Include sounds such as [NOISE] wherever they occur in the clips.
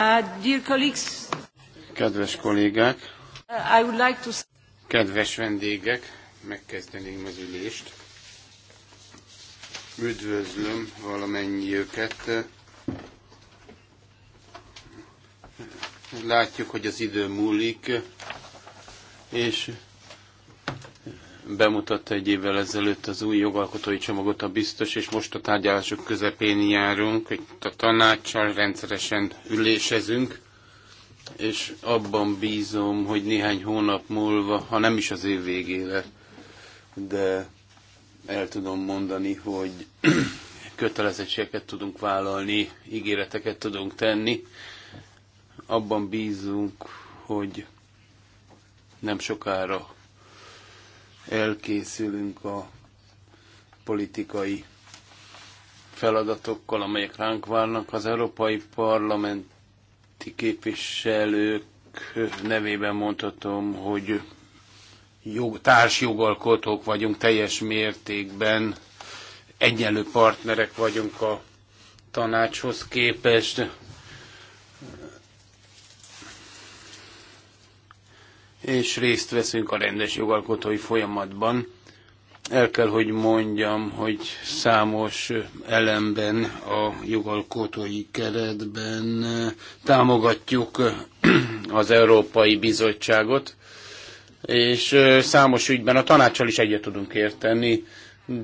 Uh, kedves kollégák! Uh, I would like to... Kedves vendégek! Megkezdeném az ülést. Üdvözlöm valamennyiöket. Látjuk, hogy az idő múlik, és bemutatta egy évvel ezelőtt az új jogalkotói csomagot a biztos, és most a tárgyalások közepén járunk, hogy a tanácssal rendszeresen ülésezünk, és abban bízom, hogy néhány hónap múlva, ha nem is az év végére, de el tudom mondani, hogy [CLEARS THROAT] kötelezettségeket tudunk vállalni, ígéreteket tudunk tenni. Abban bízunk, hogy nem sokára elkészülünk a politikai feladatokkal, amelyek ránk várnak. Az Európai Parlamenti képviselők nevében mondhatom, hogy jog, társjogalkotók vagyunk teljes mértékben, egyenlő partnerek vagyunk a tanácshoz képest. és részt veszünk a rendes jogalkotói folyamatban. El kell, hogy mondjam, hogy számos elemben a jogalkotói keretben támogatjuk az Európai Bizottságot, és számos ügyben a tanácssal is egyet tudunk érteni,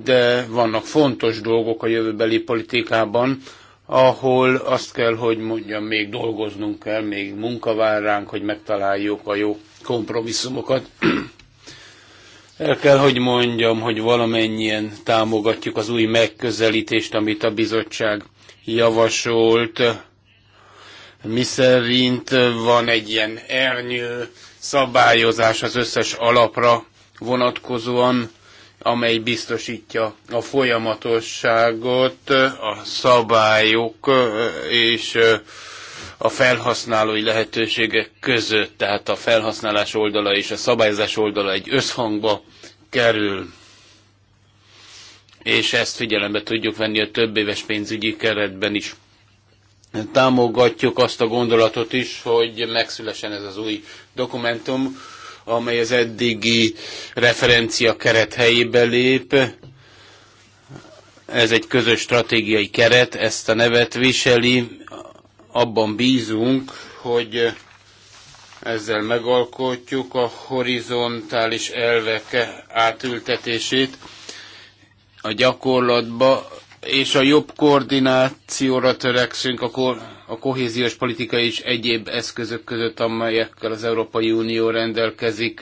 de vannak fontos dolgok a jövőbeli politikában, ahol azt kell, hogy mondjam, még dolgoznunk kell, még munka vár ránk, hogy megtaláljuk a jó kompromisszumokat. El kell, hogy mondjam, hogy valamennyien támogatjuk az új megközelítést, amit a bizottság javasolt, miszerint van egy ilyen ernyő szabályozás az összes alapra vonatkozóan, amely biztosítja a folyamatosságot, a szabályok és a felhasználói lehetőségek között, tehát a felhasználás oldala és a szabályozás oldala egy összhangba kerül. És ezt figyelembe tudjuk venni a több éves pénzügyi keretben is. Támogatjuk azt a gondolatot is, hogy megszülesen ez az új dokumentum, amely az eddigi referencia keret helyébe lép. Ez egy közös stratégiai keret, ezt a nevet viseli, abban bízunk, hogy ezzel megalkotjuk a horizontális elvek átültetését a gyakorlatba, és a jobb koordinációra törekszünk a, ko- a kohéziós politika és egyéb eszközök között, amelyekkel az Európai Unió rendelkezik.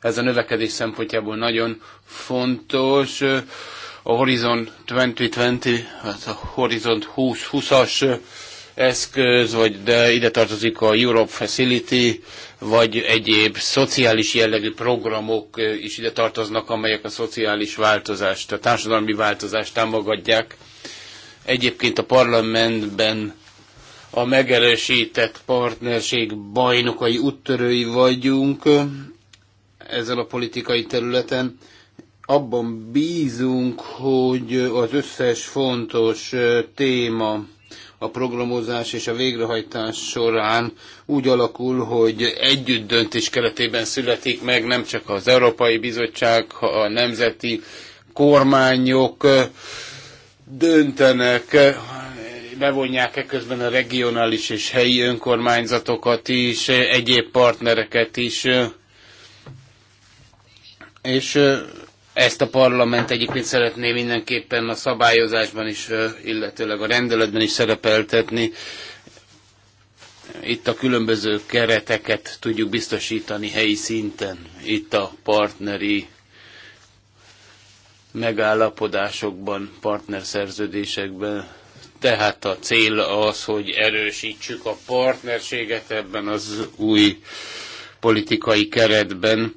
Ez a növekedés szempontjából nagyon fontos. A Horizon 2020, az hát a Horizon 2020-as eszköz, vagy de ide tartozik a Europe Facility, vagy egyéb szociális jellegű programok is ide tartoznak, amelyek a szociális változást, a társadalmi változást támogatják. Egyébként a parlamentben a megerősített partnerség bajnokai úttörői vagyunk ezen a politikai területen. Abban bízunk, hogy az összes fontos téma, a programozás és a végrehajtás során úgy alakul, hogy együtt döntés keretében születik meg nem csak az Európai Bizottság, a nemzeti kormányok döntenek, bevonják e közben a regionális és helyi önkormányzatokat is, egyéb partnereket is, és ezt a parlament egyébként szeretné mindenképpen a szabályozásban is, illetőleg a rendeletben is szerepeltetni. Itt a különböző kereteket tudjuk biztosítani helyi szinten. Itt a partneri megállapodásokban, partnerszerződésekben. Tehát a cél az, hogy erősítsük a partnerséget ebben az új politikai keretben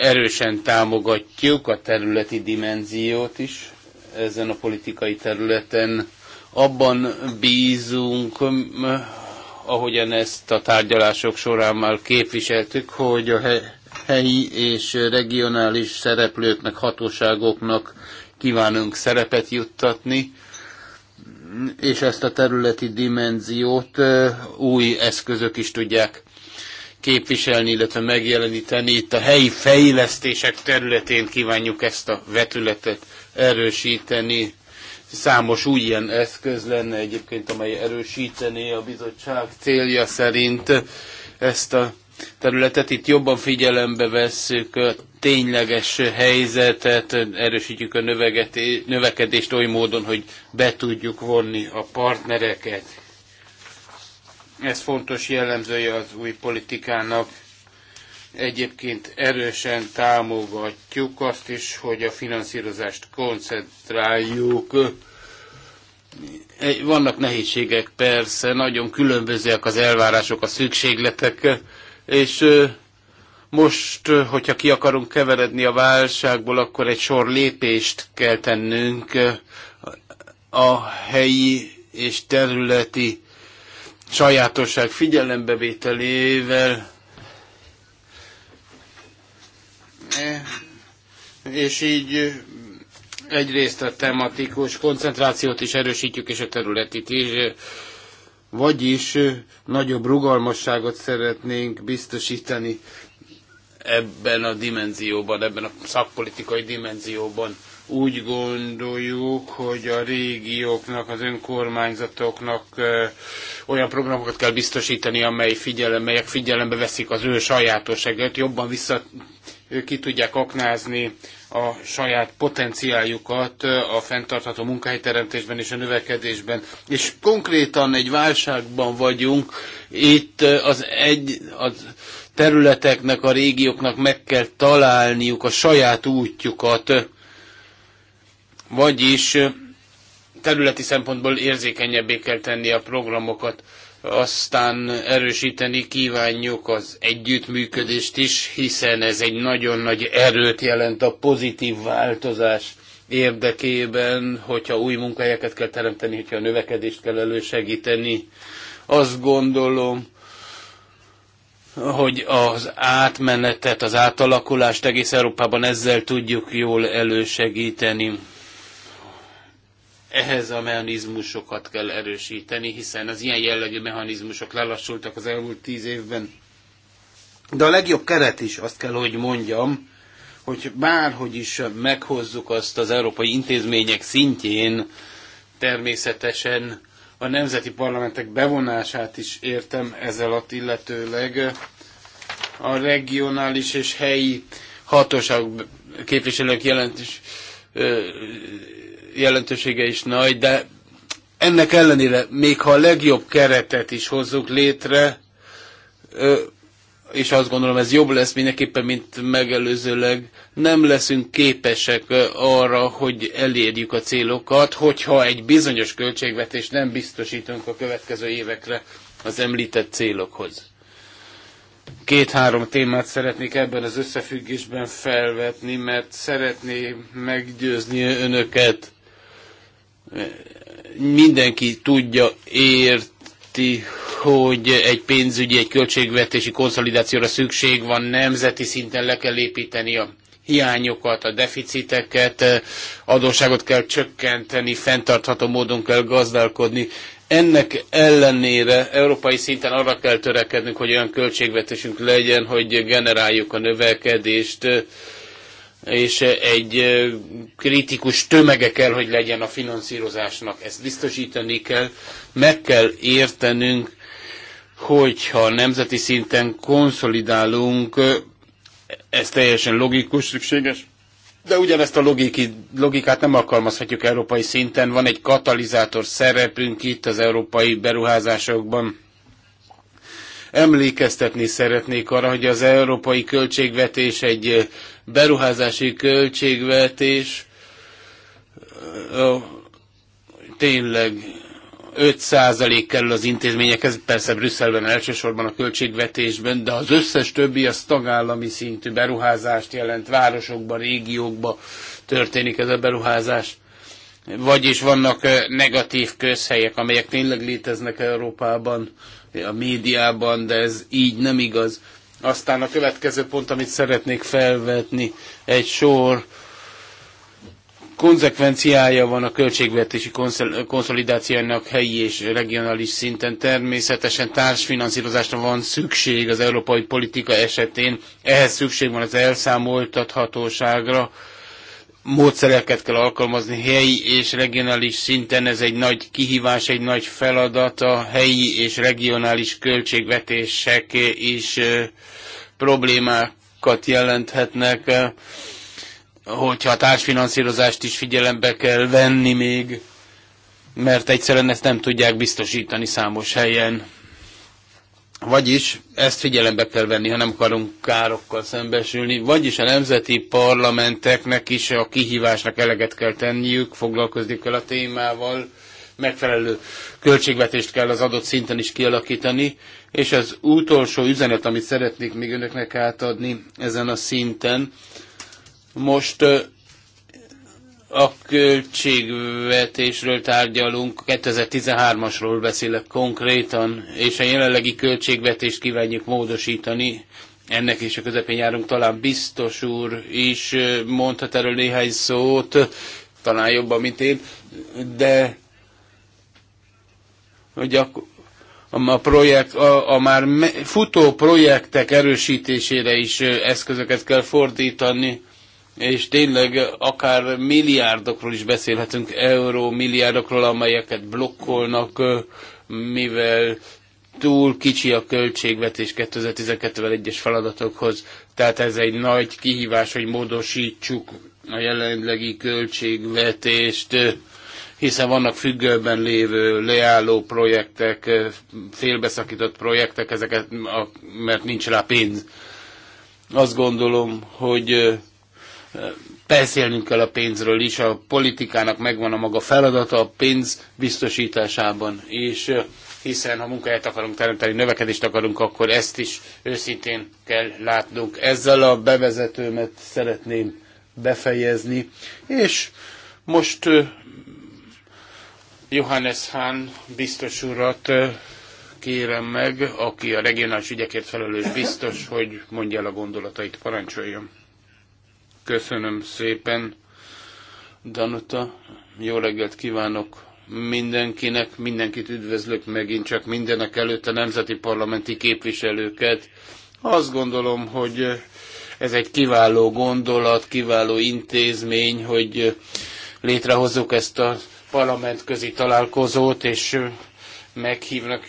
Erősen támogatjuk a területi dimenziót is ezen a politikai területen. Abban bízunk, ahogyan ezt a tárgyalások során már képviseltük, hogy a helyi és regionális szereplőknek, hatóságoknak kívánunk szerepet juttatni, és ezt a területi dimenziót új eszközök is tudják képviselni, illetve megjeleníteni. Itt a helyi fejlesztések területén kívánjuk ezt a vetületet erősíteni. Számos új ilyen eszköz lenne egyébként, amely erősítené a bizottság célja szerint ezt a területet. Itt jobban figyelembe vesszük a tényleges helyzetet, erősítjük a növekedést oly módon, hogy be tudjuk vonni a partnereket ez fontos jellemzője az új politikának. Egyébként erősen támogatjuk azt is, hogy a finanszírozást koncentráljuk. Vannak nehézségek persze, nagyon különbözőek az elvárások, a szükségletek, és most, hogyha ki akarunk keveredni a válságból, akkor egy sor lépést kell tennünk a helyi és területi sajátosság figyelembevételével e, és így egyrészt a tematikus koncentrációt is erősítjük, és a területit is, vagyis nagyobb rugalmasságot szeretnénk biztosítani ebben a dimenzióban, ebben a szakpolitikai dimenzióban. Úgy gondoljuk, hogy a régióknak, az önkormányzatoknak olyan programokat kell biztosítani, amely figyelem, melyek figyelembe veszik az ő sajátosságot, jobban vissza ki tudják aknázni a saját potenciáljukat a fenntartható munkahelyteremtésben és a növekedésben. És konkrétan egy válságban vagyunk, itt az egy, az területeknek, a régióknak meg kell találniuk a saját útjukat, vagyis területi szempontból érzékenyebbé kell tenni a programokat, aztán erősíteni kívánjuk az együttműködést is, hiszen ez egy nagyon nagy erőt jelent a pozitív változás érdekében, hogyha új munkahelyeket kell teremteni, hogyha a növekedést kell elősegíteni. Azt gondolom, hogy az átmenetet, az átalakulást egész Európában ezzel tudjuk jól elősegíteni ehhez a mechanizmusokat kell erősíteni, hiszen az ilyen jellegű mechanizmusok lelassultak az elmúlt tíz évben. De a legjobb keret is, azt kell, hogy mondjam, hogy bárhogy is meghozzuk azt az európai intézmények szintjén, természetesen a nemzeti parlamentek bevonását is értem ezzel a illetőleg a regionális és helyi hatóság képviselők jelentős jelentősége is nagy, de ennek ellenére, még ha a legjobb keretet is hozzuk létre, és azt gondolom ez jobb lesz mindenképpen, mint megelőzőleg, nem leszünk képesek arra, hogy elérjük a célokat, hogyha egy bizonyos költségvetést nem biztosítunk a következő évekre az említett célokhoz. Két-három témát szeretnék ebben az összefüggésben felvetni, mert szeretném meggyőzni önöket mindenki tudja, érti, hogy egy pénzügyi, egy költségvetési konszolidációra szükség van, nemzeti szinten le kell építeni a hiányokat, a deficiteket, adósságot kell csökkenteni, fenntartható módon kell gazdálkodni. Ennek ellenére európai szinten arra kell törekednünk, hogy olyan költségvetésünk legyen, hogy generáljuk a növekedést, és eh, egy eh, kritikus tömege kell, hogy legyen a finanszírozásnak. Ezt biztosítani kell, meg kell értenünk, hogyha nemzeti szinten konszolidálunk, eh, ez teljesen logikus, szükséges, de ugyanezt a logiki, logikát nem alkalmazhatjuk európai szinten. Van egy katalizátor szerepünk itt az európai beruházásokban Emlékeztetni szeretnék arra, hogy az európai költségvetés egy eh, beruházási költségvetés eh, tényleg 5% kerül az intézményekhez, persze Brüsszelben elsősorban a költségvetésben, de az összes többi az tagállami szintű beruházást jelent, városokban, régiókba történik ez a beruházás. Vagyis vannak eh, negatív közhelyek, amelyek tényleg léteznek Európában, a médiában, de ez így nem igaz. Aztán a következő pont, amit szeretnék felvetni, egy sor konzekvenciája van a költségvetési konszolidációnak helyi és regionális szinten. Természetesen társfinanszírozásra van szükség az európai politika esetén, ehhez szükség van az elszámoltathatóságra, módszereket kell alkalmazni helyi és regionális szinten. Ez egy nagy kihívás, egy nagy feladat. A helyi és regionális költségvetések is problémákat jelenthetnek, hogyha a társfinanszírozást is figyelembe kell venni még, mert egyszerűen ezt nem tudják biztosítani számos helyen. Vagyis ezt figyelembe kell venni, ha nem akarunk károkkal szembesülni. Vagyis a nemzeti parlamenteknek is a kihívásnak eleget kell tenniük, foglalkozni kell a témával, megfelelő költségvetést kell az adott szinten is kialakítani, és az utolsó üzenet, amit szeretnék még önöknek átadni ezen a szinten, most a költségvetésről tárgyalunk, 2013-asról beszélek konkrétan, és a jelenlegi költségvetést kívánjuk módosítani. Ennek is a közepén járunk, talán biztos úr is mondhat erről néhány szót, talán jobban, mint én, de hogy a, projekt, a, a már futó projektek erősítésére is eszközöket kell fordítani és tényleg akár milliárdokról is beszélhetünk, euró milliárdokról, amelyeket blokkolnak, mivel túl kicsi a költségvetés 2012-vel egyes feladatokhoz, tehát ez egy nagy kihívás, hogy módosítsuk a jelenlegi költségvetést, hiszen vannak függőben lévő leálló projektek, félbeszakított projektek, ezeket, mert nincs rá pénz. Azt gondolom, hogy beszélnünk kell a pénzről is, a politikának megvan a maga feladata a pénz biztosításában, és hiszen ha munkahelyet akarunk teremteni, növekedést akarunk, akkor ezt is őszintén kell látnunk. Ezzel a bevezetőmet szeretném befejezni, és most Johannes Hahn biztos urat kérem meg, aki a regionális ügyekért felelős biztos, hogy mondja el a gondolatait, parancsoljon. Köszönöm szépen, Danuta. Jó reggelt kívánok mindenkinek, mindenkit üdvözlök megint csak mindenek előtt a nemzeti parlamenti képviselőket. Azt gondolom, hogy ez egy kiváló gondolat, kiváló intézmény, hogy létrehozzuk ezt a parlamentközi találkozót, és meghívnak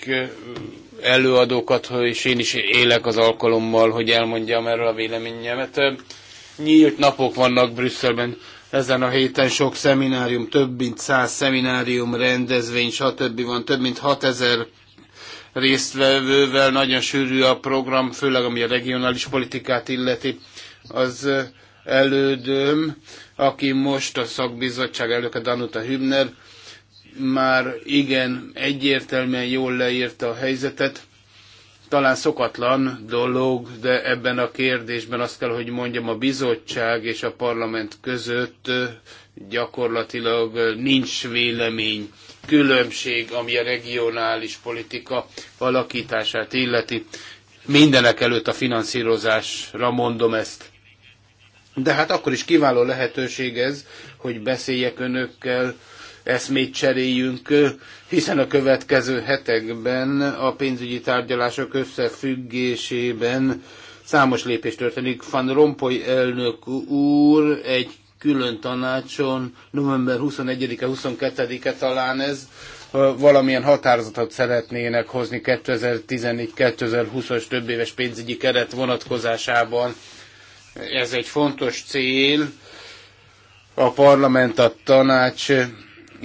előadókat, és én is élek az alkalommal, hogy elmondjam erről a véleményemet nyílt napok vannak Brüsszelben. Ezen a héten sok szeminárium, több mint száz szeminárium, rendezvény, stb. van, több mint 6000 résztvevővel, nagyon sűrű a program, főleg ami a regionális politikát illeti. Az elődöm, aki most a szakbizottság elnöke Danuta Hübner, már igen egyértelműen jól leírta a helyzetet, talán szokatlan dolog, de ebben a kérdésben azt kell, hogy mondjam, a bizottság és a parlament között gyakorlatilag nincs vélemény különbség, ami a regionális politika alakítását illeti. Mindenek előtt a finanszírozásra mondom ezt. De hát akkor is kiváló lehetőség ez, hogy beszéljek önökkel eszmét cseréljünk, hiszen a következő hetekben a pénzügyi tárgyalások összefüggésében számos lépés történik. Van Rompuy elnök úr egy külön tanácson, november 21-e, 22-e talán ez, valamilyen határozatot szeretnének hozni 2014-2020-as többéves pénzügyi keret vonatkozásában. Ez egy fontos cél. A parlament, a tanács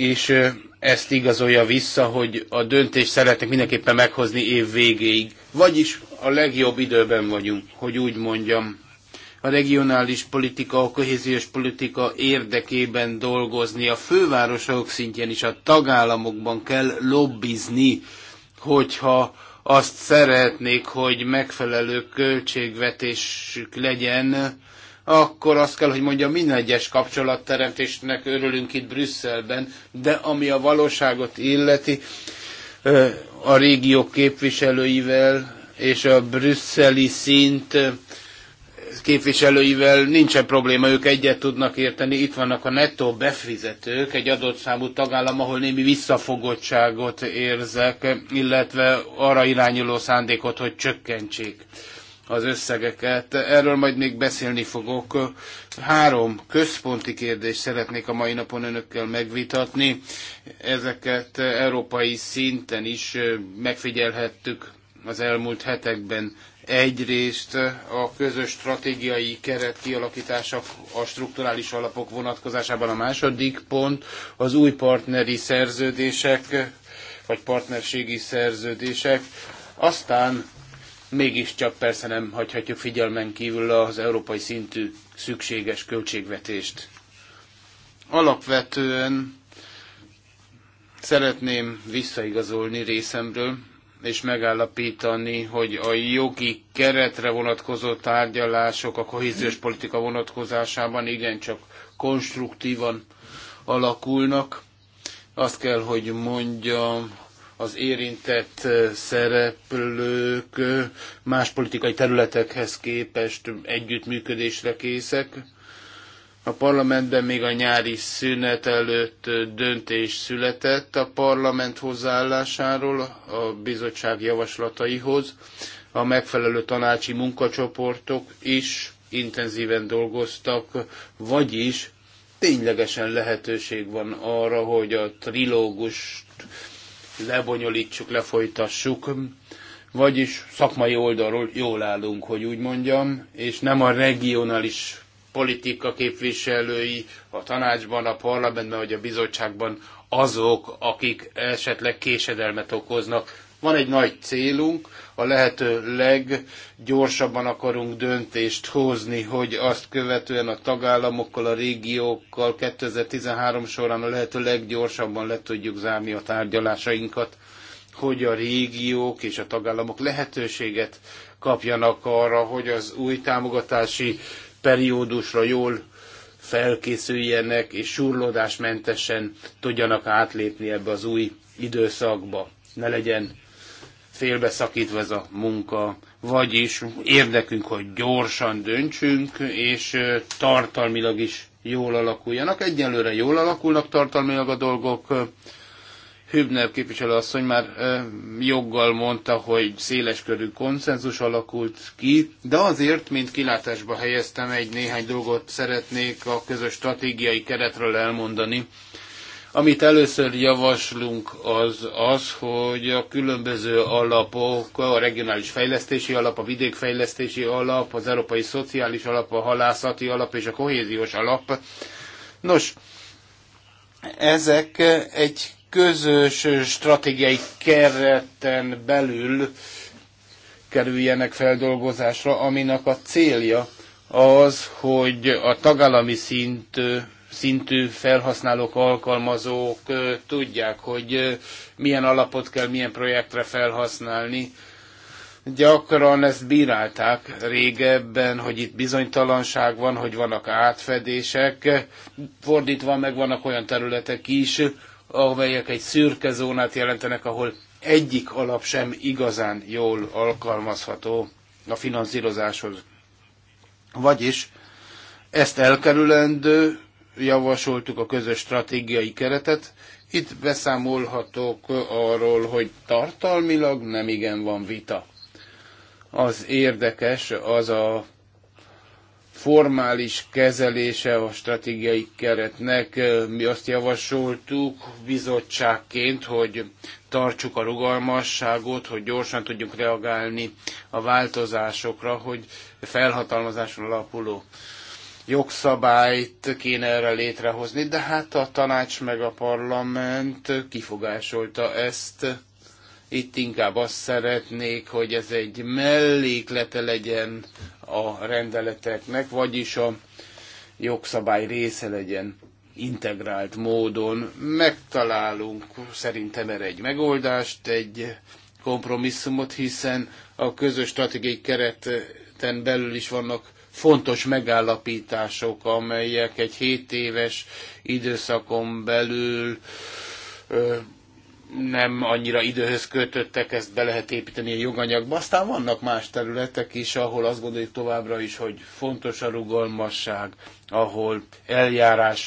és ezt igazolja vissza, hogy a döntést szeretnék mindenképpen meghozni év végéig. Vagyis a legjobb időben vagyunk, hogy úgy mondjam. A regionális politika, a kohéziós politika érdekében dolgozni, a fővárosok szintjén is, a tagállamokban kell lobbizni, hogyha azt szeretnék, hogy megfelelő költségvetésük legyen, akkor azt kell, hogy mondjam, minden egyes kapcsolatteremtésnek örülünk itt Brüsszelben, de ami a valóságot illeti, a régiók képviselőivel és a brüsszeli szint képviselőivel nincsen probléma, ők egyet tudnak érteni. Itt vannak a nettó befizetők, egy adott számú tagállam, ahol némi visszafogottságot érzek, illetve arra irányuló szándékot, hogy csökkentsék az összegeket. Erről majd még beszélni fogok. Három központi kérdést szeretnék a mai napon önökkel megvitatni. Ezeket európai szinten is megfigyelhettük az elmúlt hetekben. Egyrészt a közös stratégiai keret kialakítása a strukturális alapok vonatkozásában a második pont, az új partneri szerződések, vagy partnerségi szerződések, aztán mégiscsak persze nem hagyhatjuk figyelmen kívül az európai szintű szükséges költségvetést. Alapvetően szeretném visszaigazolni részemről, és megállapítani, hogy a jogi keretre vonatkozó tárgyalások a kohéziós politika vonatkozásában igencsak konstruktívan alakulnak. Azt kell, hogy mondjam, az érintett szereplők más politikai területekhez képest együttműködésre készek. A parlamentben még a nyári szünet előtt döntés született a parlament hozzáállásáról a bizottság javaslataihoz. A megfelelő tanácsi munkacsoportok is intenzíven dolgoztak, vagyis ténylegesen lehetőség van arra, hogy a trilógust lebonyolítsuk, lefolytassuk. Vagyis szakmai oldalról jól állunk, hogy úgy mondjam, és nem a regionális politika képviselői a tanácsban, a parlamentben vagy a bizottságban azok, akik esetleg késedelmet okoznak. Van egy nagy célunk, a lehető leggyorsabban akarunk döntést hozni, hogy azt követően a tagállamokkal, a régiókkal 2013 során a lehető leggyorsabban le tudjuk zárni a tárgyalásainkat, hogy a régiók és a tagállamok lehetőséget kapjanak arra, hogy az új támogatási periódusra jól felkészüljenek és surlódásmentesen tudjanak átlépni ebbe az új időszakba. Ne legyen félbeszakítva ez a munka, vagyis érdekünk, hogy gyorsan döntsünk, és tartalmilag is jól alakuljanak. Egyelőre jól alakulnak tartalmilag a dolgok. Hübner asszony már joggal mondta, hogy széleskörű konszenzus alakult ki, de azért, mint kilátásba helyeztem, egy néhány dolgot szeretnék a közös stratégiai keretről elmondani, amit először javaslunk az az, hogy a különböző alapok, a regionális fejlesztési alap, a vidékfejlesztési alap, az európai szociális alap, a halászati alap és a kohéziós alap. Nos, ezek egy közös stratégiai kereten belül kerüljenek feldolgozásra, aminek a célja az, hogy a tagállami szintű szintű felhasználók, alkalmazók tudják, hogy milyen alapot kell milyen projektre felhasználni. Gyakran ezt bírálták régebben, hogy itt bizonytalanság van, hogy vannak átfedések. Fordítva meg vannak olyan területek is, amelyek egy szürke zónát jelentenek, ahol egyik alap sem igazán jól alkalmazható a finanszírozáshoz. Vagyis ezt elkerülendő javasoltuk a közös stratégiai keretet. Itt beszámolhatok arról, hogy tartalmilag nem igen van vita. Az érdekes az a formális kezelése a stratégiai keretnek. Mi azt javasoltuk bizottságként, hogy tartsuk a rugalmasságot, hogy gyorsan tudjunk reagálni a változásokra, hogy felhatalmazáson alapuló jogszabályt kéne erre létrehozni, de hát a tanács meg a parlament kifogásolta ezt. Itt inkább azt szeretnék, hogy ez egy melléklete legyen a rendeleteknek, vagyis a jogszabály része legyen integrált módon. Megtalálunk szerintem erre egy megoldást, egy kompromisszumot, hiszen a közös stratégiai kereten belül is vannak fontos megállapítások, amelyek egy 7 éves időszakon belül nem annyira időhöz kötöttek, ezt be lehet építeni a joganyagba. Aztán vannak más területek is, ahol azt gondoljuk továbbra is, hogy fontos a rugalmasság, ahol eljárás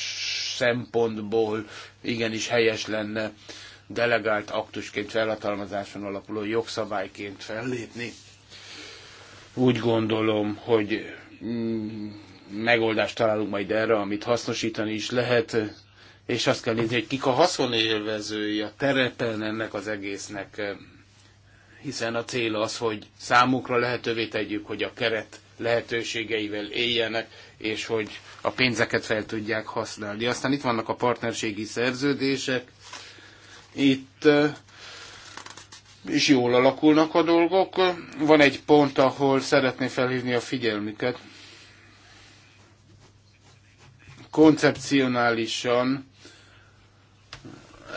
szempontból igenis helyes lenne delegált aktusként, felhatalmazáson alapuló jogszabályként fellépni. Úgy gondolom, hogy Mm, megoldást találunk majd erre, amit hasznosítani is lehet, és azt kell nézni, hogy kik a haszonélvezői a terepen ennek az egésznek, hiszen a cél az, hogy számukra lehetővé tegyük, hogy a keret lehetőségeivel éljenek, és hogy a pénzeket fel tudják használni. Aztán itt vannak a partnerségi szerződések, itt is jól alakulnak a dolgok. Van egy pont, ahol szeretném felhívni a figyelmüket, koncepcionálisan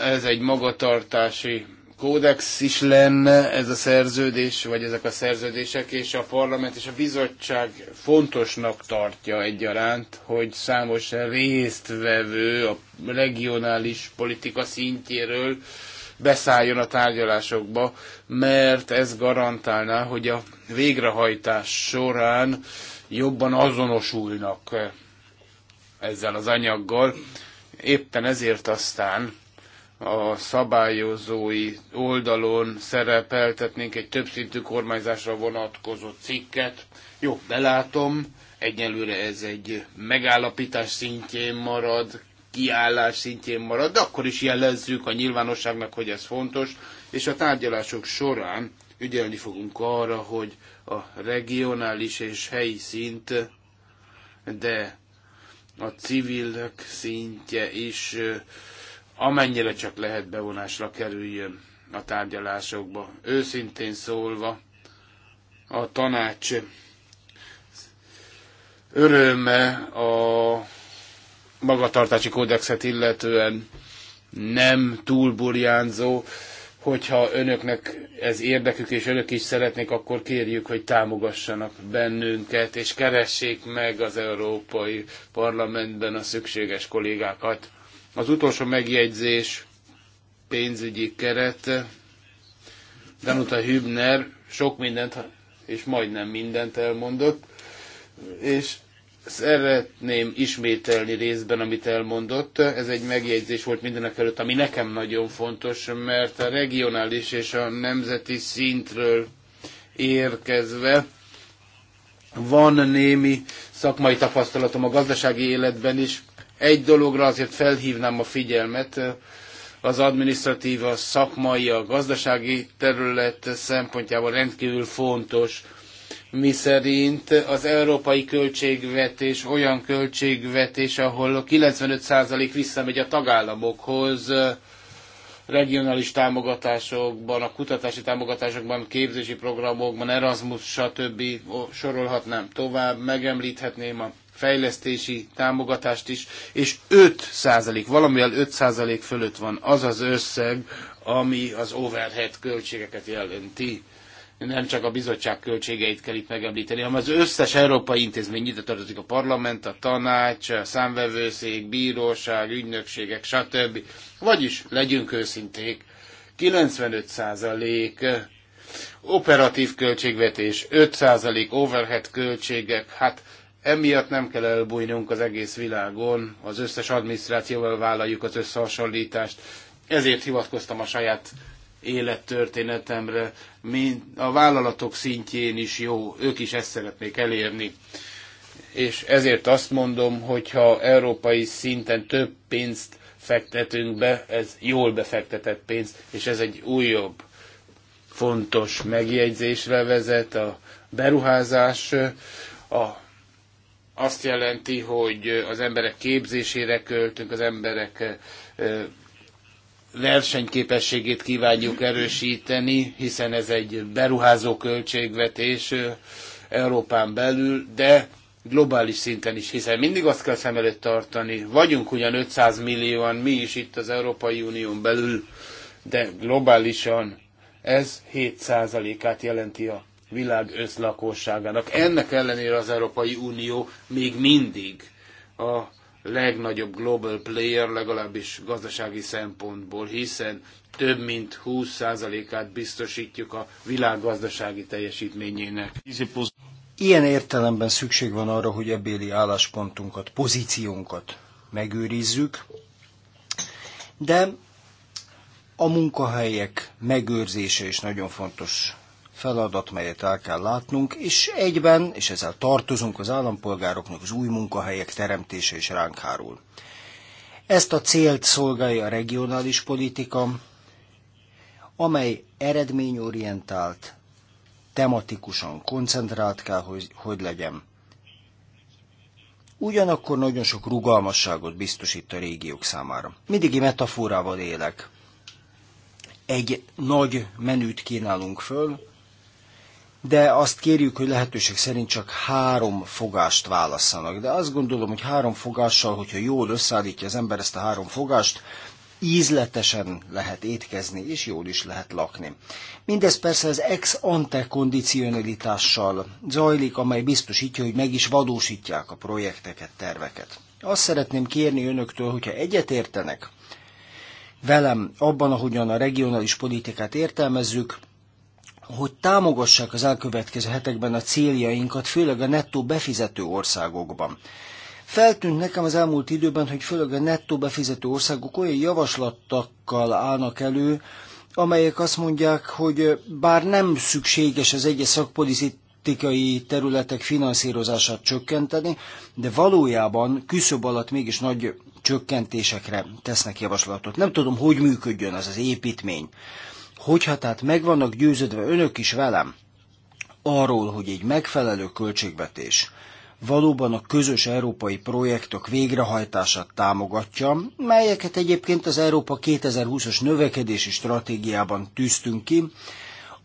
ez egy magatartási kódex is lenne ez a szerződés, vagy ezek a szerződések, és a parlament és a bizottság fontosnak tartja egyaránt, hogy számos résztvevő a regionális politika szintjéről beszálljon a tárgyalásokba, mert ez garantálná, hogy a végrehajtás során jobban azonosulnak ezzel az anyaggal. Éppen ezért aztán a szabályozói oldalon szerepeltetnénk egy többszintű kormányzásra vonatkozó cikket. Jó, belátom, egyelőre ez egy megállapítás szintjén marad, kiállás szintjén marad, de akkor is jelezzük a nyilvánosságnak, hogy ez fontos, és a tárgyalások során ügyelni fogunk arra, hogy a regionális és helyi szint, de a civilek szintje is amennyire csak lehet bevonásra kerüljön a tárgyalásokba. Őszintén szólva, a tanács öröme a magatartási kódexet illetően nem túl burjánzó, hogyha önöknek ez érdekük, és önök is szeretnék, akkor kérjük, hogy támogassanak bennünket, és keressék meg az Európai Parlamentben a szükséges kollégákat. Az utolsó megjegyzés, pénzügyi keret, Danuta Hübner sok mindent, és majdnem mindent elmondott, és szeretném ismételni részben, amit elmondott. Ez egy megjegyzés volt mindenek előtt, ami nekem nagyon fontos, mert a regionális és a nemzeti szintről érkezve van némi szakmai tapasztalatom a gazdasági életben is. Egy dologra azért felhívnám a figyelmet, az administratív, a szakmai, a gazdasági terület szempontjából rendkívül fontos, miszerint az európai költségvetés olyan költségvetés, ahol 95% visszamegy a tagállamokhoz, regionális támogatásokban, a kutatási támogatásokban, képzési programokban, Erasmus, stb. sorolhatnám tovább, megemlíthetném a fejlesztési támogatást is, és 5%, valamivel 5% fölött van az az összeg, ami az overhead költségeket jelenti nem csak a bizottság költségeit kell itt megemlíteni, hanem az összes európai intézmény ide tartozik a parlament, a tanács, a számvevőszék, bíróság, ügynökségek, stb. Vagyis legyünk őszinték, 95% operatív költségvetés, 5% overhead költségek, hát emiatt nem kell elbújnunk az egész világon, az összes adminisztrációval vállaljuk az összehasonlítást, ezért hivatkoztam a saját élettörténetemre, mint a vállalatok szintjén is jó, ők is ezt szeretnék elérni. És ezért azt mondom, hogy ha európai szinten több pénzt fektetünk be, ez jól befektetett pénz, és ez egy újabb fontos megjegyzésre vezet a beruházás, a azt jelenti, hogy az emberek képzésére költünk, az emberek versenyképességét kívánjuk erősíteni, hiszen ez egy beruházó költségvetés Európán belül, de globális szinten is, hiszen mindig azt kell szem előtt tartani, vagyunk ugyan 500 millióan mi is itt az Európai Unión belül, de globálisan ez 7%-át jelenti a világ összlakosságának. Ennek ellenére az Európai Unió még mindig a legnagyobb global player, legalábbis gazdasági szempontból, hiszen több mint 20%-át biztosítjuk a világ gazdasági teljesítményének. Ilyen értelemben szükség van arra, hogy ebéli álláspontunkat, pozíciónkat megőrizzük, de a munkahelyek megőrzése is nagyon fontos feladat, melyet el kell látnunk, és egyben, és ezzel tartozunk az állampolgároknak, az új munkahelyek teremtése is ránk hárul. Ezt a célt szolgálja a regionális politika, amely eredményorientált, tematikusan koncentrált kell, hogy, hogy legyen. Ugyanakkor nagyon sok rugalmasságot biztosít a régiók számára. Mindigi metaforával élek. Egy nagy menüt kínálunk föl, de azt kérjük, hogy lehetőség szerint csak három fogást válasszanak. De azt gondolom, hogy három fogással, hogyha jól összeállítja az ember ezt a három fogást, ízletesen lehet étkezni, és jól is lehet lakni. Mindez persze az ex ante kondicionalitással zajlik, amely biztosítja, hogy meg is valósítják a projekteket, terveket. Azt szeretném kérni önöktől, hogyha egyetértenek velem abban, ahogyan a regionális politikát értelmezzük, hogy támogassák az elkövetkező hetekben a céljainkat, főleg a nettó befizető országokban. Feltűnt nekem az elmúlt időben, hogy főleg a nettó befizető országok olyan javaslatokkal állnak elő, amelyek azt mondják, hogy bár nem szükséges az egyes szakpolitikai területek finanszírozását csökkenteni, de valójában küszöb alatt mégis nagy csökkentésekre tesznek javaslatot. Nem tudom, hogy működjön az az építmény. Hogyha tehát meg vannak győződve önök is velem arról, hogy egy megfelelő költségvetés valóban a közös európai projektok végrehajtását támogatja, melyeket egyébként az Európa 2020-as növekedési stratégiában tűztünk ki,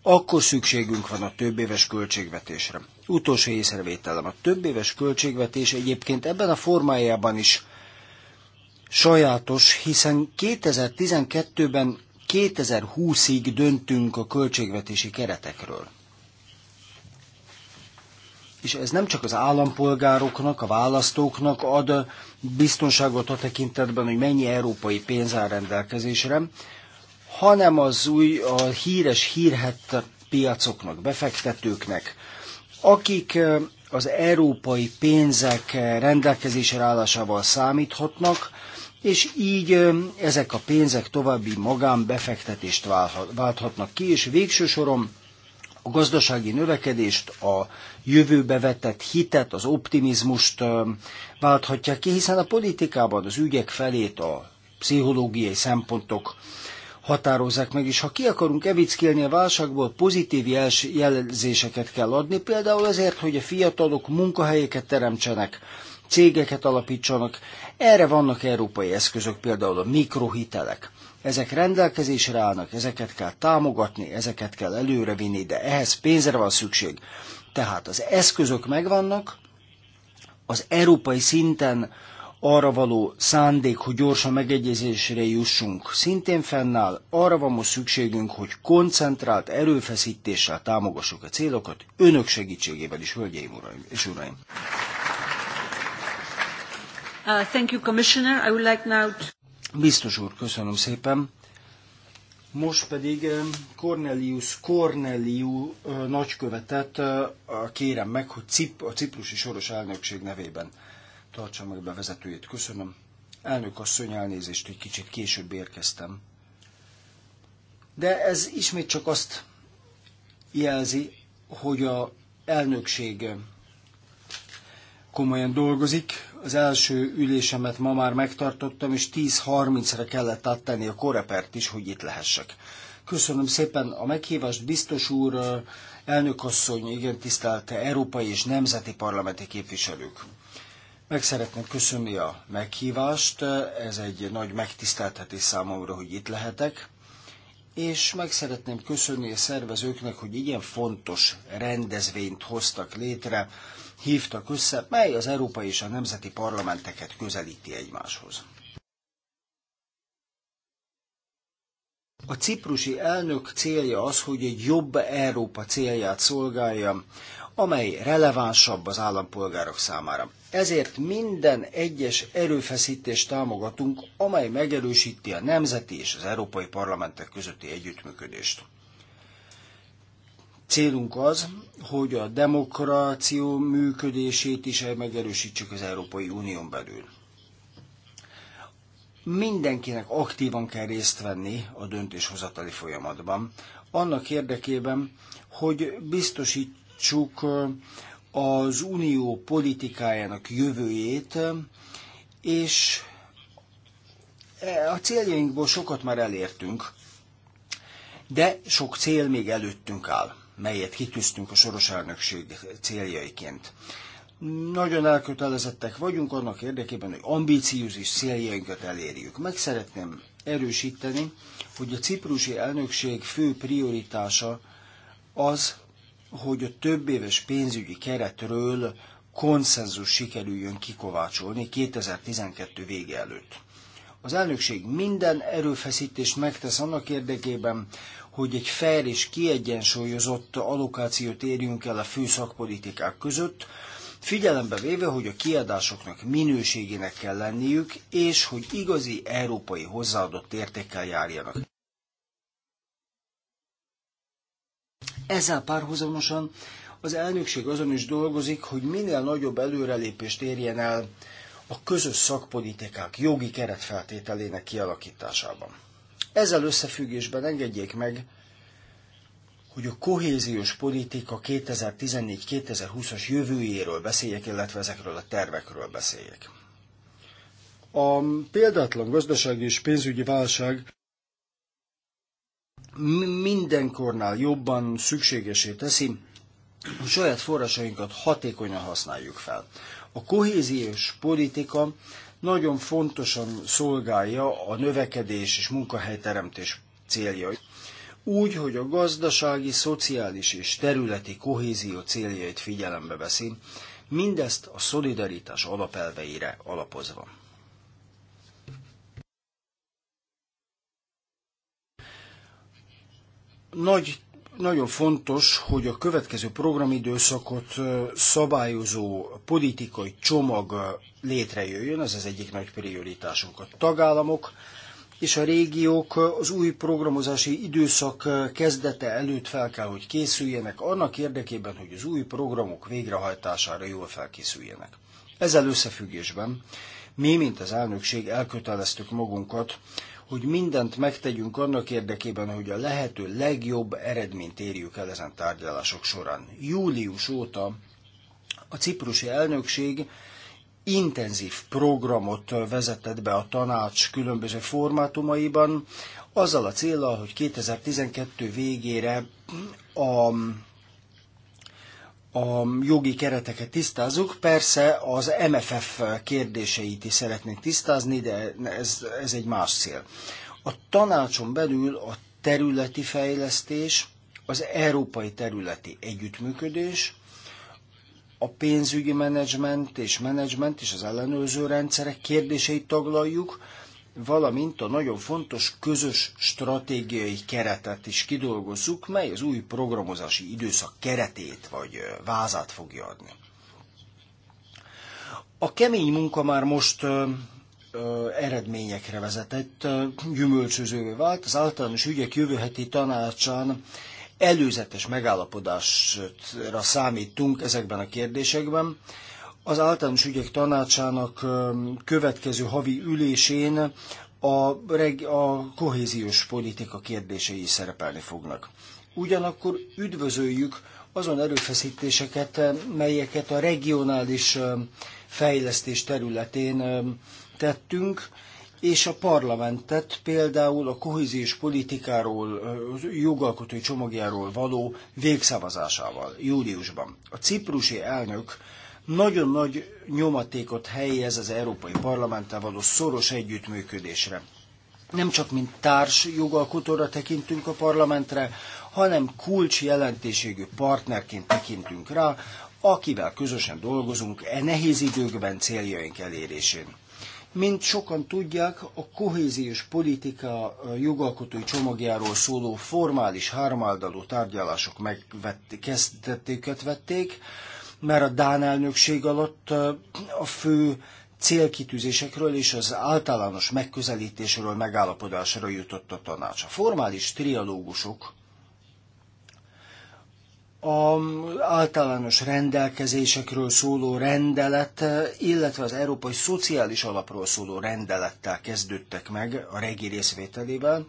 akkor szükségünk van a többéves költségvetésre. Utolsó észrevételem, a többéves költségvetés egyébként ebben a formájában is sajátos, hiszen 2012-ben 2020-ig döntünk a költségvetési keretekről. És ez nem csak az állampolgároknak, a választóknak ad biztonságot a tekintetben, hogy mennyi európai pénz áll rendelkezésre, hanem az új, a híres hírhett piacoknak, befektetőknek, akik az európai pénzek rendelkezésre állásával számíthatnak, és így ezek a pénzek további magánbefektetést válthatnak ki, és végső soron a gazdasági növekedést, a jövőbe vetett hitet, az optimizmust válthatják ki, hiszen a politikában az ügyek felét a pszichológiai szempontok határozzák meg, és ha ki akarunk evickélni a válságból, pozitív jelzéseket kell adni, például azért, hogy a fiatalok munkahelyeket teremtsenek, cégeket alapítsanak. Erre vannak európai eszközök, például a mikrohitelek. Ezek rendelkezésre állnak, ezeket kell támogatni, ezeket kell előrevinni, de ehhez pénzre van szükség. Tehát az eszközök megvannak, az európai szinten arra való szándék, hogy gyorsan megegyezésre jussunk, szintén fennáll, arra van most szükségünk, hogy koncentrált erőfeszítéssel támogassuk a célokat, önök segítségével is, hölgyeim uraim és uraim. Uh, Biztos úr, köszönöm szépen. Most pedig um, Cornelius Corneliu uh, nagykövetet uh, kérem meg, hogy Cip, a ciprusi soros elnökség nevében tartsa meg bevezetőjét. Köszönöm. Elnök asszony, elnézést, hogy kicsit később érkeztem. De ez ismét csak azt jelzi, hogy a elnökség um, komolyan dolgozik, az első ülésemet ma már megtartottam, és 10.30-ra kellett áttenni a korepert is, hogy itt lehessek. Köszönöm szépen a meghívást, biztos úr, elnökasszony, igen tisztelt európai és nemzeti parlamenti képviselők. Meg szeretném köszönni a meghívást, ez egy nagy megtiszteltetés számomra, hogy itt lehetek és meg szeretném köszönni a szervezőknek, hogy ilyen fontos rendezvényt hoztak létre, hívtak össze, mely az európai és a nemzeti parlamenteket közelíti egymáshoz. A ciprusi elnök célja az, hogy egy jobb Európa célját szolgálja, amely relevánsabb az állampolgárok számára. Ezért minden egyes erőfeszítést támogatunk, amely megerősíti a nemzeti és az európai parlamentek közötti együttműködést. Célunk az, hogy a demokráció működését is megerősítsük az Európai Unión belül. Mindenkinek aktívan kell részt venni a döntéshozatali folyamatban, annak érdekében, hogy biztosítsuk az unió politikájának jövőjét, és a céljainkból sokat már elértünk, de sok cél még előttünk áll, melyet kitűztünk a soros elnökség céljaiként. Nagyon elkötelezettek vagyunk annak érdekében, hogy ambíciózus céljainkat elérjük. Meg szeretném erősíteni, hogy a ciprusi elnökség fő prioritása az, hogy a több éves pénzügyi keretről konszenzus sikerüljön kikovácsolni 2012 vége előtt. Az elnökség minden erőfeszítést megtesz annak érdekében, hogy egy fair és kiegyensúlyozott allokációt érjünk el a fő szakpolitikák között, figyelembe véve, hogy a kiadásoknak minőségének kell lenniük, és hogy igazi európai hozzáadott értékkel járjanak. Ezzel párhuzamosan az elnökség azon is dolgozik, hogy minél nagyobb előrelépést érjen el a közös szakpolitikák jogi keretfeltételének kialakításában. Ezzel összefüggésben engedjék meg, hogy a kohéziós politika 2014-2020-as jövőjéről beszéljek, illetve ezekről a tervekről beszéljek. A példátlan gazdasági és pénzügyi válság mindenkornál jobban szükségesé teszi, a saját forrásainkat hatékonyan használjuk fel. A kohéziós politika nagyon fontosan szolgálja a növekedés és munkahelyteremtés céljait, úgy, hogy a gazdasági, szociális és területi kohézió céljait figyelembe veszi, mindezt a szolidaritás alapelveire alapozva. nagy, nagyon fontos, hogy a következő programidőszakot szabályozó politikai csomag létrejöjjön, ez az egyik nagy prioritásunk. A tagállamok és a régiók az új programozási időszak kezdete előtt fel kell, hogy készüljenek, annak érdekében, hogy az új programok végrehajtására jól felkészüljenek. Ezzel összefüggésben mi, mint az elnökség elköteleztük magunkat, hogy mindent megtegyünk annak érdekében, hogy a lehető legjobb eredményt érjük el ezen tárgyalások során. Július óta a ciprusi elnökség intenzív programot vezetett be a tanács különböző formátumaiban, azzal a célral, hogy 2012 végére a a jogi kereteket tisztázzuk. Persze az MFF kérdéseit is szeretnénk tisztázni, de ez, ez egy más cél. A tanácson belül a területi fejlesztés, az európai területi együttműködés, a pénzügyi menedzsment és menedzsment és az ellenőrző rendszerek kérdéseit taglaljuk, valamint a nagyon fontos közös stratégiai keretet is kidolgozzuk, mely az új programozási időszak keretét vagy vázát fogja adni. A kemény munka már most ö, ö, eredményekre vezetett, ö, gyümölcsözővé vált. Az általános ügyek jövő heti tanácsán előzetes megállapodásra számítunk ezekben a kérdésekben az általános ügyek tanácsának következő havi ülésén a, reg, a kohéziós politika kérdései szerepelni fognak. Ugyanakkor üdvözöljük azon erőfeszítéseket, melyeket a regionális fejlesztés területén tettünk, és a parlamentet például a kohéziós politikáról, jogalkotói csomagjáról való végszavazásával júliusban. A ciprusi elnök nagyon nagy nyomatékot helyez az Európai Parlamenttel való szoros együttműködésre. Nem csak mint társ jogalkotóra tekintünk a parlamentre, hanem kulcs jelentőségű partnerként tekintünk rá, akivel közösen dolgozunk e nehéz időkben céljaink elérésén. Mint sokan tudják, a kohéziós politika jogalkotói csomagjáról szóló formális hármáldalú tárgyalások megvették, kezdettéket vették, mert a Dán elnökség alatt a fő célkitűzésekről és az általános megközelítésről megállapodásra jutott a tanács. A formális trialógusok a általános rendelkezésekről szóló rendelet, illetve az Európai Szociális Alapról szóló rendelettel kezdődtek meg a regi részvételével,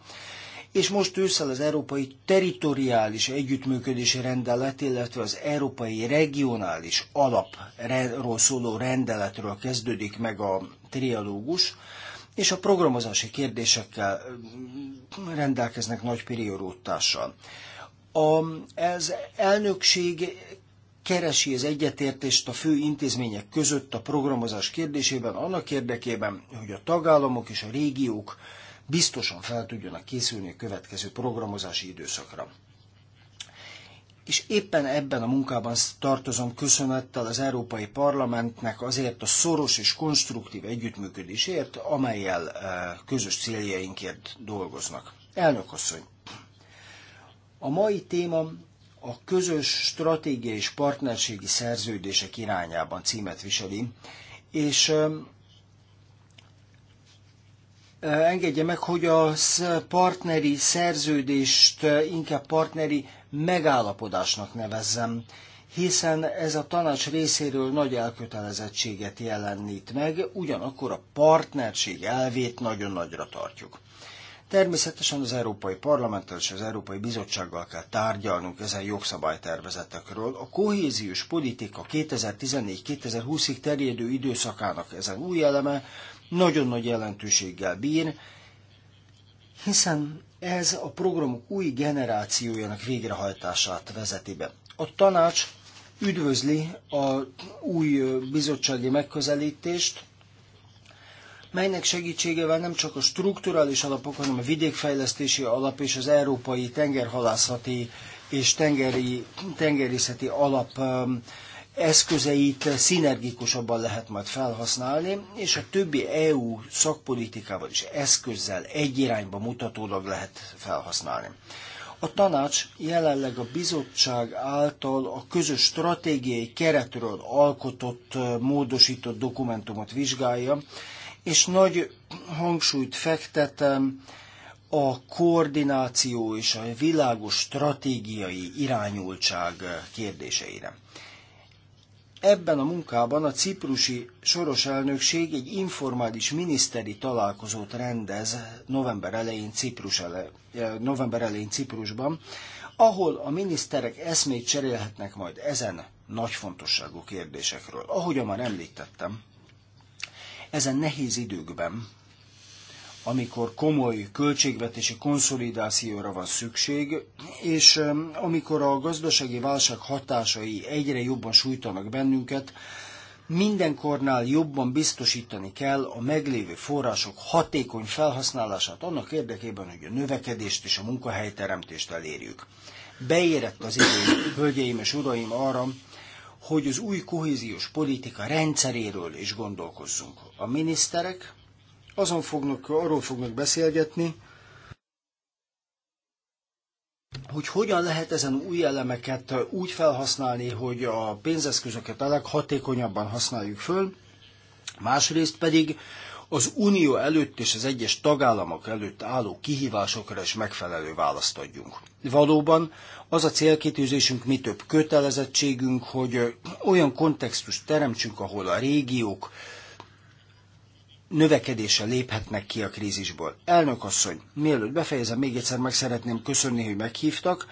és most ősszel az Európai Teritoriális Együttműködési Rendelet, illetve az Európai Regionális Alapról szóló rendeletről kezdődik meg a trialógus, és a programozási kérdésekkel mm, rendelkeznek nagy periódottással. Az elnökség keresi az egyetértést a fő intézmények között a programozás kérdésében annak érdekében, hogy a tagállamok és a régiók biztosan fel tudjanak készülni a következő programozási időszakra. És éppen ebben a munkában tartozom köszönettel az Európai Parlamentnek azért a szoros és konstruktív együttműködésért, amelyel eh, közös céljainkért dolgoznak. Elnök asszony, a mai téma a közös stratégiai és partnerségi szerződések irányában címet viseli, és eh, engedje meg, hogy a partneri szerződést inkább partneri megállapodásnak nevezzem, hiszen ez a tanács részéről nagy elkötelezettséget jelenít meg, ugyanakkor a partnerség elvét nagyon nagyra tartjuk. Természetesen az Európai Parlamenttel és az Európai Bizottsággal kell tárgyalnunk ezen jogszabálytervezetekről. A kohéziós politika 2014-2020-ig terjedő időszakának ezen új eleme, nagyon nagy jelentőséggel bír, hiszen ez a programok új generációjának végrehajtását vezeti be. A tanács üdvözli a új bizottsági megközelítést, melynek segítségevel nem csak a strukturális alapok, hanem a vidékfejlesztési alap és az európai tengerhalászati és tengeri, tengerészeti alap um, eszközeit szinergikusabban lehet majd felhasználni, és a többi EU szakpolitikával és eszközzel egy irányba mutatólag lehet felhasználni. A tanács jelenleg a bizottság által a közös stratégiai keretről alkotott, módosított dokumentumot vizsgálja, és nagy hangsúlyt fektetem a koordináció és a világos stratégiai irányultság kérdéseire. Ebben a munkában a ciprusi soros elnökség egy informális miniszteri találkozót rendez november elején, Ciprus ele, eh, november elején Ciprusban, ahol a miniszterek eszmét cserélhetnek majd ezen nagy fontosságú kérdésekről. Ahogy már említettem, ezen nehéz időkben amikor komoly költségvetési konszolidációra van szükség, és amikor a gazdasági válság hatásai egyre jobban sújtanak bennünket, mindenkornál jobban biztosítani kell a meglévő források hatékony felhasználását annak érdekében, hogy a növekedést és a munkahelyteremtést elérjük. Beérett az idő, hölgyeim és uraim, arra, hogy az új kohéziós politika rendszeréről is gondolkozzunk. A miniszterek, azon fognak, arról fognak beszélgetni, hogy hogyan lehet ezen új elemeket úgy felhasználni, hogy a pénzeszközöket a leghatékonyabban használjuk föl, másrészt pedig az unió előtt és az egyes tagállamok előtt álló kihívásokra is megfelelő választ adjunk. Valóban az a célkitűzésünk, mi több kötelezettségünk, hogy olyan kontextust teremtsünk, ahol a régiók növekedéssel léphetnek ki a krízisből. Elnök asszony, mielőtt befejezem, még egyszer meg szeretném köszönni, hogy meghívtak.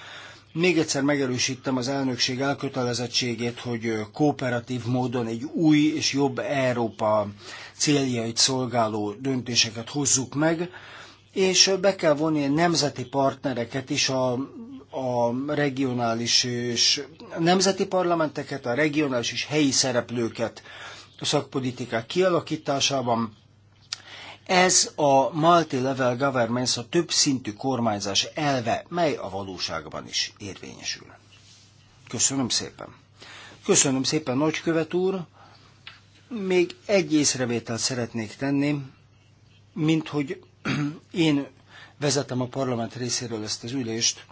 Még egyszer megerősítem az elnökség elkötelezettségét, hogy kooperatív módon egy új és jobb Európa céljait szolgáló döntéseket hozzuk meg, és be kell vonni a nemzeti partnereket is a a regionális és a nemzeti parlamenteket, a regionális és helyi szereplőket a szakpolitikák kialakításában. Ez a multi-level governance, a több szintű kormányzás elve, mely a valóságban is érvényesül. Köszönöm szépen. Köszönöm szépen, nagykövet úr. Még egy észrevételt szeretnék tenni, mint hogy [CLEARS THROAT] én vezetem a parlament részéről ezt az ülést,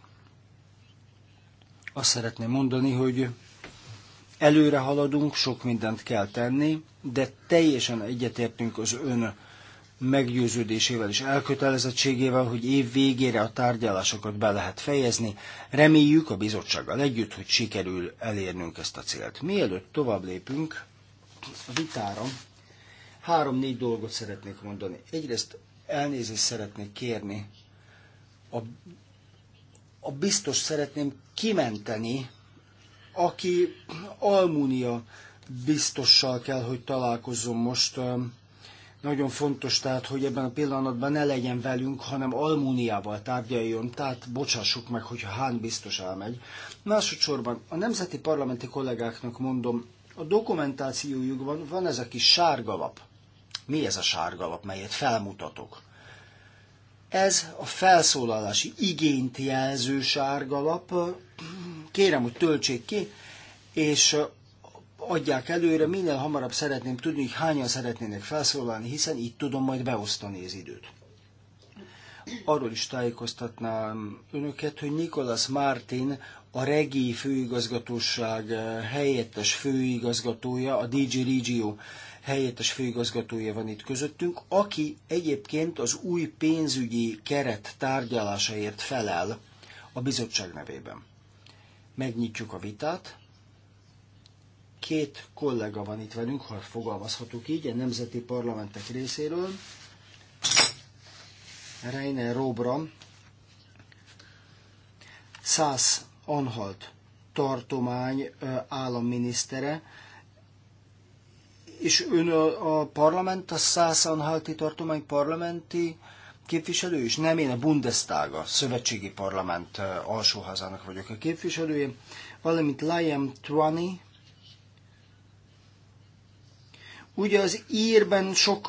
azt szeretném mondani, hogy előre haladunk, sok mindent kell tenni, de teljesen egyetértünk az ön meggyőződésével és elkötelezettségével, hogy év végére a tárgyalásokat be lehet fejezni. Reméljük a bizottsággal együtt, hogy sikerül elérnünk ezt a célt. Mielőtt tovább lépünk a vitára, három-négy dolgot szeretnék mondani. Egyrészt elnézést szeretnék kérni. A, a biztos szeretném kimenteni, aki Almunia biztossal kell, hogy találkozzon most. Um, nagyon fontos tehát, hogy ebben a pillanatban ne legyen velünk, hanem Almúniával tárgyaljon, tehát bocsássuk meg, hogyha Hán biztos elmegy. Másodszorban a nemzeti parlamenti kollégáknak mondom, a dokumentációjukban van ez a kis sárga lap. Mi ez a sárga lap, melyet felmutatok? Ez a felszólalási igényt jelző sárga lap. Kérem, hogy töltsék ki, és adják előre, minél hamarabb szeretném tudni, hogy hányan szeretnének felszólalni, hiszen itt tudom majd beosztani az időt. Arról is tájékoztatnám önöket, hogy Nikolas Martin a Regi főigazgatóság eh, helyettes főigazgatója, a DG Regio helyettes főigazgatója van itt közöttünk, aki egyébként az új pénzügyi keret tárgyalásaért felel a bizottság nevében. Megnyitjuk a vitát, Két kollega van itt velünk, ha fogalmazhatok így, a nemzeti parlamentek részéről. Reiner Robram, Szász Anhalt tartomány államminisztere, és ön a, parlament, a szász Anhalti tartomány parlamenti képviselő, és nem én a Bundestag, a szövetségi parlament alsóházának vagyok a képviselője, valamint Liam Twani, Ugye az írben sok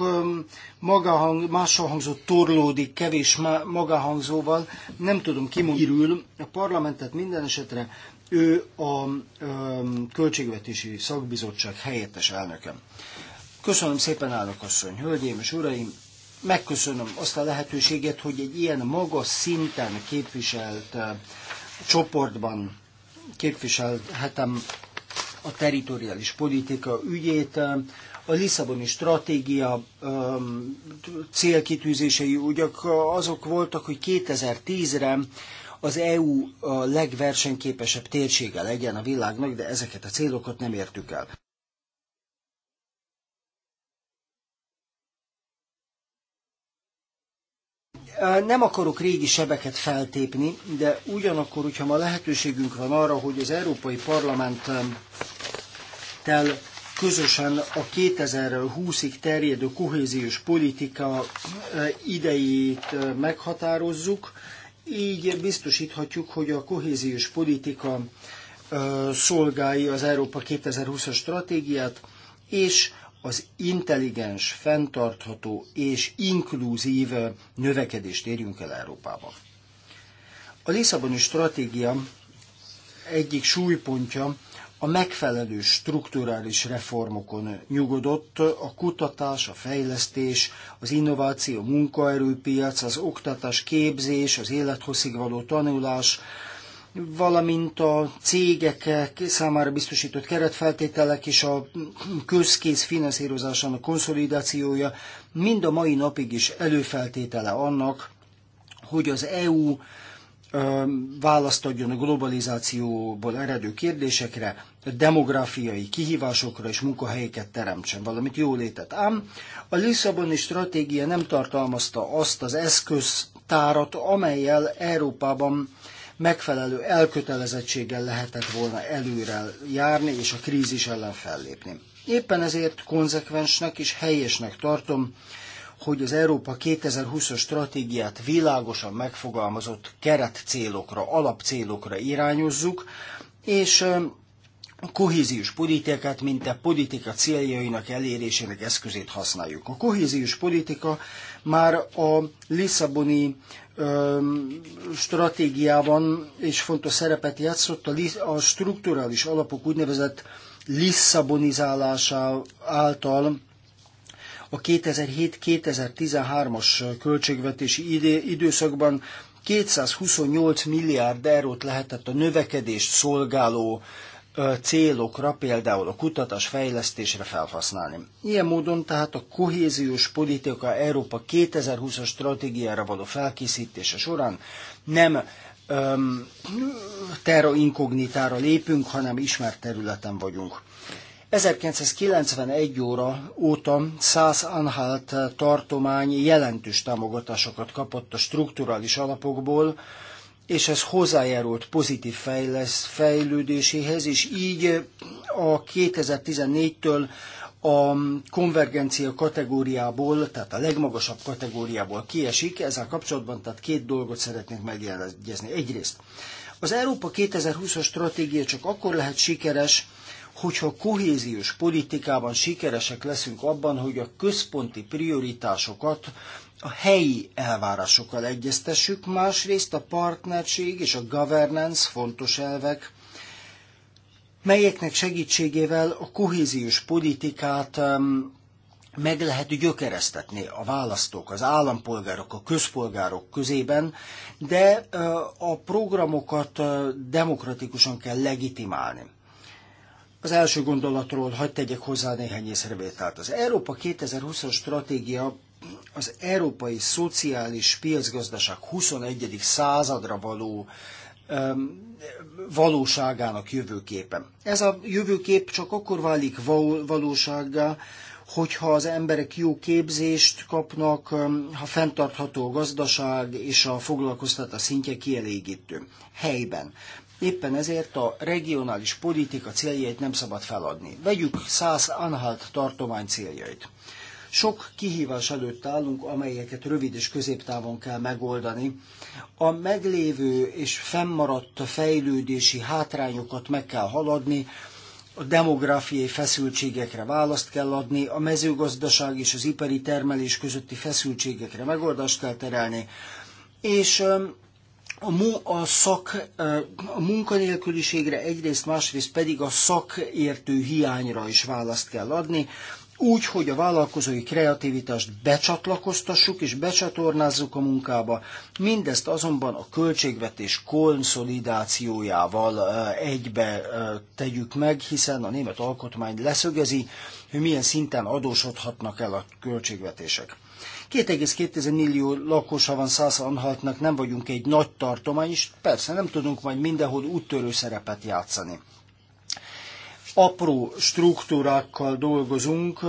magahang, mással hangzó torlódik, kevés magahangzóval, nem tudom ki írül a parlamentet minden esetre, ő a ö, Költségvetési Szakbizottság helyettes elnöke. Köszönöm szépen, állok asszony, hölgyeim és uraim! Megköszönöm azt a lehetőséget, hogy egy ilyen magas szinten képviselt csoportban képviselhetem a teritoriális politika ügyét. Ö, a Lisszaboni stratégia um, célkitűzései ugye azok voltak, hogy 2010-re az EU a legversenyképesebb térsége legyen a világnak, de ezeket a célokat nem értük el. Nem akarok régi sebeket feltépni, de ugyanakkor, hogyha ma lehetőségünk van arra, hogy az Európai Parlament tel közösen a 2020-ig terjedő kohéziós politika e, idejét e, meghatározzuk, így biztosíthatjuk, hogy a kohéziós politika e, szolgálja az Európa 2020-as stratégiát, és az intelligens, fenntartható és inkluzív növekedést érjünk el Európában. A Lisszaboni stratégia egyik súlypontja a megfelelő strukturális reformokon nyugodott, a kutatás, a fejlesztés, az innováció, munkaerőpiac, az oktatás, képzés, az élethosszig való tanulás, valamint a cégek számára biztosított keretfeltételek és a közkész finanszírozásának konszolidációja mind a mai napig is előfeltétele annak, hogy az EU választ adjon a globalizációból eredő kérdésekre, a demográfiai kihívásokra és munkahelyeket teremtsen, valamint jólétet. Ám a Lisszaboni stratégia nem tartalmazta azt az eszköztárat, amelyel Európában megfelelő elkötelezettséggel lehetett volna előre járni és a krízis ellen fellépni. Éppen ezért konzekvensnek és helyesnek tartom, hogy az Európa 2020-as stratégiát világosan megfogalmazott keretcélokra, alapcélokra irányozzuk, és a kohéziós politikát, mint a politika céljainak elérésének eszközét használjuk. A kohéziós politika már a Lisszaboni stratégiában is fontos szerepet játszott, a, a strukturális alapok úgynevezett lisszabonizálása által a 2007-2013-as költségvetési időszakban 228 milliárd eurót lehetett a növekedést szolgáló célokra, például a kutatás fejlesztésre felhasználni. Ilyen módon tehát a kohéziós politika Európa 2020-as stratégiára való felkészítése során nem öm, terra inkognitára lépünk, hanem ismert területen vagyunk. 1991 óra óta Szász Anhalt tartomány jelentős támogatásokat kapott a strukturális alapokból, és ez hozzájárult pozitív fejlesz, fejlődéséhez, és így a 2014-től a konvergencia kategóriából, tehát a legmagasabb kategóriából kiesik. Ezzel kapcsolatban tehát két dolgot szeretnék megjegyezni. Egyrészt az Európa 2020-as stratégia csak akkor lehet sikeres, hogyha kohéziós politikában sikeresek leszünk abban, hogy a központi prioritásokat a helyi elvárásokkal egyeztessük, másrészt a partnerség és a governance fontos elvek, melyeknek segítségével a kohéziós politikát meg lehet gyökeresztetni a választók, az állampolgárok, a közpolgárok közében, de a programokat demokratikusan kell legitimálni. Az első gondolatról hagyd tegyek hozzá néhány észrevételt. Az Európa 2020-as stratégia az európai szociális piacgazdaság 21. századra való um, valóságának jövőképe. Ez a jövőkép csak akkor válik valósággá, hogyha az emberek jó képzést kapnak, ha fenntartható a gazdaság és a foglalkoztatás szintje kielégítő. Helyben. Éppen ezért a regionális politika céljait nem szabad feladni. Vegyük száz Anhalt tartomány céljait. Sok kihívás előtt állunk, amelyeket rövid és középtávon kell megoldani. A meglévő és fennmaradt fejlődési hátrányokat meg kell haladni, a demográfiai feszültségekre választ kell adni, a mezőgazdaság és az ipari termelés közötti feszültségekre megoldást kell terelni, és a, mu- a szak, a munkanélküliségre egyrészt, másrészt pedig a szakértő hiányra is választ kell adni, úgy, hogy a vállalkozói kreativitást becsatlakoztassuk és becsatornázzuk a munkába, mindezt azonban a költségvetés konszolidációjával egybe tegyük meg, hiszen a német alkotmány leszögezi, hogy milyen szinten adósodhatnak el a költségvetések. 2,2 millió lakosa van Szászanhaltnak, nem vagyunk egy nagy tartomány, és persze nem tudunk majd mindenhol úttörő szerepet játszani apró struktúrákkal dolgozunk,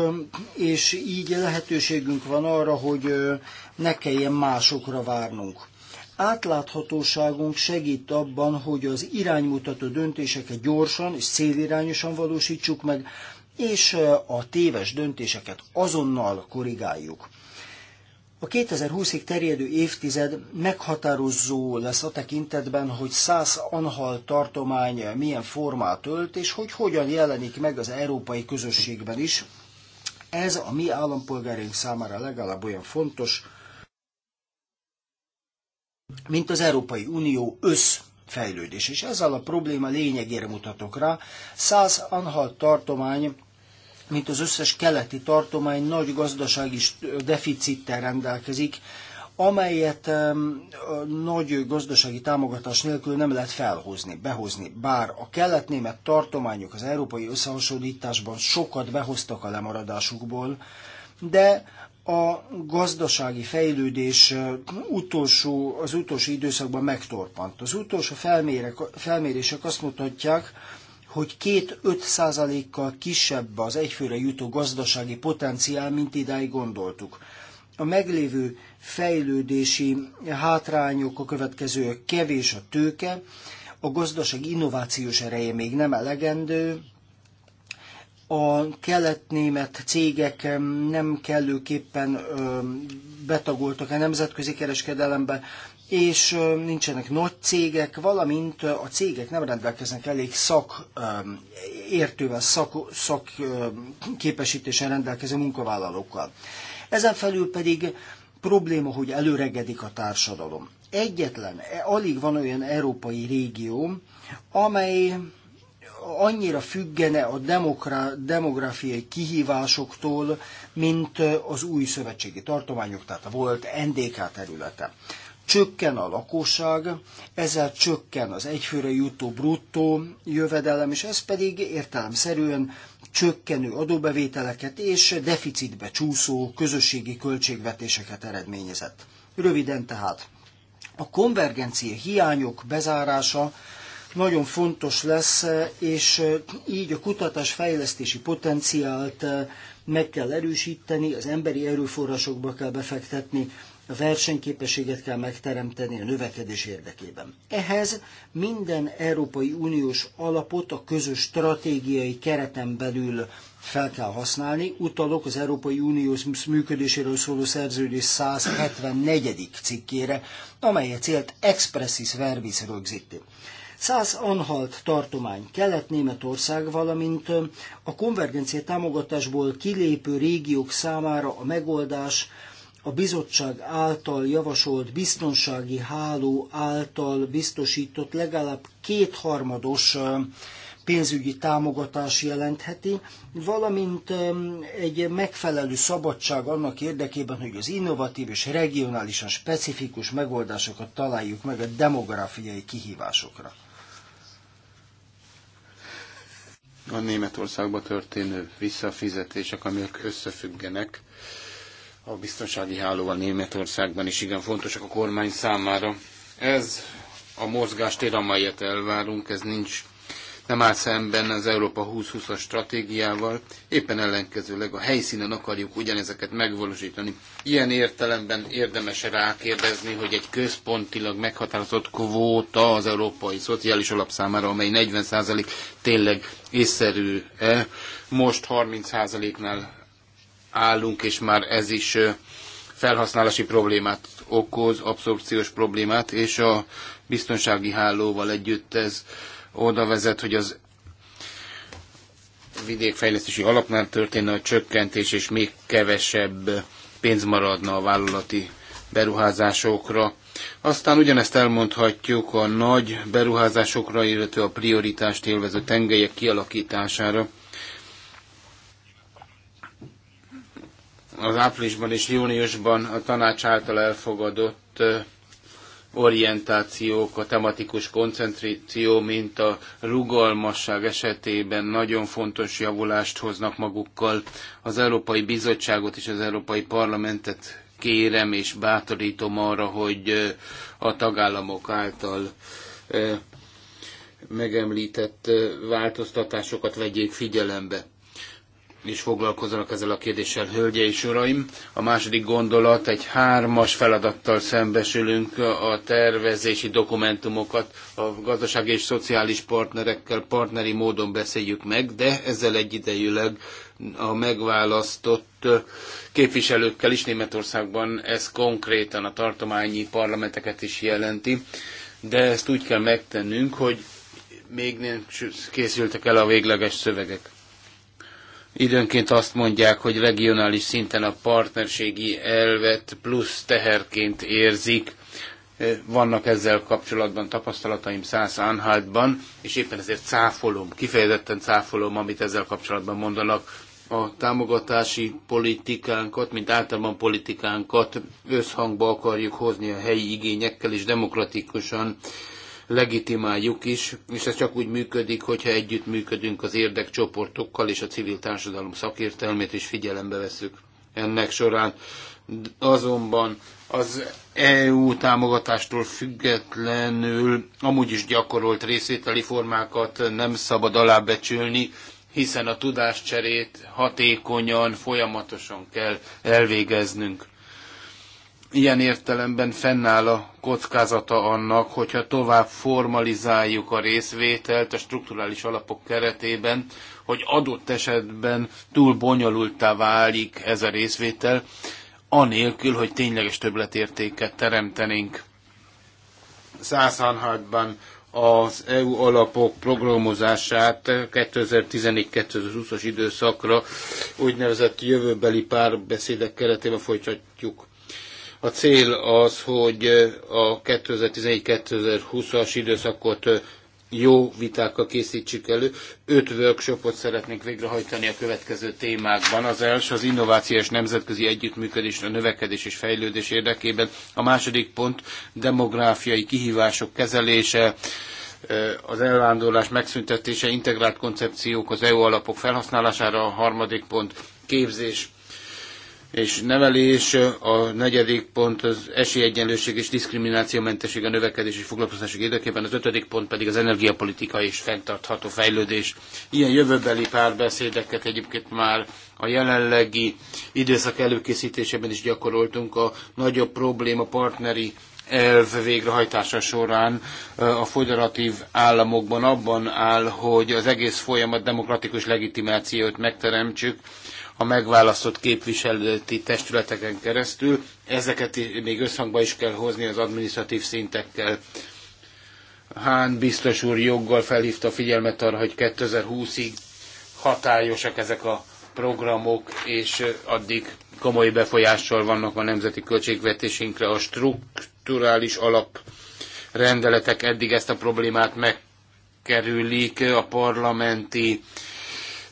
és így lehetőségünk van arra, hogy ne kelljen másokra várnunk. Átláthatóságunk segít abban, hogy az iránymutató döntéseket gyorsan és célirányosan valósítsuk meg, és a téves döntéseket azonnal korrigáljuk. A 2020-ig terjedő évtized meghatározó lesz a tekintetben, hogy száz anhal tartomány milyen formát ölt, és hogy hogyan jelenik meg az európai közösségben is. Ez a mi állampolgáraink számára legalább olyan fontos, mint az Európai Unió össz fejlődés. És ezzel a probléma lényegére mutatok rá. Száz anhalt tartomány mint az összes keleti tartomány nagy gazdasági deficittel rendelkezik, amelyet nagy gazdasági támogatás nélkül nem lehet felhozni, behozni. Bár a kelet-német tartományok az európai összehasonlításban sokat behoztak a lemaradásukból, de a gazdasági fejlődés utolsó, az utolsó időszakban megtorpant. Az utolsó felmérek, felmérések azt mutatják, hogy 2-5 százalékkal kisebb az egyfőre jutó gazdasági potenciál, mint idáig gondoltuk. A meglévő fejlődési hátrányok a következő kevés a tőke, a gazdaság innovációs ereje még nem elegendő, a kelet-német cégek nem kellőképpen betagoltak a nemzetközi kereskedelembe, és nincsenek nagy cégek, valamint a cégek nem rendelkeznek elég szak értővel, szak, szak képesítésen rendelkező munkavállalókkal. Ezen felül pedig probléma, hogy előregedik a társadalom. Egyetlen, e, alig van olyan európai régió, amely annyira függene a demográfiai kihívásoktól, mint az új szövetségi tartományok, tehát a volt NDK területe csökken a lakosság, ezzel csökken az egyfőre jutó bruttó jövedelem, és ez pedig értelemszerűen csökkenő adóbevételeket és deficitbe csúszó közösségi költségvetéseket eredményezett. Röviden tehát, a konvergencia hiányok bezárása nagyon fontos lesz, és így a kutatás fejlesztési potenciált meg kell erősíteni, az emberi erőforrásokba kell befektetni, a versenyképességet kell megteremteni a növekedés érdekében. Ehhez minden Európai Uniós alapot a közös stratégiai kereten belül fel kell használni. Utalok az Európai Unió működéséről szóló szerződés 174. cikkére, amely a célt expressis verbis rögzíti. Száz anhalt tartomány Kelet-Németország, valamint a konvergencia támogatásból kilépő régiók számára a megoldás a bizottság által javasolt biztonsági háló által biztosított legalább kétharmados pénzügyi támogatás jelentheti, valamint egy megfelelő szabadság annak érdekében, hogy az innovatív és regionálisan specifikus megoldásokat találjuk meg a demográfiai kihívásokra. A Németországba történő visszafizetések, amelyek összefüggenek a biztonsági hálóval Németországban is igen fontosak a kormány számára. Ez a mozgástér, amelyet elvárunk, ez nincs nem áll szemben az Európa 2020-as stratégiával, éppen ellenkezőleg a helyszínen akarjuk ugyanezeket megvalósítani. Ilyen értelemben érdemes rákérdezni, hogy egy központilag meghatározott kvóta az Európai Szociális Alap számára, amely 40% tényleg észszerű-e, most 30%-nál állunk, és már ez is felhasználási problémát okoz, abszorpciós problémát, és a biztonsági hálóval együtt ez oda vezet, hogy az vidékfejlesztési alapnál történne a csökkentés, és még kevesebb pénz maradna a vállalati beruházásokra. Aztán ugyanezt elmondhatjuk a nagy beruházásokra, illetve a prioritást élvező tengelyek kialakítására. az áprilisban és júniusban a tanács által elfogadott orientációk, a tematikus koncentráció, mint a rugalmasság esetében nagyon fontos javulást hoznak magukkal. Az Európai Bizottságot és az Európai Parlamentet kérem és bátorítom arra, hogy a tagállamok által megemlített változtatásokat vegyék figyelembe is foglalkozzanak ezzel a kérdéssel, hölgye és uraim. A második gondolat, egy hármas feladattal szembesülünk a tervezési dokumentumokat a gazdasági és szociális partnerekkel partneri módon beszéljük meg, de ezzel egyidejűleg a megválasztott képviselőkkel is Németországban ez konkrétan a tartományi parlamenteket is jelenti, de ezt úgy kell megtennünk, hogy még nem készültek el a végleges szövegek Időnként azt mondják, hogy regionális szinten a partnerségi elvet plusz teherként érzik. E, vannak ezzel kapcsolatban tapasztalataim Szász Anhaltban, és éppen ezért cáfolom, kifejezetten cáfolom, amit ezzel kapcsolatban mondanak. A támogatási politikánkat, mint általában politikánkat összhangba akarjuk hozni a helyi igényekkel, és demokratikusan legitimáljuk is, és ez csak úgy működik, hogyha együttműködünk az érdekcsoportokkal és a civil társadalom szakértelmét is figyelembe veszük ennek során. Azonban az EU támogatástól függetlenül amúgy is gyakorolt részvételi formákat nem szabad alábecsülni, hiszen a tudáscserét hatékonyan, folyamatosan kell elvégeznünk ilyen értelemben fennáll a kockázata annak, hogyha tovább formalizáljuk a részvételt a strukturális alapok keretében, hogy adott esetben túl bonyolultá válik ez a részvétel, anélkül, hogy tényleges többletértéket teremtenénk. Szászánhátban az EU alapok programozását 2014-2020-as időszakra úgynevezett jövőbeli párbeszédek keretében folytatjuk a cél az, hogy a 2014-2020-as időszakot jó vitákkal készítsük elő. Öt workshopot szeretnénk végrehajtani a következő témákban. Az első az innováció és nemzetközi együttműködés, a növekedés és fejlődés érdekében. A második pont demográfiai kihívások kezelése, az elvándorlás megszüntetése, integrált koncepciók az EU alapok felhasználására, a harmadik pont képzés és nevelés, a negyedik pont az esélyegyenlőség és diszkriminációmentesség a növekedés és foglalkoztatások érdekében, az ötödik pont pedig az energiapolitika és fenntartható fejlődés. Ilyen jövőbeli párbeszédeket egyébként már a jelenlegi időszak előkészítésében is gyakoroltunk a nagyobb probléma partneri elv végrehajtása során eh, a fogyaratív államokban abban áll, hogy az egész folyamat demokratikus legitimációt megteremtsük, a megválasztott képviselőti testületeken keresztül. Ezeket még összhangba is kell hozni az administratív szintekkel. Hán biztos úr joggal felhívta a figyelmet arra, hogy 2020-ig hatályosak ezek a programok, és addig komoly befolyással vannak a nemzeti költségvetésünkre. A strukturális alap rendeletek. eddig ezt a problémát megkerülik, a parlamenti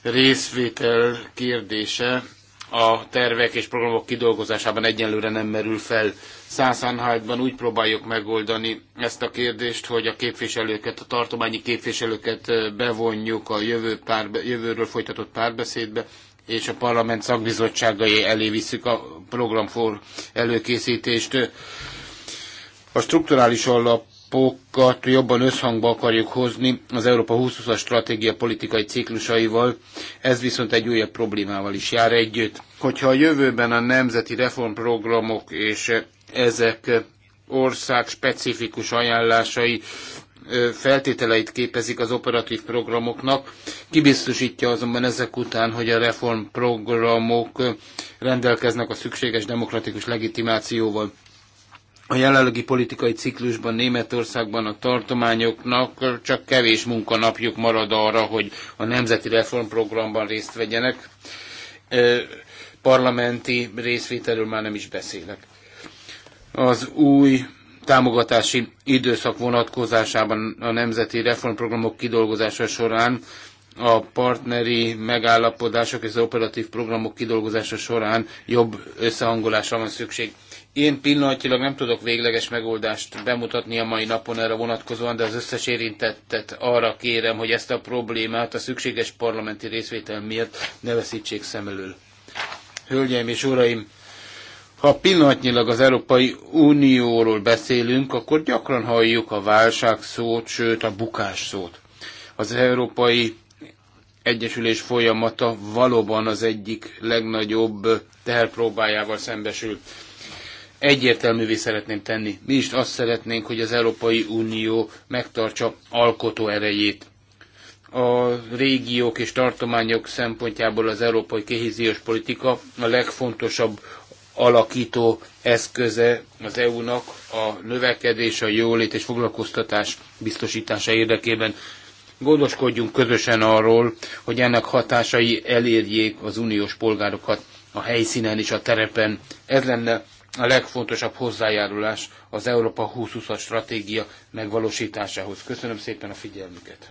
részvétel kérdése a tervek és programok kidolgozásában egyenlőre nem merül fel. Szászánhájtban úgy próbáljuk megoldani ezt a kérdést, hogy a képviselőket, a tartományi képviselőket bevonjuk a jövő pár, jövőről folytatott párbeszédbe, és a parlament szakbizottságai elé visszük a programfor előkészítést. A strukturális alap alapokat jobban összhangba akarjuk hozni az Európa 2020-as stratégia politikai ciklusaival, ez viszont egy újabb problémával is jár együtt. Hogyha a jövőben a nemzeti reformprogramok és ezek ország specifikus ajánlásai feltételeit képezik az operatív programoknak. Kibiztosítja azonban ezek után, hogy a reformprogramok rendelkeznek a szükséges demokratikus legitimációval a jelenlegi politikai ciklusban Németországban a tartományoknak csak kevés munkanapjuk marad arra, hogy a nemzeti reformprogramban részt vegyenek. Parlamenti részvételről már nem is beszélek. Az új támogatási időszak vonatkozásában a nemzeti reformprogramok kidolgozása során a partneri megállapodások és az operatív programok kidolgozása során jobb összehangolásra van szükség. Én pillanatilag nem tudok végleges megoldást bemutatni a mai napon erre vonatkozóan, de az összes érintettet arra kérem, hogy ezt a problémát a szükséges parlamenti részvétel miatt ne veszítsék szem elől. Hölgyeim és uraim, ha pillanatnyilag az Európai Unióról beszélünk, akkor gyakran halljuk a válság szót, sőt a bukás szót. Az Európai Egyesülés folyamata valóban az egyik legnagyobb teherpróbájával szembesül egyértelművé szeretném tenni. Mi is azt szeretnénk, hogy az Európai Unió megtartsa alkotó erejét. A régiók és tartományok szempontjából az európai kehéziós politika a legfontosabb alakító eszköze az EU-nak a növekedés, a jólét és foglalkoztatás biztosítása érdekében. Gondoskodjunk közösen arról, hogy ennek hatásai elérjék az uniós polgárokat a helyszínen és a terepen. Ez lenne a legfontosabb hozzájárulás az Európa 2020-as stratégia megvalósításához. Köszönöm szépen a figyelmüket!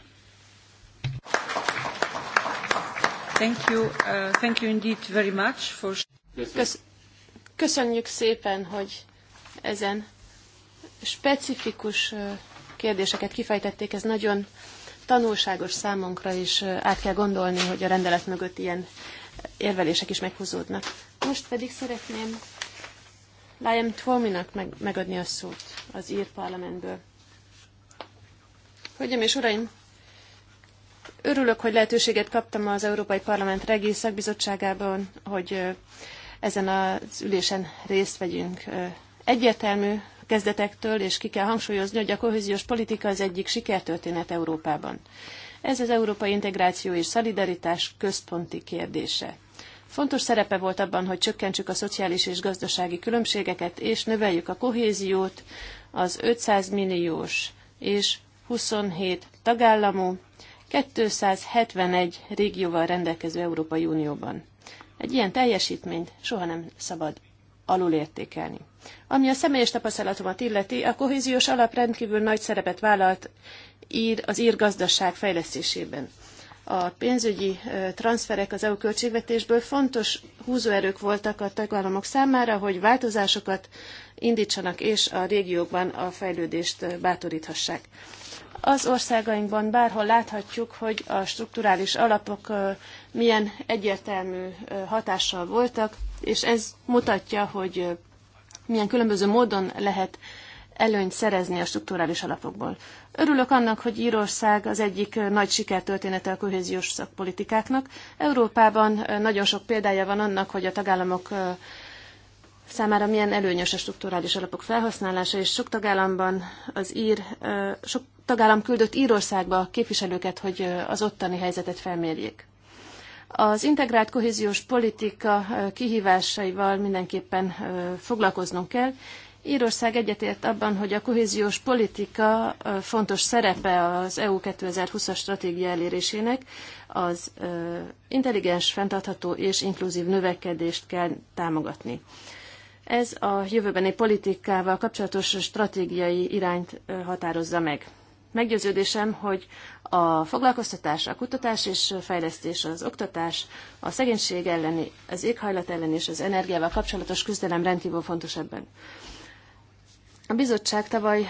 Thank you, uh, thank you indeed very much for... Köszönjük szépen, hogy ezen specifikus uh, kérdéseket kifejtették. Ez nagyon tanulságos számunkra, is uh, át kell gondolni, hogy a rendelet mögött ilyen érvelések is meghúzódnak. Most pedig szeretném Liam Twominak meg, megadni a szót az ír parlamentből. Hölgyeim és uraim, örülök, hogy lehetőséget kaptam az Európai Parlament Regi Szakbizottságában, hogy ezen az ülésen részt vegyünk. Egyértelmű kezdetektől, és ki kell hangsúlyozni, hogy a kohéziós politika az egyik sikertörténet Európában. Ez az európai integráció és szolidaritás központi kérdése. Fontos szerepe volt abban, hogy csökkentsük a szociális és gazdasági különbségeket, és növeljük a kohéziót az 500 milliós és 27 tagállamú, 271 régióval rendelkező Európai Unióban. Egy ilyen teljesítményt soha nem szabad alulértékelni. Ami a személyes tapasztalatomat illeti, a kohéziós alap rendkívül nagy szerepet vállalt ír az ír gazdaság fejlesztésében a pénzügyi transferek az EU költségvetésből fontos húzóerők voltak a tagállamok számára, hogy változásokat indítsanak és a régiókban a fejlődést bátoríthassák. Az országainkban bárhol láthatjuk, hogy a strukturális alapok milyen egyértelmű hatással voltak, és ez mutatja, hogy milyen különböző módon lehet előnyt szerezni a strukturális alapokból. Örülök annak, hogy Írország az egyik nagy sikertörténete a kohéziós szakpolitikáknak. Európában nagyon sok példája van annak, hogy a tagállamok számára milyen előnyös a strukturális alapok felhasználása, és sok tagállamban az ír, sok tagállam küldött Írországba képviselőket, hogy az ottani helyzetet felmérjék. Az integrált kohéziós politika kihívásaival mindenképpen foglalkoznunk kell, Írország egyetért abban, hogy a kohéziós politika fontos szerepe az EU 2020-as stratégia elérésének az intelligens, fenntartható és inkluzív növekedést kell támogatni. Ez a jövőbeni politikával kapcsolatos stratégiai irányt határozza meg. Meggyőződésem, hogy a foglalkoztatás, a kutatás és fejlesztés, az oktatás, a szegénység elleni, az éghajlat elleni és az energiával kapcsolatos küzdelem rendkívül fontos ebben. A bizottság tavaly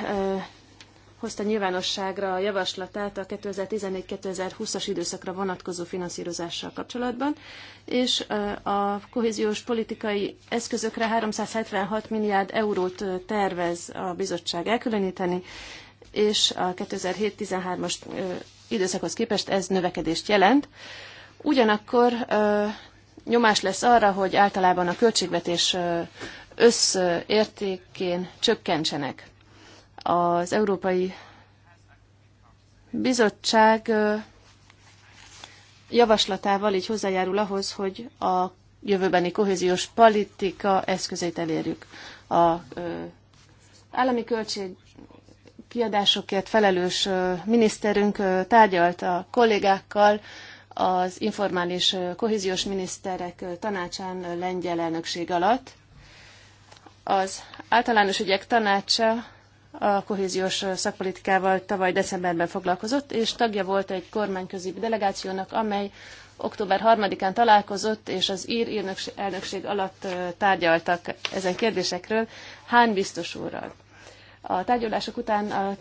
hozta nyilvánosságra a javaslatát a 2014-2020-as időszakra vonatkozó finanszírozással kapcsolatban, és a kohéziós politikai eszközökre 376 milliárd eurót tervez a bizottság elkülöníteni, és a 2007-13-as időszakhoz képest ez növekedést jelent. Ugyanakkor nyomás lesz arra, hogy általában a költségvetés összértékén csökkentsenek. Az Európai Bizottság javaslatával így hozzájárul ahhoz, hogy a jövőbeni kohéziós politika eszközeit elérjük. A állami költség kiadásokért felelős miniszterünk tárgyalt a kollégákkal az informális kohéziós miniszterek tanácsán lengyel elnökség alatt, az általános ügyek tanácsa a kohéziós szakpolitikával tavaly decemberben foglalkozott, és tagja volt egy kormányközi delegációnak, amely október 3-án találkozott, és az ír elnökség alatt tárgyaltak ezen kérdésekről Hán biztos úrral. A tárgyalások után a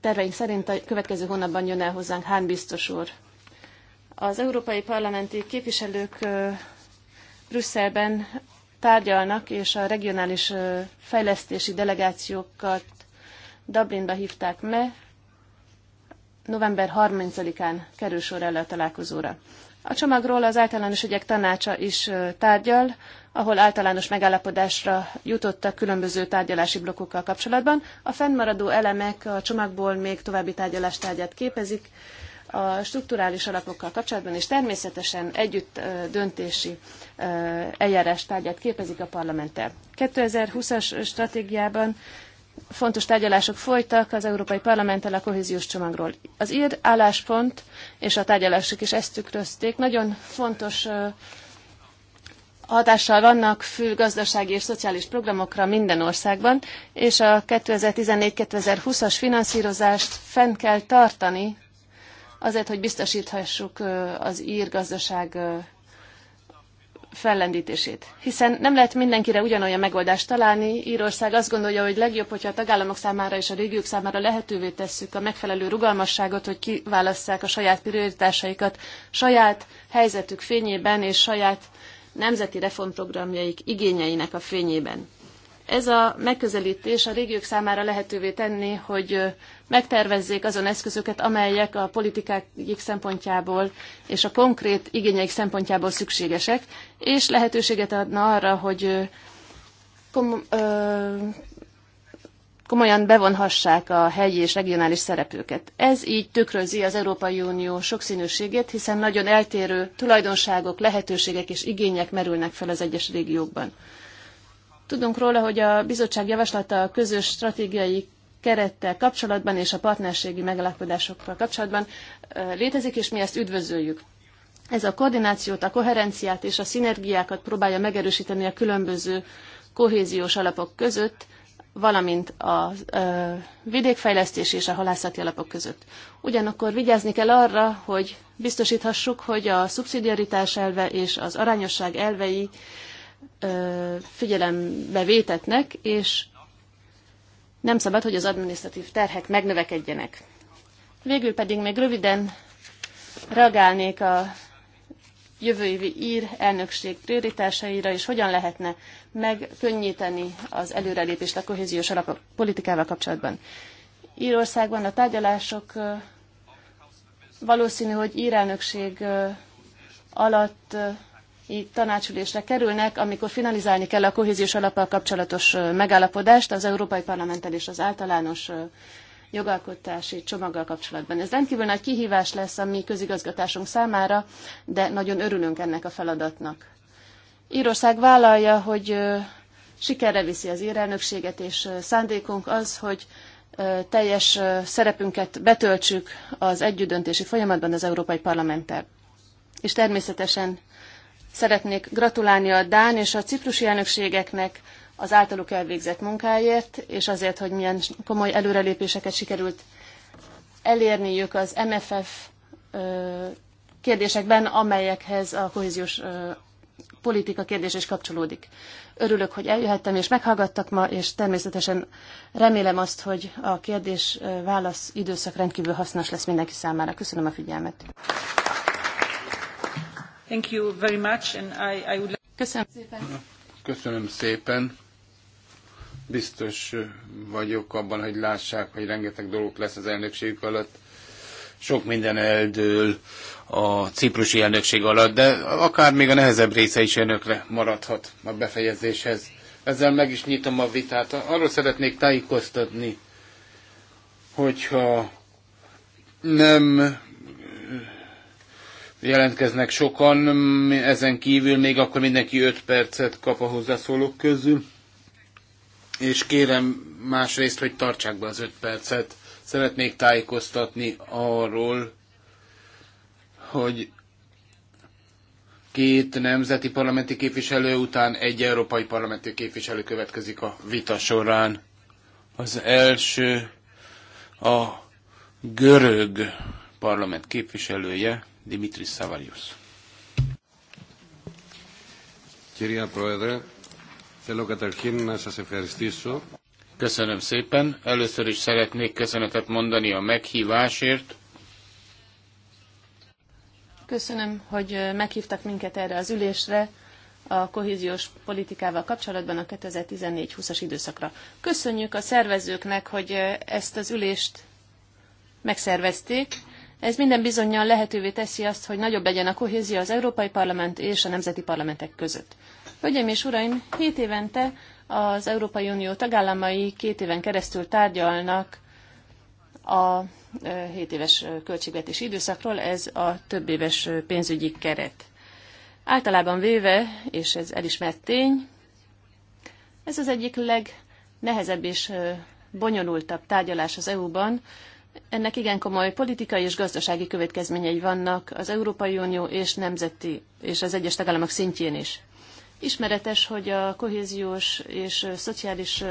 terveink szerint a következő hónapban jön el hozzánk Hán biztos úr. Az európai parlamenti képviselők Brüsszelben tárgyalnak, és a regionális fejlesztési delegációkat Dublinba hívták meg. November 30-án kerül sor elő a találkozóra. A csomagról az általános ügyek tanácsa is tárgyal, ahol általános megállapodásra jutottak különböző tárgyalási blokkokkal kapcsolatban. A fennmaradó elemek a csomagból még további tárgyalástárgyát képezik, a strukturális alapokkal kapcsolatban, és természetesen együtt döntési eljárás tárgyát képezik a parlamenttel. 2020-as stratégiában fontos tárgyalások folytak az Európai Parlamenttel a kohéziós csomagról. Az ír álláspont és a tárgyalások is ezt tükrözték. Nagyon fontos hatással vannak fő gazdasági és szociális programokra minden országban, és a 2014-2020-as finanszírozást fenn kell tartani azért, hogy biztosíthassuk az ír gazdaság fellendítését. Hiszen nem lehet mindenkire ugyanolyan megoldást találni. Írország azt gondolja, hogy legjobb, hogyha a tagállamok számára és a régiók számára lehetővé tesszük a megfelelő rugalmasságot, hogy kiválasszák a saját prioritásaikat saját helyzetük fényében és saját nemzeti reformprogramjaik igényeinek a fényében. Ez a megközelítés a régiók számára lehetővé tenni, hogy megtervezzék azon eszközöket, amelyek a politikák szempontjából és a konkrét igényeik szempontjából szükségesek, és lehetőséget adna arra, hogy kom- ö, komolyan bevonhassák a helyi és regionális szereplőket. Ez így tükrözi az Európai Unió sokszínűségét, hiszen nagyon eltérő tulajdonságok, lehetőségek és igények merülnek fel az egyes régiókban. Tudunk róla, hogy a bizottság javaslata a közös stratégiai kerettel kapcsolatban és a partnerségi megalapodásokkal kapcsolatban létezik, és mi ezt üdvözöljük. Ez a koordinációt, a koherenciát és a szinergiákat próbálja megerősíteni a különböző kohéziós alapok között, valamint a ö, vidékfejlesztés és a halászati alapok között. Ugyanakkor vigyázni kell arra, hogy biztosíthassuk, hogy a szubszidiaritás elve és az arányosság elvei ö, figyelembe vétetnek, és nem szabad, hogy az administratív terhek megnövekedjenek. Végül pedig még röviden reagálnék a jövő évi ír elnökség prioritásaira, és hogyan lehetne megkönnyíteni az előrelépést a kohéziós alapok politikával kapcsolatban. Írországban a tárgyalások valószínű, hogy elnökség alatt így tanácsülésre kerülnek, amikor finalizálni kell a kohéziós alappal kapcsolatos megállapodást az Európai Parlamenttel és az általános jogalkotási csomaggal kapcsolatban. Ez rendkívül nagy kihívás lesz a mi közigazgatásunk számára, de nagyon örülünk ennek a feladatnak. Írország vállalja, hogy sikerre viszi az írelnökséget, és szándékunk az, hogy teljes szerepünket betöltsük az együttdöntési folyamatban az Európai Parlamenttel. És természetesen Szeretnék gratulálni a Dán és a ciprusi elnökségeknek az általuk elvégzett munkáért, és azért, hogy milyen komoly előrelépéseket sikerült elérniük az MFF kérdésekben, amelyekhez a kohéziós politika kérdés is kapcsolódik. Örülök, hogy eljöhettem és meghallgattak ma, és természetesen remélem azt, hogy a kérdés-válasz időszak rendkívül hasznos lesz mindenki számára. Köszönöm a figyelmet. Thank you very much, and I, I would... Köszönöm szépen. Köszönöm szépen. Biztos vagyok abban, hogy lássák, hogy rengeteg dolog lesz az elnökségük alatt. Sok minden eldől a ciprusi elnökség alatt, de akár még a nehezebb része is önökre maradhat a befejezéshez. Ezzel meg is nyitom a vitát. Arról szeretnék tájékoztatni, hogyha nem jelentkeznek sokan, ezen kívül még akkor mindenki 5 percet kap a hozzászólók közül, és kérem másrészt, hogy tartsák be az 5 percet. Szeretnék tájékoztatni arról, hogy két nemzeti parlamenti képviselő után egy európai parlamenti képviselő következik a vita során. Az első a görög parlament képviselője, Dimitris Savarius. Κυρία Πρόεδρε, θέλω καταρχήν να σας ευχαριστήσω. Köszönöm szépen. Először is szeretnék köszönetet mondani a meghívásért. Köszönöm, hogy meghívtak minket erre az ülésre a kohéziós politikával kapcsolatban a 2014-20-as időszakra. Köszönjük a szervezőknek, hogy ezt az ülést megszervezték, ez minden bizonyal lehetővé teszi azt, hogy nagyobb legyen a kohézió az Európai Parlament és a nemzeti parlamentek között. Hölgyeim és uraim, hét évente az Európai Unió tagállamai két éven keresztül tárgyalnak a 7 éves költségvetési időszakról, ez a több éves pénzügyi keret. Általában véve, és ez elismert tény, ez az egyik legnehezebb és bonyolultabb tárgyalás az EU-ban, ennek igen komoly politikai és gazdasági következményei vannak az Európai Unió és nemzeti és az egyes tagállamok szintjén is. Ismeretes, hogy a kohéziós és szociális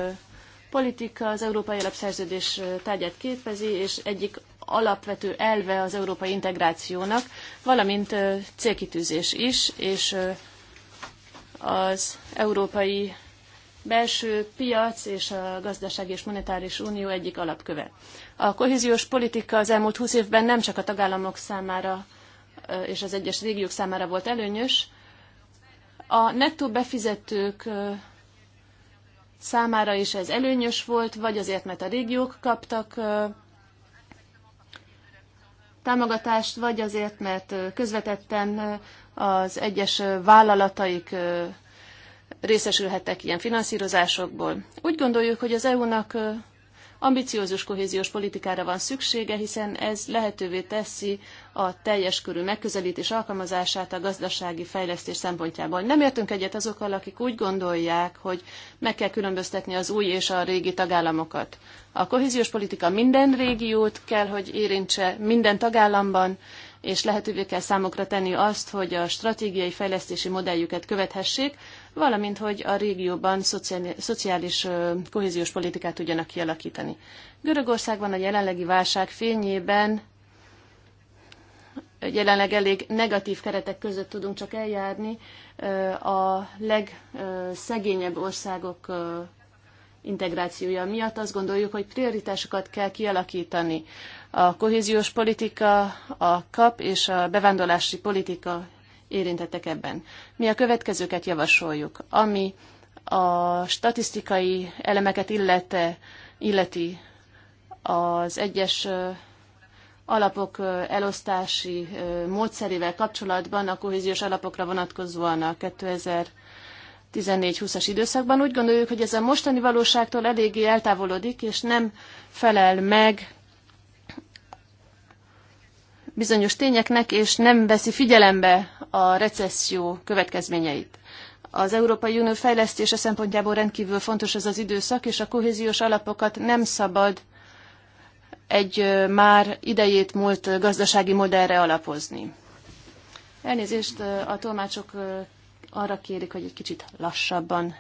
politika az Európai Alapszerződés tárgyát képezi, és egyik alapvető elve az európai integrációnak, valamint célkitűzés is, és az európai belső piac és a gazdaság és monetáris unió egyik alapköve. A kohéziós politika az elmúlt 20 évben nem csak a tagállamok számára és az egyes régiók számára volt előnyös, a nettó befizetők számára is ez előnyös volt, vagy azért, mert a régiók kaptak támogatást, vagy azért, mert közvetetten az egyes vállalataik részesülhettek ilyen finanszírozásokból. Úgy gondoljuk, hogy az EU-nak ambiciózus kohéziós politikára van szüksége, hiszen ez lehetővé teszi a teljes körű megközelítés alkalmazását a gazdasági fejlesztés szempontjából. Nem értünk egyet azokkal, akik úgy gondolják, hogy meg kell különböztetni az új és a régi tagállamokat. A kohéziós politika minden régiót kell, hogy érintse minden tagállamban, és lehetővé kell számokra tenni azt, hogy a stratégiai fejlesztési modelljüket követhessék, valamint hogy a régióban szociális kohéziós politikát tudjanak kialakítani. Görögországban a jelenlegi válság fényében jelenleg elég negatív keretek között tudunk csak eljárni. A legszegényebb országok integrációja miatt azt gondoljuk, hogy prioritásokat kell kialakítani. A kohéziós politika, a kap és a bevándorlási politika érintettek ebben. Mi a következőket javasoljuk, ami a statisztikai elemeket illete, illeti az egyes alapok elosztási módszerével kapcsolatban a kohéziós alapokra vonatkozóan a 2014-20-as időszakban. Úgy gondoljuk, hogy ez a mostani valóságtól eléggé eltávolodik, és nem felel meg bizonyos tényeknek, és nem veszi figyelembe a recesszió következményeit. Az Európai Unió fejlesztése szempontjából rendkívül fontos ez az időszak, és a kohéziós alapokat nem szabad egy már idejét múlt gazdasági modellre alapozni. Elnézést, a tolmácsok arra kérik, hogy egy kicsit lassabban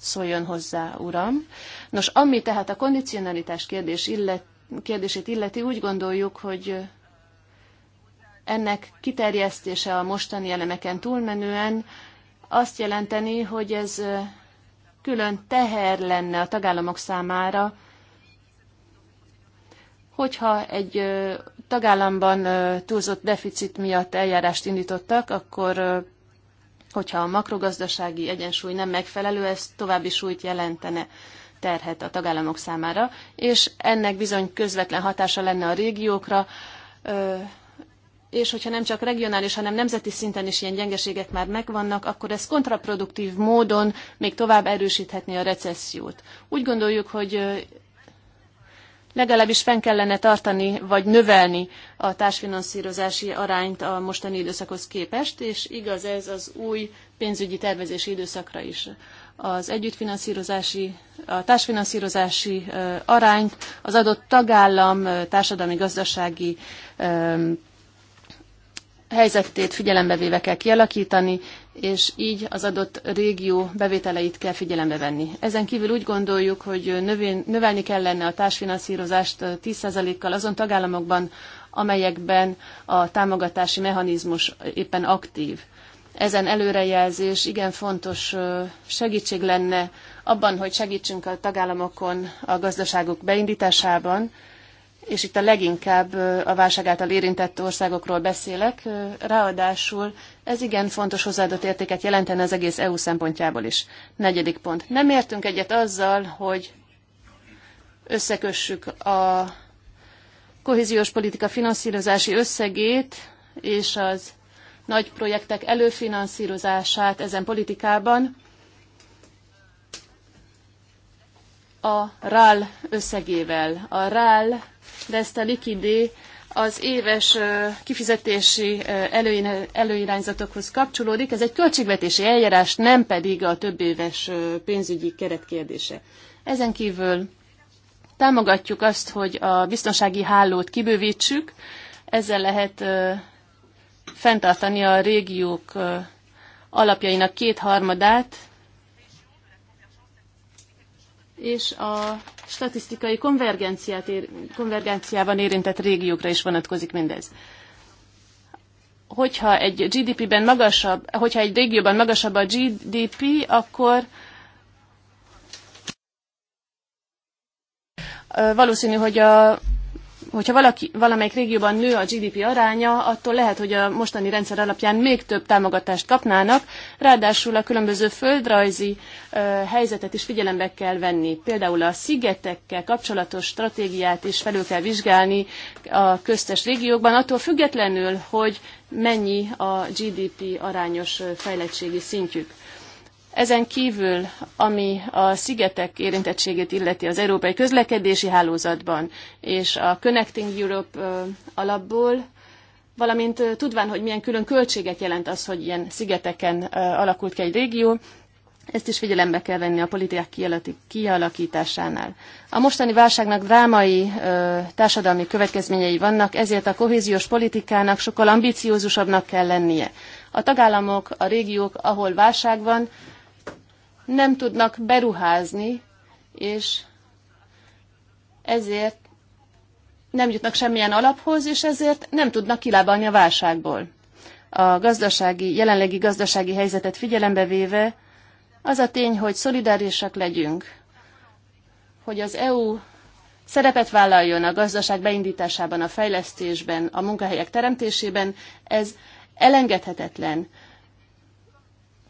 szóljon hozzá, uram. Nos, ami tehát a kondicionalitás kérdés illet, kérdését illeti, úgy gondoljuk, hogy ennek kiterjesztése a mostani elemeken túlmenően azt jelenteni, hogy ez külön teher lenne a tagállamok számára, hogyha egy tagállamban túlzott deficit miatt eljárást indítottak, akkor hogyha a makrogazdasági egyensúly nem megfelelő, ez további súlyt jelentene terhet a tagállamok számára, és ennek bizony közvetlen hatása lenne a régiókra, és hogyha nem csak regionális, hanem nemzeti szinten is ilyen gyengeségek már megvannak, akkor ez kontraproduktív módon még tovább erősíthetné a recessziót. Úgy gondoljuk, hogy legalábbis fenn kellene tartani, vagy növelni a társfinanszírozási arányt a mostani időszakhoz képest, és igaz ez az új pénzügyi tervezési időszakra is. Az együttfinanszírozási, a társfinanszírozási arányt az adott tagállam társadalmi-gazdasági helyzetét figyelembe véve kell kialakítani, és így az adott régió bevételeit kell figyelembe venni. Ezen kívül úgy gondoljuk, hogy növelni kellene a társfinanszírozást 10%-kal eh, azon tagállamokban, amelyekben a támogatási mechanizmus éppen aktív. Ezen előrejelzés igen fontos eh, segítség lenne abban, hogy segítsünk a tagállamokon a gazdaságok beindításában, és itt a leginkább a válság által érintett országokról beszélek, ráadásul ez igen fontos hozzáadott értéket jelentene az egész EU szempontjából is. Negyedik pont. Nem értünk egyet azzal, hogy összekössük a kohéziós politika finanszírozási összegét és az nagy projektek előfinanszírozását ezen politikában a RAL összegével. A RAL de ezt a likidé az éves kifizetési előirányzatokhoz kapcsolódik. Ez egy költségvetési eljárás, nem pedig a több éves pénzügyi keret kérdése. Ezen kívül támogatjuk azt, hogy a biztonsági hálót kibővítsük, ezzel lehet fenntartani a régiók alapjainak kétharmadát, és a statisztikai konvergenciát ér, konvergenciában érintett régiókra is vonatkozik mindez. Hogyha egy GDP-ben magasabb, hogyha egy régióban magasabb a GDP, akkor valószínű, hogy a hogyha valaki, valamelyik régióban nő a GDP aránya, attól lehet, hogy a mostani rendszer alapján még több támogatást kapnának, ráadásul a különböző földrajzi ö, helyzetet is figyelembe kell venni. Például a szigetekkel kapcsolatos stratégiát is felül kell vizsgálni a köztes régiókban, attól függetlenül, hogy mennyi a GDP arányos fejlettségi szintjük. Ezen kívül, ami a szigetek érintettségét illeti az európai közlekedési hálózatban és a Connecting Europe alapból, valamint tudván, hogy milyen külön költséget jelent az, hogy ilyen szigeteken alakult ki egy régió, ezt is figyelembe kell venni a politikák kialakításánál. A mostani válságnak drámai ö, társadalmi következményei vannak, ezért a kohéziós politikának sokkal ambiciózusabbnak kell lennie. A tagállamok, a régiók, ahol válság van, nem tudnak beruházni, és ezért nem jutnak semmilyen alaphoz, és ezért nem tudnak kilábalni a válságból. A gazdasági, jelenlegi gazdasági helyzetet figyelembe véve az a tény, hogy szolidárisak legyünk, hogy az EU szerepet vállaljon a gazdaság beindításában, a fejlesztésben, a munkahelyek teremtésében, ez elengedhetetlen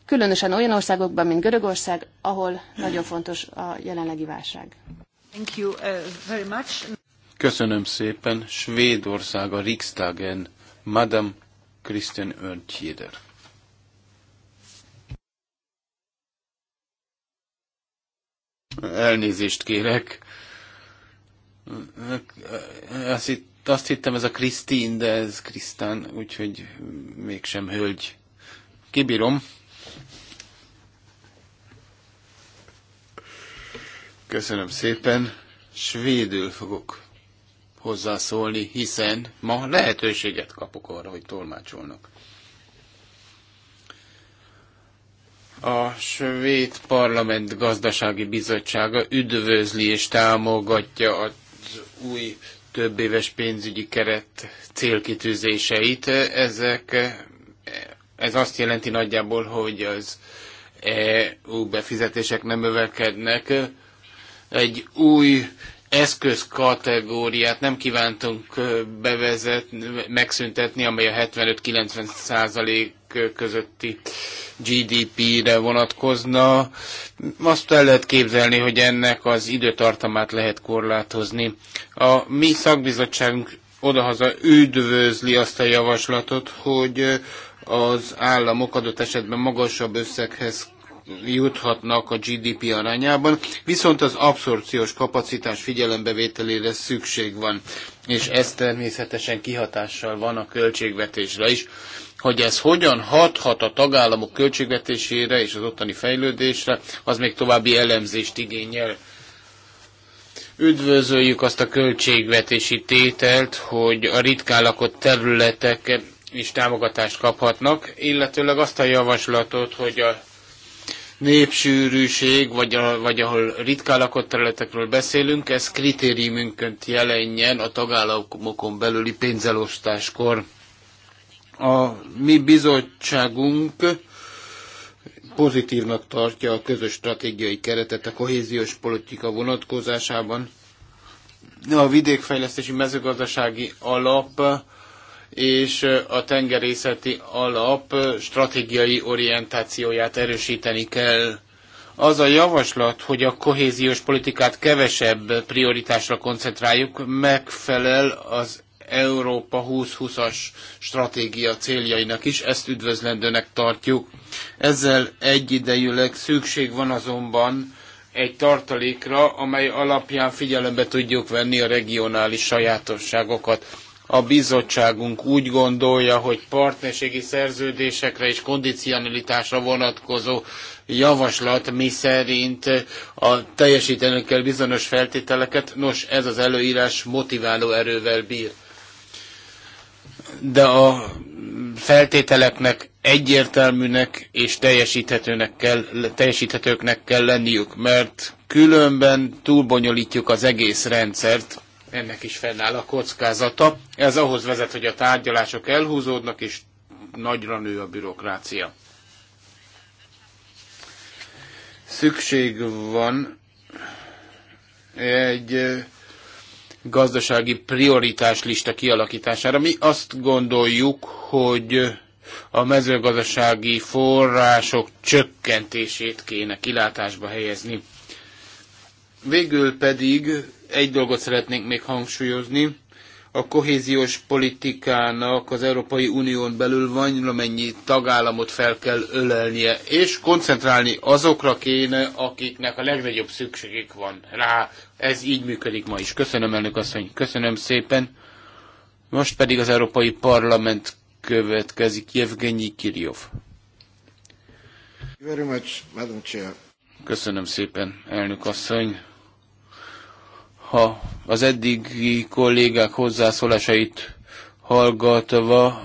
különösen olyan országokban, mint Görögország, ahol nagyon fontos a jelenlegi válság. Thank you uh, very much. Köszönöm szépen. Svédország a Riksdagen. Madame Christian Örntjéder. Elnézést kérek. Azt, hitt, azt hittem ez a Krisztin, de ez Krisztán, úgyhogy mégsem hölgy. Kibírom. Köszönöm szépen. Svédül fogok hozzászólni, hiszen ma lehetőséget kapok arra, hogy tolmácsolnak. A svéd parlament gazdasági bizottsága üdvözli és támogatja az új több éves pénzügyi keret célkitűzéseit. Ezek, ez azt jelenti nagyjából, hogy az EU befizetések nem övekednek, egy új eszközkategóriát nem kívántunk bevezetni, megszüntetni, amely a 75-90 százalék közötti GDP-re vonatkozna. Azt el lehet képzelni, hogy ennek az időtartamát lehet korlátozni. A mi szakbizottságunk odahaza üdvözli azt a javaslatot, hogy az államok adott esetben magasabb összeghez juthatnak a GDP arányában, viszont az abszorpciós kapacitás figyelembevételére szükség van, és ez természetesen kihatással van a költségvetésre is. Hogy ez hogyan hathat a tagállamok költségvetésére és az ottani fejlődésre, az még további elemzést igényel. Üdvözöljük azt a költségvetési tételt, hogy a ritkán lakott területek is támogatást kaphatnak, illetőleg azt a javaslatot, hogy a népsűrűség, vagy, a, vagy ahol ritkán lakott területekről beszélünk, ez kritériumünként jelenjen a tagállamokon belüli pénzelosztáskor. A mi bizottságunk pozitívnak tartja a közös stratégiai keretet a kohéziós politika vonatkozásában. A vidékfejlesztési mezőgazdasági alap és a tengerészeti alap stratégiai orientációját erősíteni kell. Az a javaslat, hogy a kohéziós politikát kevesebb prioritásra koncentráljuk, megfelel az Európa 2020-as stratégia céljainak is, ezt üdvözlendőnek tartjuk. Ezzel egyidejűleg szükség van azonban egy tartalékra, amely alapján figyelembe tudjuk venni a regionális sajátosságokat a bizottságunk úgy gondolja, hogy partnerségi szerződésekre és kondicionalitásra vonatkozó javaslat, mi szerint a teljesítenek kell bizonyos feltételeket, nos ez az előírás motiváló erővel bír. De a feltételeknek egyértelműnek és teljesíthetőnek kell, teljesíthetőknek kell lenniük, mert különben túlbonyolítjuk az egész rendszert ennek is fennáll a kockázata. Ez ahhoz vezet, hogy a tárgyalások elhúzódnak, és nagyra nő a bürokrácia. Szükség van egy gazdasági prioritás lista kialakítására. Mi azt gondoljuk, hogy a mezőgazdasági források csökkentését kéne kilátásba helyezni. Végül pedig egy dolgot szeretnénk még hangsúlyozni. A kohéziós politikának az Európai Unión belül valamennyi tagállamot fel kell ölelnie, és koncentrálni azokra kéne, akiknek a legnagyobb szükségük van rá. Ez így működik ma is. Köszönöm, elnök asszony. Köszönöm szépen. Most pedig az Európai Parlament következik. Jevgenyi Kirjov. Köszönöm szépen, elnök asszony ha az eddigi kollégák hozzászólásait hallgatva,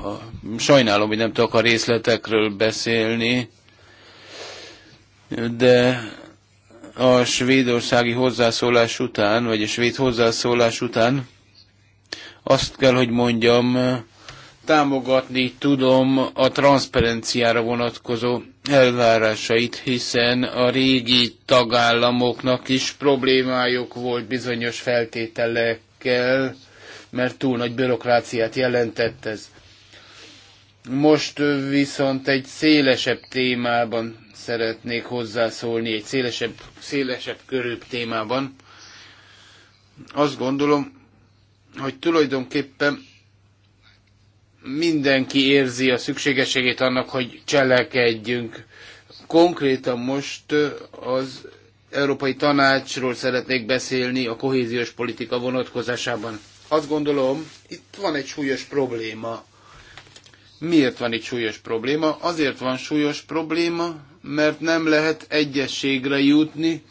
sajnálom, hogy nem tudok a részletekről beszélni, de a svédországi hozzászólás után, vagy a svéd hozzászólás után azt kell, hogy mondjam, támogatni tudom a transzparenciára vonatkozó elvárásait, hiszen a régi tagállamoknak is problémájuk volt bizonyos feltételekkel, mert túl nagy bürokráciát jelentett ez. Most viszont egy szélesebb témában szeretnék hozzászólni, egy szélesebb, szélesebb körülbb témában. Azt gondolom, hogy tulajdonképpen mindenki érzi a szükségességét annak, hogy cselekedjünk. Konkrétan most az Európai Tanácsról szeretnék beszélni a kohéziós politika vonatkozásában. Azt gondolom, itt van egy súlyos probléma. Miért van itt súlyos probléma? Azért van súlyos probléma, mert nem lehet egyességre jutni,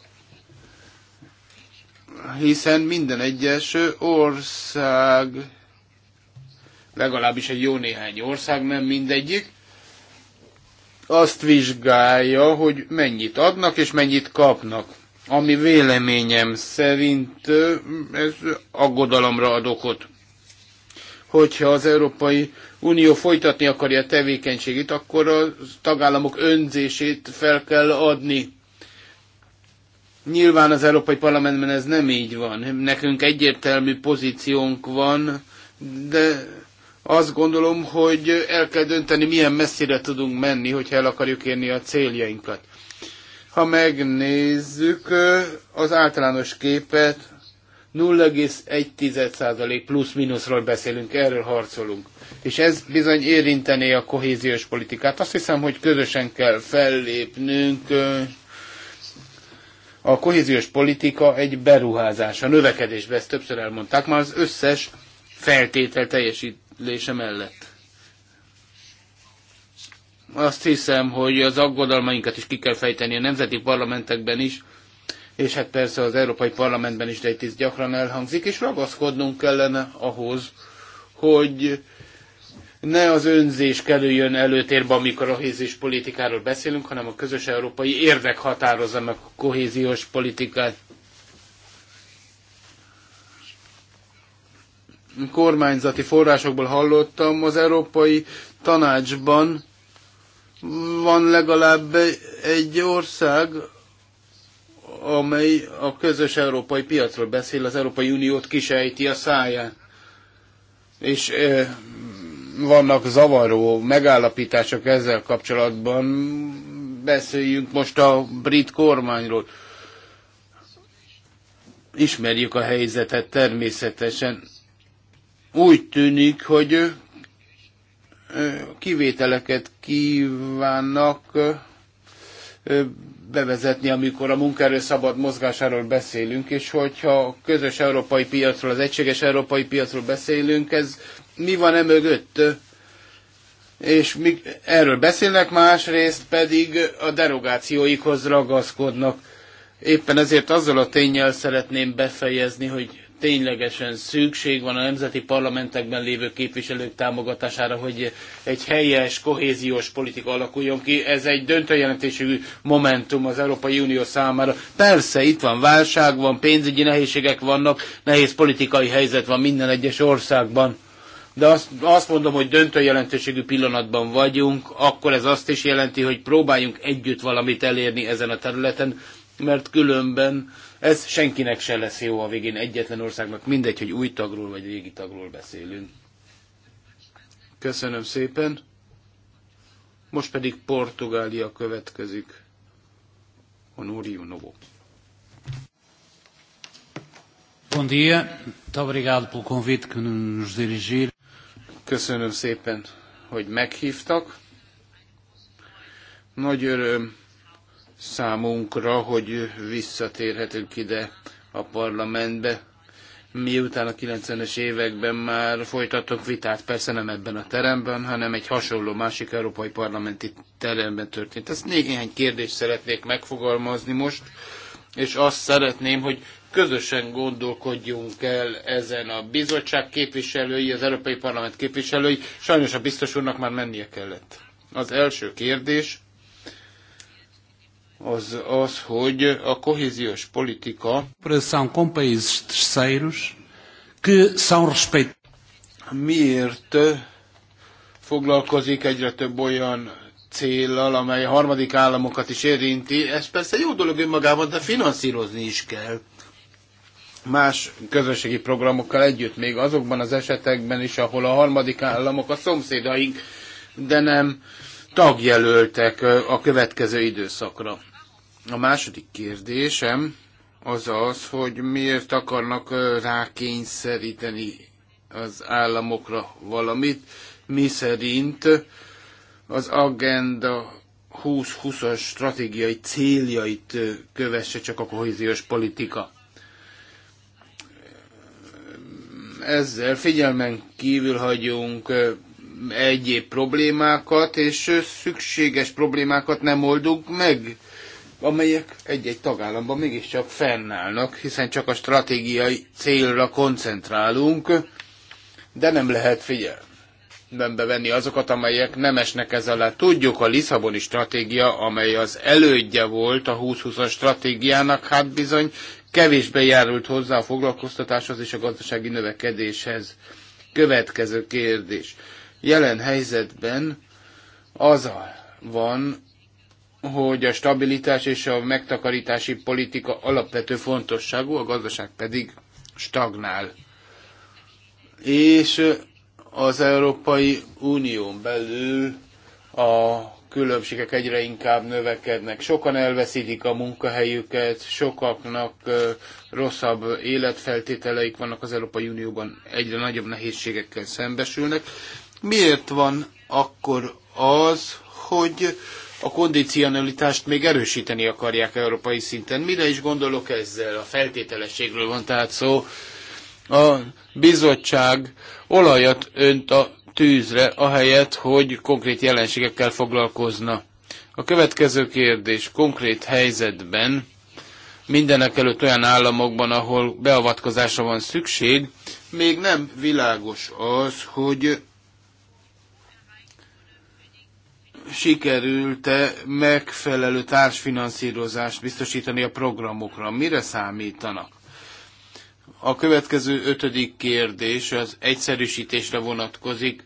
hiszen minden egyes ország legalábbis egy jó néhány ország, nem mindegyik, azt vizsgálja, hogy mennyit adnak és mennyit kapnak. Ami véleményem szerint ez aggodalomra ad okot. Hogyha az Európai Unió folytatni akarja a tevékenységét, akkor a tagállamok önzését fel kell adni. Nyilván az Európai Parlamentben ez nem így van. Nekünk egyértelmű pozíciónk van, de azt gondolom, hogy el kell dönteni, milyen messzire tudunk menni, hogyha el akarjuk érni a céljainkat. Ha megnézzük az általános képet, 0,1% plusz-minuszról beszélünk, erről harcolunk. És ez bizony érintené a kohéziós politikát. Azt hiszem, hogy közösen kell fellépnünk. A kohéziós politika egy beruházás, a növekedésbe, ezt többször elmondták, már az összes feltétel teljesít, lése mellett. Azt hiszem, hogy az aggodalmainkat is ki kell fejteni a nemzeti parlamentekben is, és hát persze az Európai Parlamentben is, de itt is gyakran elhangzik, és ragaszkodnunk kellene ahhoz, hogy ne az önzés kerüljön előtérbe, amikor a kohéziós politikáról beszélünk, hanem a közös európai érdek határozza meg a kohéziós politikát. kormányzati forrásokból hallottam, az Európai Tanácsban van legalább egy ország, amely a közös európai piacról beszél, az Európai Uniót kisejti a száján. És e, vannak zavaró megállapítások ezzel kapcsolatban. Beszéljünk most a brit kormányról. Ismerjük a helyzetet természetesen úgy tűnik, hogy kivételeket kívánnak bevezetni, amikor a munkaerő szabad mozgásáról beszélünk, és hogyha közös európai piacról, az egységes európai piacról beszélünk, ez mi van e mögött? És mi, erről beszélnek, másrészt pedig a derogációikhoz ragaszkodnak. Éppen ezért azzal a tényel szeretném befejezni, hogy ténylegesen szükség van a nemzeti parlamentekben lévő képviselők támogatására, hogy egy helyes, kohéziós politika alakuljon ki. Ez egy döntőjelentésű momentum az Európai Unió számára. Persze, itt van válság, van pénzügyi nehézségek vannak, nehéz politikai helyzet van minden egyes országban. De azt, azt mondom, hogy döntő jelentőségű pillanatban vagyunk, akkor ez azt is jelenti, hogy próbáljunk együtt valamit elérni ezen a területen, mert különben ez senkinek se lesz jó a végén egyetlen országnak, mindegy, hogy új tagról vagy régi tagról beszélünk. Köszönöm szépen. Most pedig Portugália következik. Honorio Novo. Bom dia, muito obrigado pelo convite que nos dirigir. Köszönöm szépen, hogy meghívtak. Nagy öröm számunkra, hogy visszatérhetünk ide a parlamentbe. Miután a 90-es években már folytattunk vitát, persze nem ebben a teremben, hanem egy hasonló másik európai parlamenti teremben történt. Ezt néhány kérdést szeretnék megfogalmazni most, és azt szeretném, hogy közösen gondolkodjunk el ezen a bizottság képviselői, az Európai Parlament képviselői. Sajnos a biztos úrnak már mennie kellett. Az első kérdés, az az, hogy a kohéziós politika miért foglalkozik egyre több olyan céllal, amely a harmadik államokat is érinti. Ez persze jó dolog önmagában, de finanszírozni is kell. Más közösségi programokkal együtt, még azokban az esetekben is, ahol a harmadik államok a szomszédaink, de nem tagjelöltek a következő időszakra. A második kérdésem az az, hogy miért akarnak rákényszeríteni az államokra valamit, mi szerint az agenda 20-20-as stratégiai céljait kövesse csak a kohéziós politika. Ezzel figyelmen kívül hagyunk egyéb problémákat, és szükséges problémákat nem oldunk meg amelyek egy-egy tagállamban mégiscsak fennállnak, hiszen csak a stratégiai célra koncentrálunk, de nem lehet figyelembe venni azokat, amelyek nem esnek ez alá. Tudjuk a Lisszaboni stratégia, amely az elődje volt a 2020-as stratégiának, hát bizony kevésbé járult hozzá a foglalkoztatáshoz és a gazdasági növekedéshez. Következő kérdés. Jelen helyzetben az a van, hogy a stabilitás és a megtakarítási politika alapvető fontosságú, a gazdaság pedig stagnál. És eh, az Európai Unión belül a különbségek egyre inkább növekednek. Sokan elveszítik a munkahelyüket, sokaknak eh, rosszabb életfeltételeik vannak az Európai Unióban, egyre nagyobb nehézségekkel szembesülnek. Miért van akkor az, hogy a kondicionalitást még erősíteni akarják európai szinten. Mire is gondolok ezzel? A feltételességről van tehát szó. A bizottság olajat önt a tűzre, ahelyett, hogy konkrét jelenségekkel foglalkozna. A következő kérdés konkrét helyzetben mindenek előtt olyan államokban, ahol beavatkozásra van szükség, még nem világos az, hogy sikerült-e megfelelő társfinanszírozást biztosítani a programokra? Mire számítanak? A következő ötödik kérdés az egyszerűsítésre vonatkozik.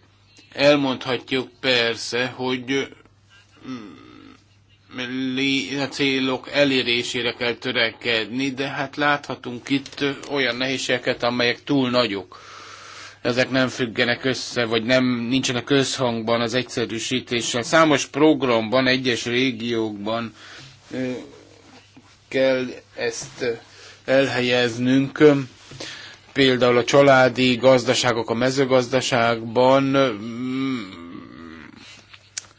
Elmondhatjuk persze, hogy mm, a célok elérésére kell törekedni, de hát láthatunk itt olyan nehézségeket, amelyek túl nagyok ezek nem függenek össze, vagy nem nincsenek összhangban az egyszerűsítéssel. Számos programban, egyes régiókban kell ezt elhelyeznünk. Például a családi gazdaságok a mezőgazdaságban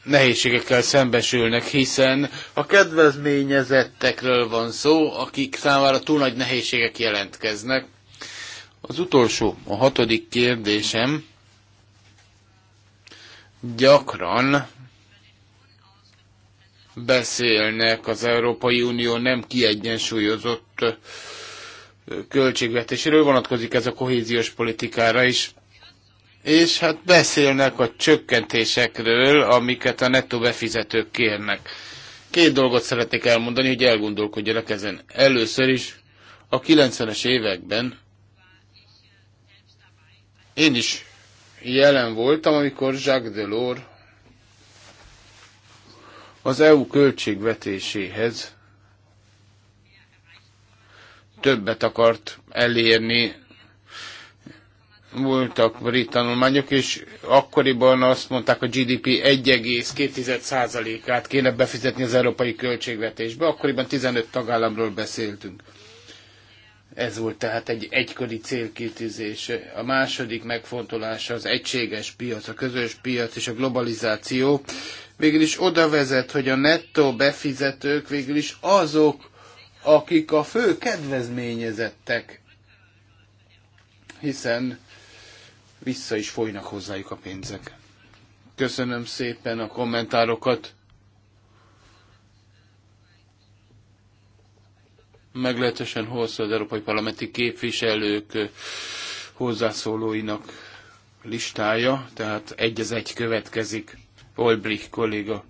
nehézségekkel szembesülnek, hiszen a kedvezményezettekről van szó, akik számára túl nagy nehézségek jelentkeznek az utolsó, a hatodik kérdésem gyakran beszélnek az Európai Unió nem kiegyensúlyozott költségvetéséről, vonatkozik ez a kohéziós politikára is. És hát beszélnek a csökkentésekről, amiket a nettó befizetők kérnek. Két dolgot szeretnék elmondani, hogy elgondolkodjanak ezen. Először is a 90-es években én is jelen voltam, amikor Jacques Delors az EU költségvetéséhez többet akart elérni. Voltak brit tanulmányok, és akkoriban azt mondták, a GDP 1,2%-át kéne befizetni az európai költségvetésbe. Akkoriban 15 tagállamról beszéltünk. Ez volt tehát egy egyköri célkitűzés. A második megfontolása az egységes piac, a közös piac és a globalizáció. Végül is oda vezet, hogy a nettó befizetők végül is azok, akik a fő kedvezményezettek, hiszen vissza is folynak hozzájuk a pénzek. Köszönöm szépen a kommentárokat. meglehetősen hosszú az európai parlamenti képviselők hozzászólóinak listája, tehát egy az egy következik, Olbrich kolléga.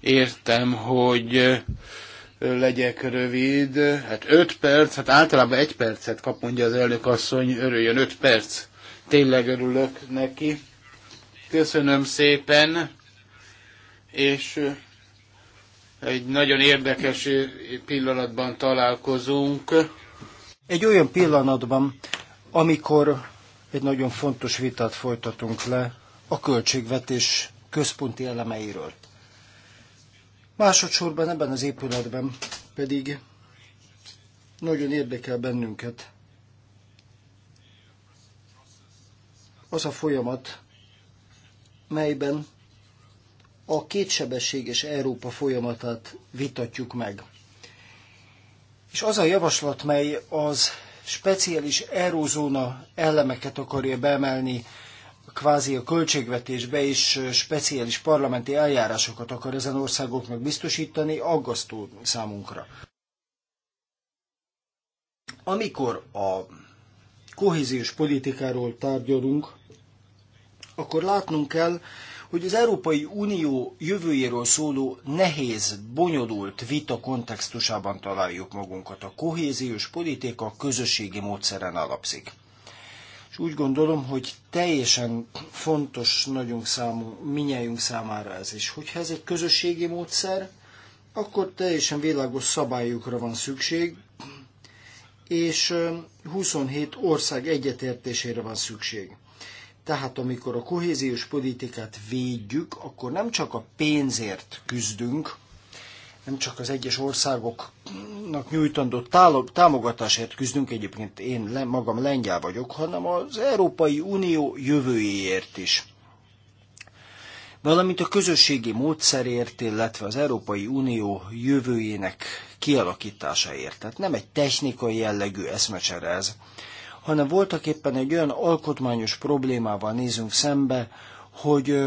Értem, hogy legyek rövid, hát öt perc, hát általában egy percet kap, mondja az elnök asszony, örüljön öt perc. Tényleg örülök neki. Köszönöm szépen, és egy nagyon érdekes pillanatban találkozunk. Egy olyan pillanatban, amikor egy nagyon fontos vitát folytatunk le a költségvetés központi elemeiről. Másodszorban ebben az épületben pedig nagyon érdekel bennünket az a folyamat, melyben a kétsebességes Európa folyamatát vitatjuk meg. És az a javaslat, mely az speciális eurózóna elemeket akarja beemelni, kvázi a költségvetésbe és speciális parlamenti eljárásokat akar ezen országoknak biztosítani, aggasztó számunkra. Amikor a kohéziós politikáról tárgyalunk, akkor látnunk kell, hogy az Európai Unió jövőjéről szóló nehéz, bonyolult vita kontextusában találjuk magunkat. A kohéziós politika a közösségi módszeren alapszik. És úgy gondolom, hogy teljesen fontos nagyunk számú, minnyájunk számára ez is. Hogyha ez egy közösségi módszer, akkor teljesen világos szabályokra van szükség, és 27 ország egyetértésére van szükség. Tehát amikor a kohéziós politikát védjük, akkor nem csak a pénzért küzdünk, nem csak az egyes országoknak nyújtandó támogatásért küzdünk, egyébként én magam lengyel vagyok, hanem az Európai Unió jövőjéért is. Valamint a közösségi módszerért, illetve az Európai Unió jövőjének kialakításáért. Tehát nem egy technikai jellegű eszmecsere ez, hanem voltak éppen egy olyan alkotmányos problémával nézünk szembe, hogy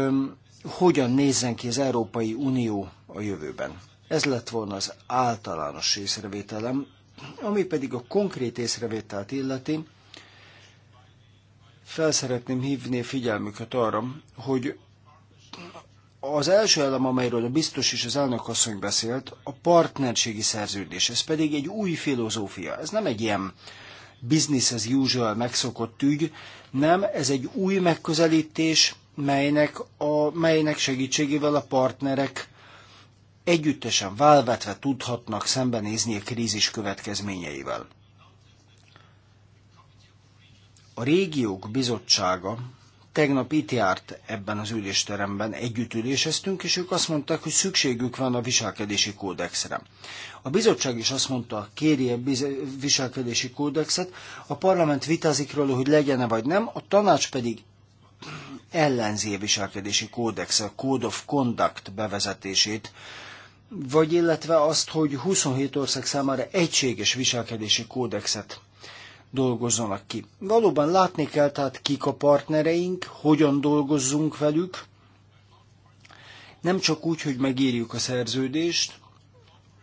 hogyan nézzen ki az Európai Unió a jövőben. Ez lett volna az általános észrevételem, ami pedig a konkrét észrevételt illeti, felszeretném hívni figyelmüket arra, hogy az első elem, amelyről a biztos és az elnökasszony beszélt, a partnerségi szerződés. Ez pedig egy új filozófia. Ez nem egy ilyen business as usual megszokott ügy, nem, ez egy új megközelítés, melynek, a, melynek segítségével a partnerek együttesen válvetve tudhatnak szembenézni a krízis következményeivel. A régiók bizottsága tegnap itt járt ebben az ülésteremben, együtt és ők azt mondták, hogy szükségük van a viselkedési kódexre. A bizottság is azt mondta, kéri a viselkedési kódexet, a parlament vitázik róla, hogy legyen-e vagy nem, a tanács pedig ellenzi a viselkedési kódexet, a Code of Conduct bevezetését, vagy illetve azt, hogy 27 ország számára egységes viselkedési kódexet dolgozzanak ki. Valóban látni kell tehát kik a partnereink, hogyan dolgozzunk velük, nem csak úgy, hogy megírjuk a szerződést,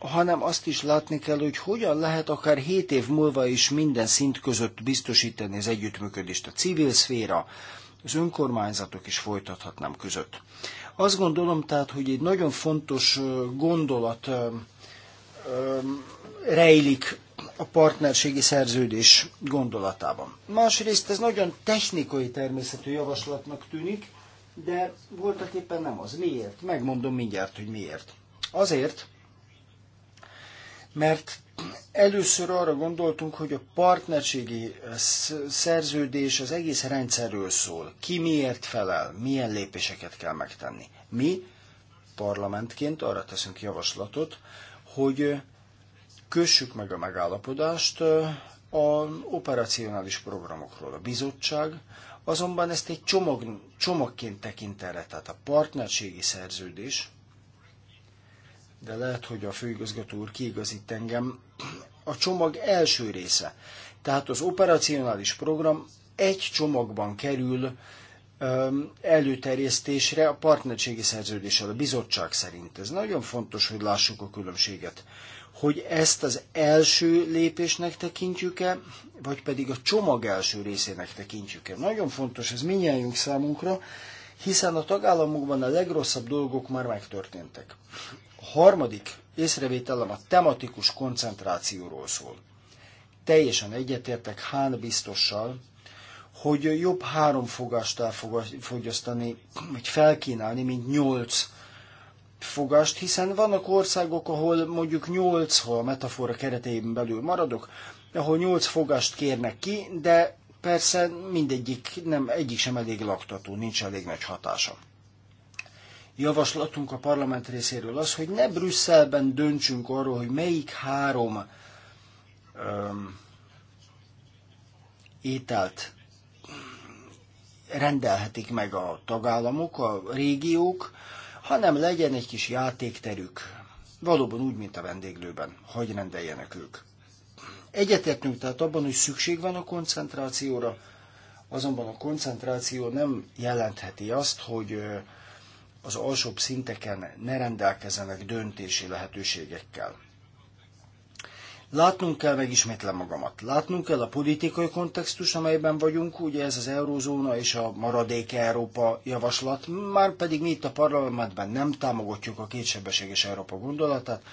hanem azt is látni kell, hogy hogyan lehet akár 7 év múlva is minden szint között biztosítani az együttműködést a civil szféra, az önkormányzatok is folytathatnám között. Azt gondolom tehát, hogy egy nagyon fontos gondolat rejlik a partnerségi szerződés gondolatában. Másrészt ez nagyon technikai természetű javaslatnak tűnik, de voltak éppen nem az. Miért? Megmondom mindjárt, hogy miért. Azért, mert először arra gondoltunk, hogy a partnerségi eh, szerződés az egész rendszerről szól. Ki miért felel, milyen lépéseket kell megtenni. Mi parlamentként arra teszünk javaslatot, hogy eh, kössük meg a megállapodást eh, a operacionális programokról. A bizottság azonban ezt egy csomag, csomagként tekint erre, tehát a partnerségi szerződés de lehet, hogy a főigazgató úr kiigazít engem, a csomag első része. Tehát az operacionális program egy csomagban kerül előterjesztésre a partnerségi szerződéssel, a bizottság szerint. Ez nagyon fontos, hogy lássuk a különbséget. Hogy ezt az első lépésnek tekintjük-e, vagy pedig a csomag első részének tekintjük-e. Nagyon fontos, ez minnyájunk számunkra, hiszen a tagállamokban a legrosszabb dolgok már megtörténtek. A harmadik észrevételem a tematikus koncentrációról szól. Teljesen egyetértek Hán biztossal, hogy jobb három fogást elfogyasztani, vagy felkínálni, mint nyolc fogást, hiszen vannak országok, ahol mondjuk nyolc, ha a metafora keretében belül maradok, ahol nyolc fogást kérnek ki, de persze mindegyik, nem, egyik sem elég laktató, nincs elég nagy hatása javaslatunk a parlament részéről az, hogy ne Brüsszelben döntsünk arról, hogy melyik három um, ételt rendelhetik meg a tagállamok, a régiók, hanem legyen egy kis játékterük. Valóban úgy, mint a vendéglőben, hogy rendeljenek ők. Egyetértünk tehát abban, hogy szükség van a koncentrációra, azonban a koncentráció nem jelentheti azt, hogy az alsóbb szinteken ne rendelkezzenek döntési lehetőségekkel. Látnunk kell, megismétlem magamat, látnunk kell a politikai kontextus, amelyben vagyunk, ugye ez az eurózóna és a maradék Európa javaslat, már pedig mi itt a parlamentben nem támogatjuk a kétsebességes Európa gondolatát,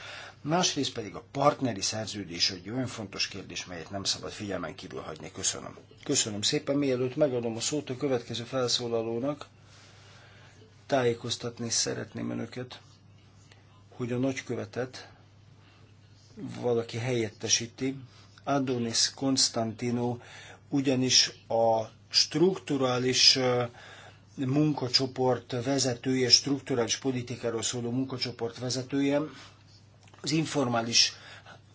másrészt pedig a partneri szerződés egy olyan fontos kérdés, melyet nem szabad figyelmen kívül hagyni. Köszönöm. Köszönöm szépen, mielőtt megadom a szót a következő felszólalónak, Tájékoztatni szeretném önöket, hogy a nagykövetet valaki helyettesíti. Adonis Konstantino ugyanis a strukturális munkacsoport vezetője, strukturális politikáról szóló munkacsoport vezetője, az informális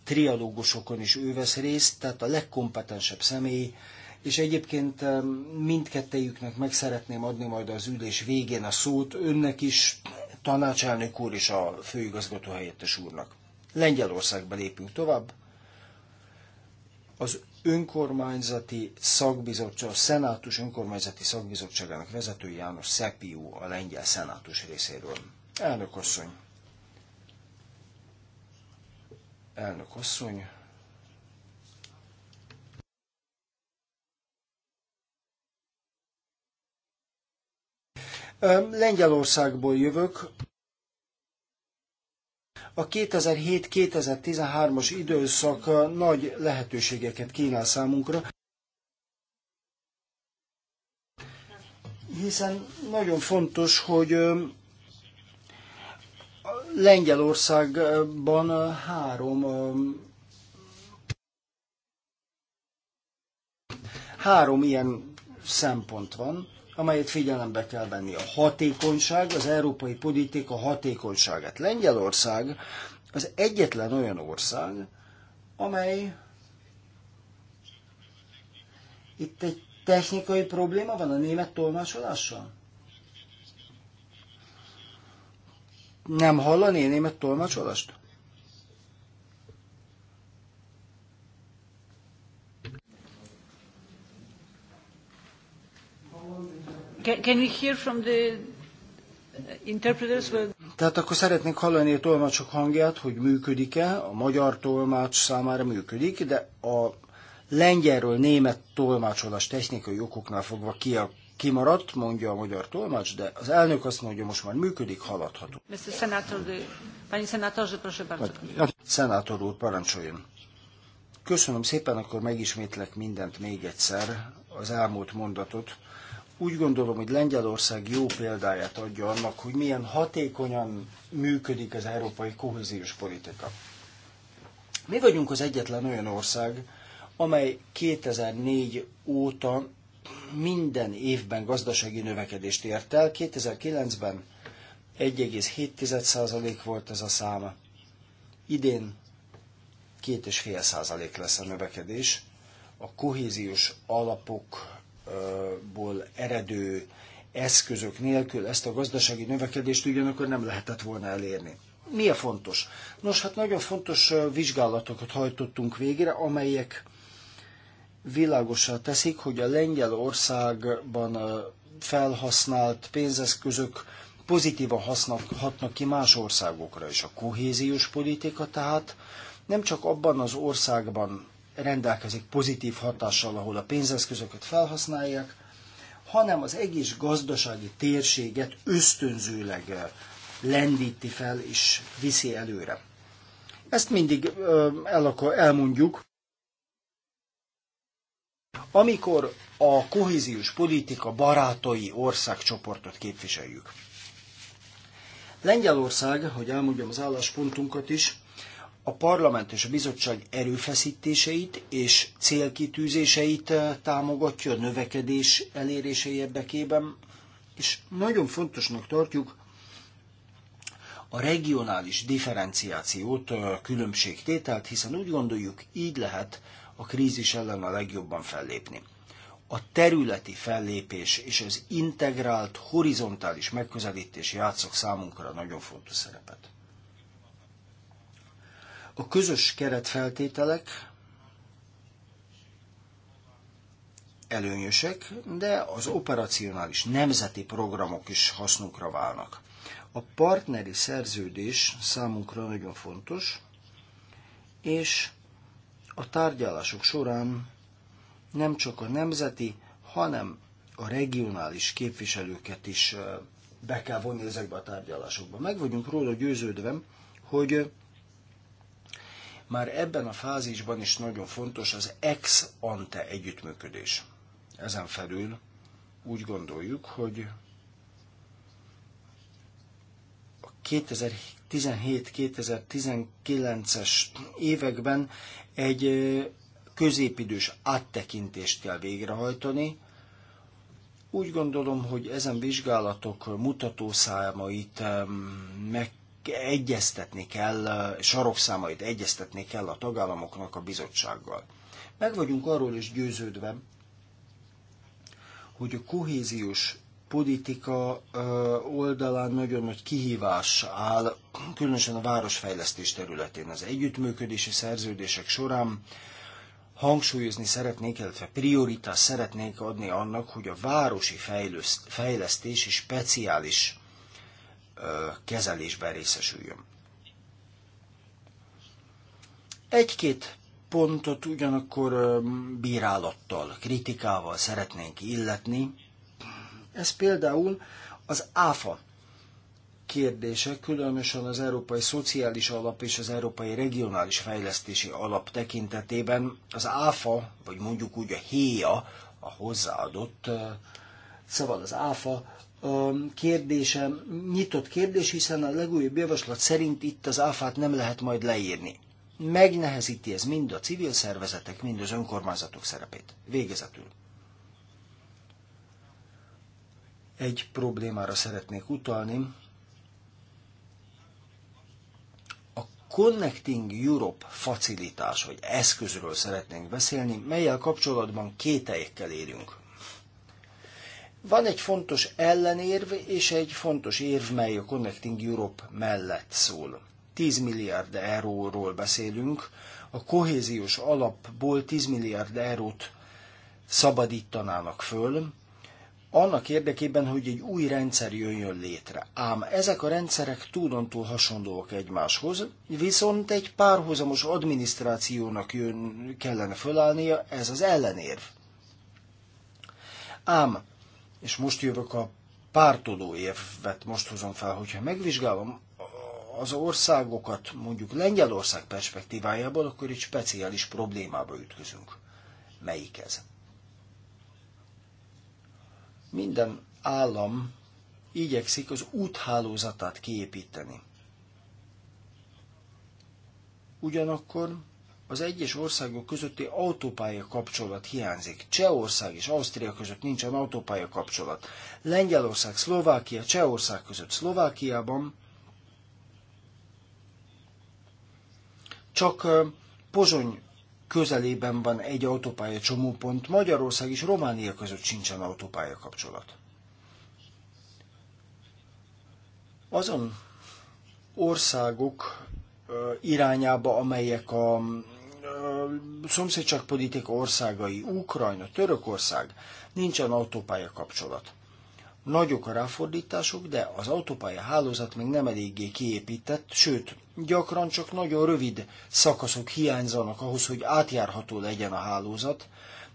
trialógusokon is ő vesz részt, tehát a legkompetensebb személy, és egyébként mindkettejüknek meg szeretném adni majd az ülés végén a szót, önnek is, tanácselnök úr és a főigazgató helyettes úrnak. Lengyelországba lépünk tovább. Az önkormányzati szakbizottság, a szenátus önkormányzati szakbizottságának vezető János Szepiú a lengyel szenátus részéről. Elnök asszony. Elnök asszony. Lengyelországból jövök. A 2007-2013-as időszak nagy lehetőségeket kínál számunkra, hiszen nagyon fontos, hogy Lengyelországban három három ilyen szempont van amelyet figyelembe kell venni. A hatékonyság, az európai politika hatékonyságát. Lengyelország az egyetlen olyan ország, amely itt egy technikai probléma van a német tolmácsolással? Nem hallani a német tolmácsolást? Can, we hear from the interpreters? Tehát akkor szeretnék hallani a tolmácsok hangját, hogy működik-e, a magyar tolmács számára működik, de a lengyelről német tolmácsolás technikai okoknál fogva ki a kimaradt, mondja a magyar tolmács, de az elnök azt mondja, most már működik, haladható. Pani Szenátor úr, parancsoljon. Köszönöm szépen, akkor megismétlek mindent még egyszer, az elmúlt mondatot úgy gondolom, hogy Lengyelország jó példáját adja annak, hogy milyen hatékonyan működik az európai kohéziós politika. Mi vagyunk az egyetlen olyan ország, amely 2004 óta minden évben gazdasági növekedést ért el. 2009-ben 1,7% volt ez a száma. Idén 2,5% lesz a növekedés. A kohéziós alapok ból eredő eszközök nélkül ezt a gazdasági növekedést ugyanakkor nem lehetett volna elérni. Mi a fontos? Nos, hát nagyon fontos vizsgálatokat hajtottunk végre, amelyek világosra teszik, hogy a Lengyelországban felhasznált pénzeszközök pozitívan hatnak ki más országokra is. A kohéziós politika tehát nem csak abban az országban rendelkezik pozitív hatással, ahol a pénzeszközöket felhasználják, hanem az egész gazdasági térséget ösztönzőleg lendíti fel és viszi előre. Ezt mindig el akar, elmondjuk. Amikor a kohéziós politika barátai országcsoportot képviseljük. Lengyelország, hogy elmondjam az álláspontunkat is, a parlament és a bizottság erőfeszítéseit és célkitűzéseit eh, támogatja a növekedés elérése érdekében, és nagyon fontosnak tartjuk a regionális differenciációt, a eh, különbségtételt, hiszen úgy gondoljuk, így lehet a krízis ellen a legjobban fellépni. A területi fellépés és az integrált, horizontális megközelítés játszok számunkra nagyon fontos szerepet. A közös keretfeltételek előnyösek, de az operacionális nemzeti programok is hasznunkra válnak. A partneri szerződés számunkra nagyon fontos, és a tárgyalások során nem csak a nemzeti, hanem a regionális képviselőket is be kell vonni ezekbe a tárgyalásokba. Meg vagyunk róla győződve, hogy már ebben a fázisban is nagyon fontos az ex ante együttműködés. Ezen felül úgy gondoljuk, hogy a 2017-2019-es években egy középidős áttekintést kell végrehajtani. Úgy gondolom, hogy ezen vizsgálatok mutatószámait meg egyeztetni kell, sarokszámait egyeztetni kell a tagállamoknak a bizottsággal. Meg vagyunk arról is győződve, hogy a kohéziós politika oldalán nagyon nagy kihívás áll, különösen a városfejlesztés területén. Az együttműködési szerződések során hangsúlyozni szeretnék, illetve prioritást szeretnék adni annak, hogy a városi fejlesztés speciális kezelésben részesüljön. Egy-két pontot ugyanakkor bírálattal, kritikával szeretnénk illetni. Ez például az ÁFA kérdése, különösen az Európai Szociális Alap és az Európai Regionális Fejlesztési Alap tekintetében az ÁFA, vagy mondjuk úgy a HÉA, e a hozzáadott, szóval az ÁFA a kérdése nyitott kérdés, hiszen a legújabb javaslat szerint itt az áfát nem lehet majd leírni. Megnehezíti ez mind a civil szervezetek, mind az önkormányzatok szerepét. Végezetül. Egy problémára szeretnék utalni. A Connecting Europe facilitás, vagy eszközről szeretnénk beszélni, melyel kapcsolatban kételyekkel érünk van egy fontos ellenérv és egy fontos érv, mely a Connecting Europe mellett szól. 10 milliárd euróról beszélünk, a kohéziós alapból 10 milliárd eurót szabadítanának föl, annak érdekében, hogy egy új rendszer jöjjön létre. Ám ezek a rendszerek túlontól hasonlóak egymáshoz, viszont egy párhuzamos adminisztrációnak jön, kellene fölállnia, ez az ellenérv. Ám és most jövök a pártoló évet most hozom fel, hogyha megvizsgálom az országokat mondjuk Lengyelország perspektívájából, akkor egy speciális problémába ütközünk. Melyik ez? Minden állam igyekszik az úthálózatát kiépíteni. Ugyanakkor az egyes országok közötti autópálya kapcsolat hiányzik. Csehország és Ausztria között nincsen autópálya kapcsolat. Lengyelország, Szlovákia, Csehország között Szlovákiában csak Pozsony közelében van egy autópálya csomópont, Magyarország és Románia között sincsen autópálya kapcsolat. Azon országok irányába, amelyek a szomszédságpolitika országai, Ukrajna, Törökország, nincsen autópálya kapcsolat. Nagyok a ráfordítások, de az autópálya hálózat még nem eléggé kiépített, sőt, gyakran csak nagyon rövid szakaszok hiányzanak ahhoz, hogy átjárható legyen a hálózat,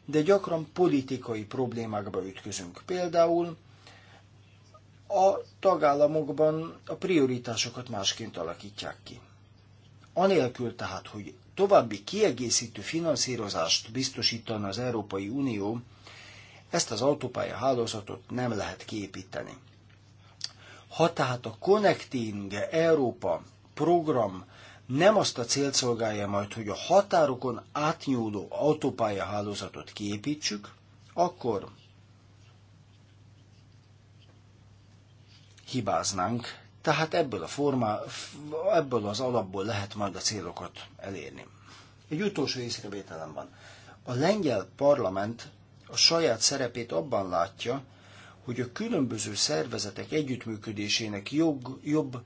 de gyakran politikai problémákba ütközünk. Például a tagállamokban a prioritásokat másként alakítják ki. Anélkül tehát, hogy további kiegészítő finanszírozást biztosítana az Európai Unió, ezt az autópálya hálózatot nem lehet kiépíteni. Ha tehát a Connecting Európa program nem azt a célt szolgálja majd, hogy a határokon átnyúló autópálya hálózatot kiépítsük, akkor hibáznánk, tehát ebből a formá, ebből az alapból lehet majd a célokat elérni. Egy utolsó észrevételem van. A lengyel parlament a saját szerepét abban látja, hogy a különböző szervezetek együttműködésének jog, jobb,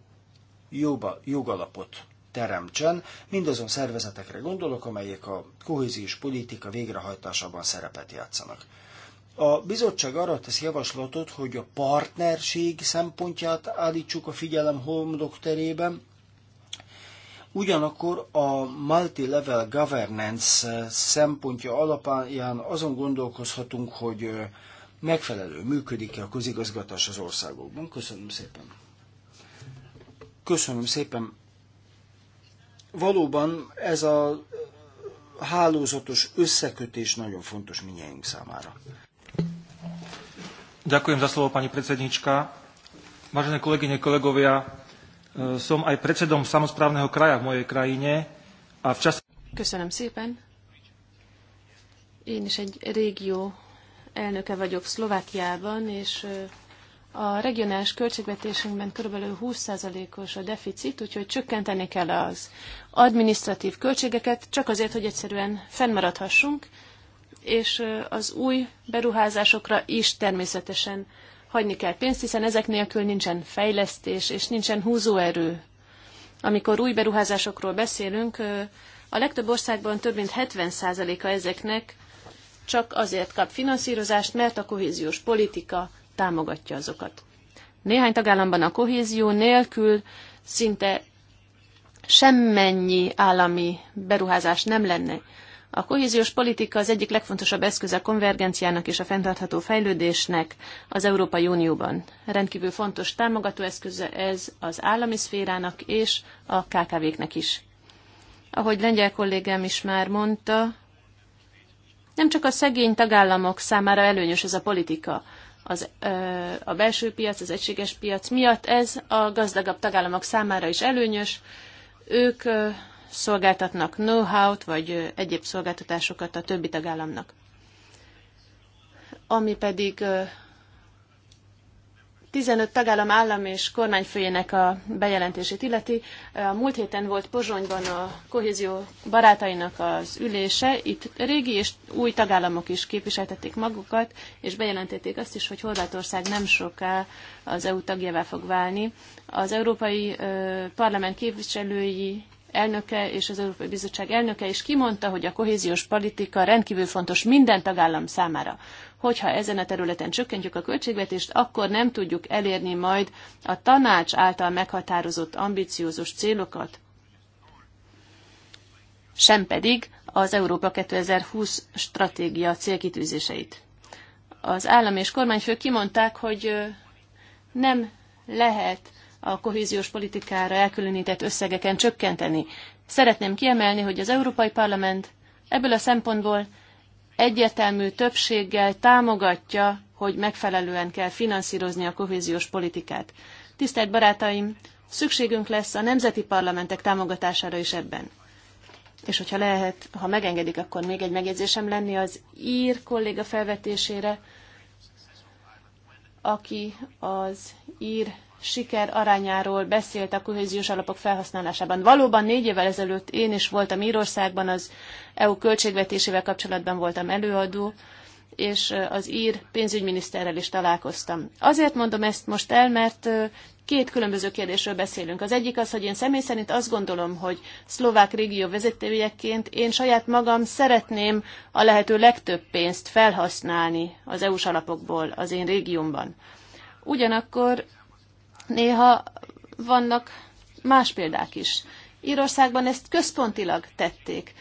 jobba, jogalapot teremtsen. Mindazon szervezetekre gondolok, amelyek a kohéziós politika végrehajtásában szerepet játszanak. A bizottság arra tesz javaslatot, hogy a partnerség szempontját állítsuk a figyelem homlok terében, Ugyanakkor a multi-level governance szempontja alapján azon gondolkozhatunk, hogy megfelelő működik-e a közigazgatás az országokban. Köszönöm szépen. Köszönöm szépen. Valóban ez a hálózatos összekötés nagyon fontos minnyájunk számára. Ďakujem za slovo, pani predsednička. Vážené kolegyne, kolegovia, e, som aj predsedom samozprávneho kraja v mojej krajine a v čase... Köszönöm szépen. Én is egy régió elnöke vagyok Szlovákiában, és a regionális költségvetésünkben kb. 20%-os a deficit, úgyhogy csökkenteni kell az administratív költségeket, csak azért, hogy egyszerűen fennmaradhassunk, és az új beruházásokra is természetesen hagyni kell pénzt, hiszen ezek nélkül nincsen fejlesztés, és nincsen húzóerő. Amikor új beruházásokról beszélünk, a legtöbb országban több mint 70%-a ezeknek csak azért kap finanszírozást, mert a kohéziós politika támogatja azokat. Néhány tagállamban a kohézió nélkül szinte semmennyi állami beruházás nem lenne. A kohéziós politika az egyik legfontosabb eszköz a konvergenciának és a fenntartható fejlődésnek az Európai Unióban. Rendkívül fontos támogató eszköze ez az állami szférának és a KKV-knek is. Ahogy lengyel kollégám is már mondta, nem csak a szegény tagállamok számára előnyös ez a politika. Az, ö, a belső piac, az egységes piac miatt ez a gazdagabb tagállamok számára is előnyös. Ők ö, szolgáltatnak know-how-t vagy egyéb szolgáltatásokat a többi tagállamnak. Ami pedig 15 tagállam állam és kormányfőjének a bejelentését illeti. A múlt héten volt Pozsonyban a kohézió barátainak az ülése. Itt régi és új tagállamok is képviseltették magukat, és bejelentették azt is, hogy Horvátország nem soká az EU tagjává fog válni. Az Európai Parlament képviselői elnöke és az Európai Bizottság elnöke is kimondta, hogy a kohéziós politika rendkívül fontos minden tagállam számára. Hogyha ezen a területen csökkentjük a költségvetést, akkor nem tudjuk elérni majd a tanács által meghatározott ambiciózus célokat, sem pedig az Európa 2020 stratégia célkitűzéseit. Az állam és kormányfők kimondták, hogy nem lehet a kohéziós politikára elkülönített összegeken csökkenteni. Szeretném kiemelni, hogy az Európai Parlament ebből a szempontból egyértelmű többséggel támogatja, hogy megfelelően kell finanszírozni a kohéziós politikát. Tisztelt barátaim, szükségünk lesz a nemzeti parlamentek támogatására is ebben. És hogyha lehet, ha megengedik, akkor még egy megjegyzésem lenni az ír kolléga felvetésére, aki az ír siker arányáról beszélt a kohéziós alapok felhasználásában. Valóban négy évvel ezelőtt én is voltam Írországban, az EU költségvetésével kapcsolatban voltam előadó, és az ír pénzügyminiszterrel is találkoztam. Azért mondom ezt most el, mert két különböző kérdésről beszélünk. Az egyik az, hogy én személy szerint azt gondolom, hogy szlovák régió vezetőjeként én saját magam szeretném a lehető legtöbb pénzt felhasználni az EU-s alapokból az én régiómban. Ugyanakkor Néha vannak más példák is. Írországban ezt központilag tették.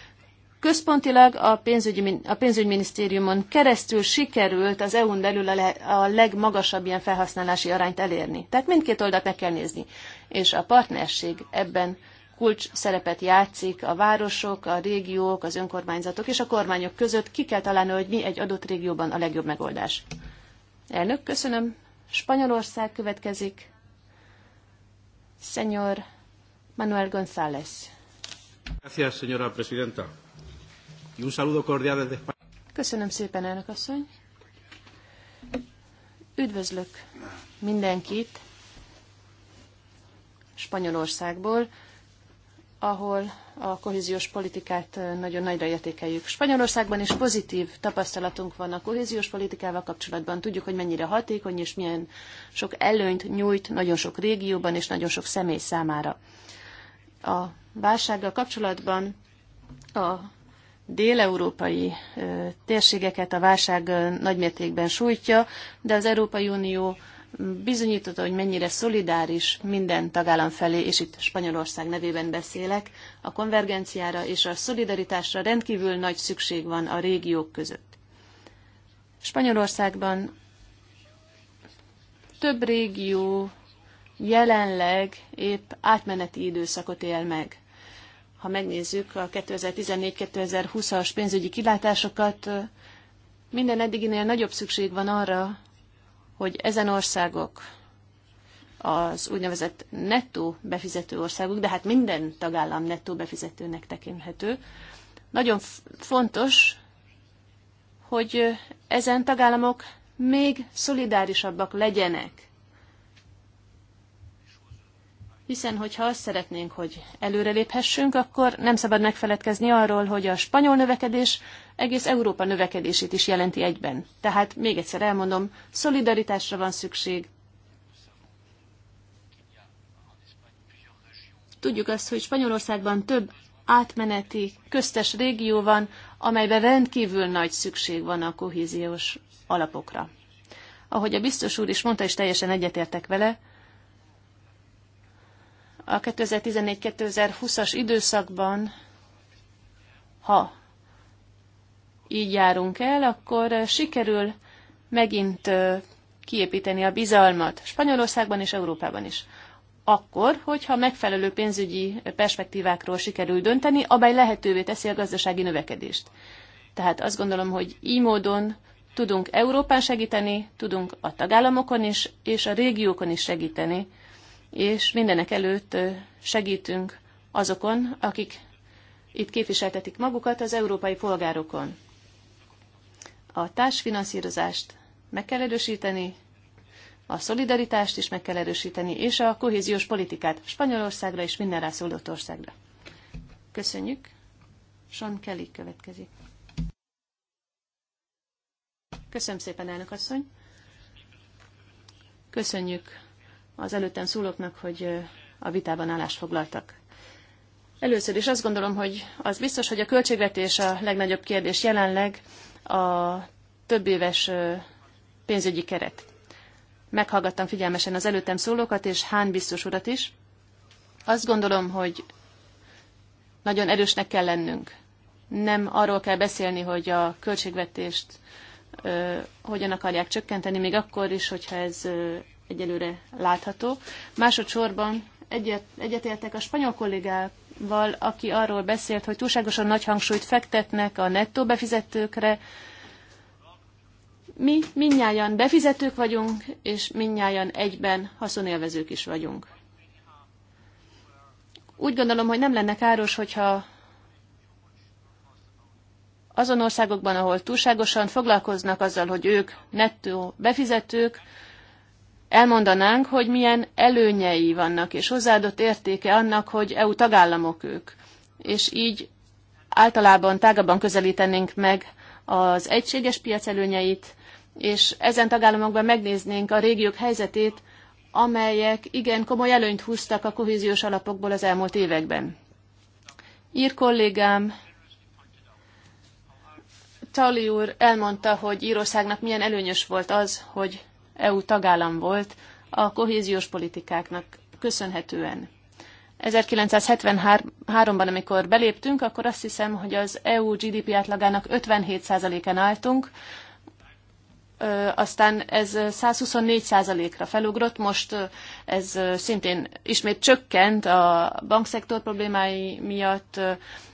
Központilag a, pénzügyi, a pénzügyminisztériumon keresztül sikerült az EU-n belül a, le, a legmagasabb ilyen felhasználási arányt elérni. Tehát mindkét oldalt meg kell nézni. És a partnerség ebben kulcs szerepet játszik a városok, a régiók, az önkormányzatok és a kormányok között. Ki kell találni, hogy mi egy adott régióban a legjobb megoldás. Elnök, köszönöm. Spanyolország következik. Señor Manuel González. Gracias, señora presidenta. Y un saludo cordial desde España. Köszönöm szépen, elnök asszony. Üdvözlök mindenkit Spanyolországból ahol a kohéziós politikát nagyon nagyra értékeljük. Spanyolországban is pozitív tapasztalatunk van a kohéziós politikával kapcsolatban. Tudjuk, hogy mennyire hatékony és milyen sok előnyt nyújt nagyon sok régióban és nagyon sok személy számára. A válsággal kapcsolatban a déleurópai térségeket a válság nagymértékben sújtja, de az Európai Unió bizonyította, hogy mennyire szolidáris minden tagállam felé, és itt Spanyolország nevében beszélek, a konvergenciára és a szolidaritásra rendkívül nagy szükség van a régiók között. Spanyolországban több régió jelenleg épp átmeneti időszakot él meg. Ha megnézzük a 2014-2020-as pénzügyi kilátásokat, minden eddiginél nagyobb szükség van arra, hogy ezen országok az úgynevezett nettó befizető országok, de hát minden tagállam nettó befizetőnek tekinthető. Nagyon fontos, hogy ezen tagállamok még szolidárisabbak legyenek hiszen hogyha azt szeretnénk, hogy előreléphessünk, akkor nem szabad megfeledkezni arról, hogy a spanyol növekedés egész Európa növekedését is jelenti egyben. Tehát még egyszer elmondom, szolidaritásra van szükség. Tudjuk azt, hogy Spanyolországban több átmeneti köztes régió van, amelyben rendkívül nagy szükség van a kohéziós alapokra. Ahogy a biztos úr is mondta, és teljesen egyetértek vele, a 2014-2020-as időszakban, ha így járunk el, akkor eh, sikerül megint eh, kiépíteni a bizalmat Spanyolországban és Európában is. Akkor, hogyha megfelelő pénzügyi perspektívákról sikerül dönteni, amely lehetővé teszi a gazdasági növekedést. Tehát azt gondolom, hogy így módon tudunk Európán segíteni, tudunk a tagállamokon is, és a régiókon is segíteni, és mindenek előtt segítünk azokon, akik itt képviseltetik magukat, az európai polgárokon. A társfinanszírozást meg kell erősíteni, a szolidaritást is meg kell erősíteni, és a kohéziós politikát Spanyolországra és minden rászólott országra. Köszönjük. Sean Kelly következik. Köszönöm szépen, elnök asszony. Köszönjük az előttem szólóknak, hogy a vitában állást foglaltak. Először is azt gondolom, hogy az biztos, hogy a költségvetés a legnagyobb kérdés jelenleg a több éves pénzügyi keret. Meghallgattam figyelmesen az előttem szólókat, és Hán biztos urat is. Azt gondolom, hogy nagyon erősnek kell lennünk. Nem arról kell beszélni, hogy a költségvetést ö, hogyan akarják csökkenteni, még akkor is, hogyha ez ö, egyelőre látható. Másodszorban egyet, egyetértek a spanyol kollégával, aki arról beszélt, hogy túlságosan nagy hangsúlyt fektetnek a nettó befizetőkre. Mi minnyáján befizetők vagyunk, és minnyáján egyben haszonélvezők is vagyunk. Úgy gondolom, hogy nem lenne káros, hogyha azon országokban, ahol túlságosan foglalkoznak azzal, hogy ők nettó befizetők, elmondanánk, hogy milyen előnyei vannak, és hozzáadott értéke annak, hogy EU tagállamok ők. És így általában tágabban közelítenénk meg az egységes piac előnyeit, és ezen tagállamokban megnéznénk a régiók helyzetét, amelyek igen komoly előnyt húztak a kohéziós alapokból az elmúlt években. Ír kollégám Tali úr elmondta, hogy Írországnak milyen előnyös volt az, hogy EU tagállam volt a kohéziós politikáknak köszönhetően. 1973-ban, amikor beléptünk, akkor azt hiszem, hogy az EU GDP átlagának 57%-en álltunk, aztán ez 124%-ra felugrott, most ez szintén ismét csökkent a bankszektor problémái miatt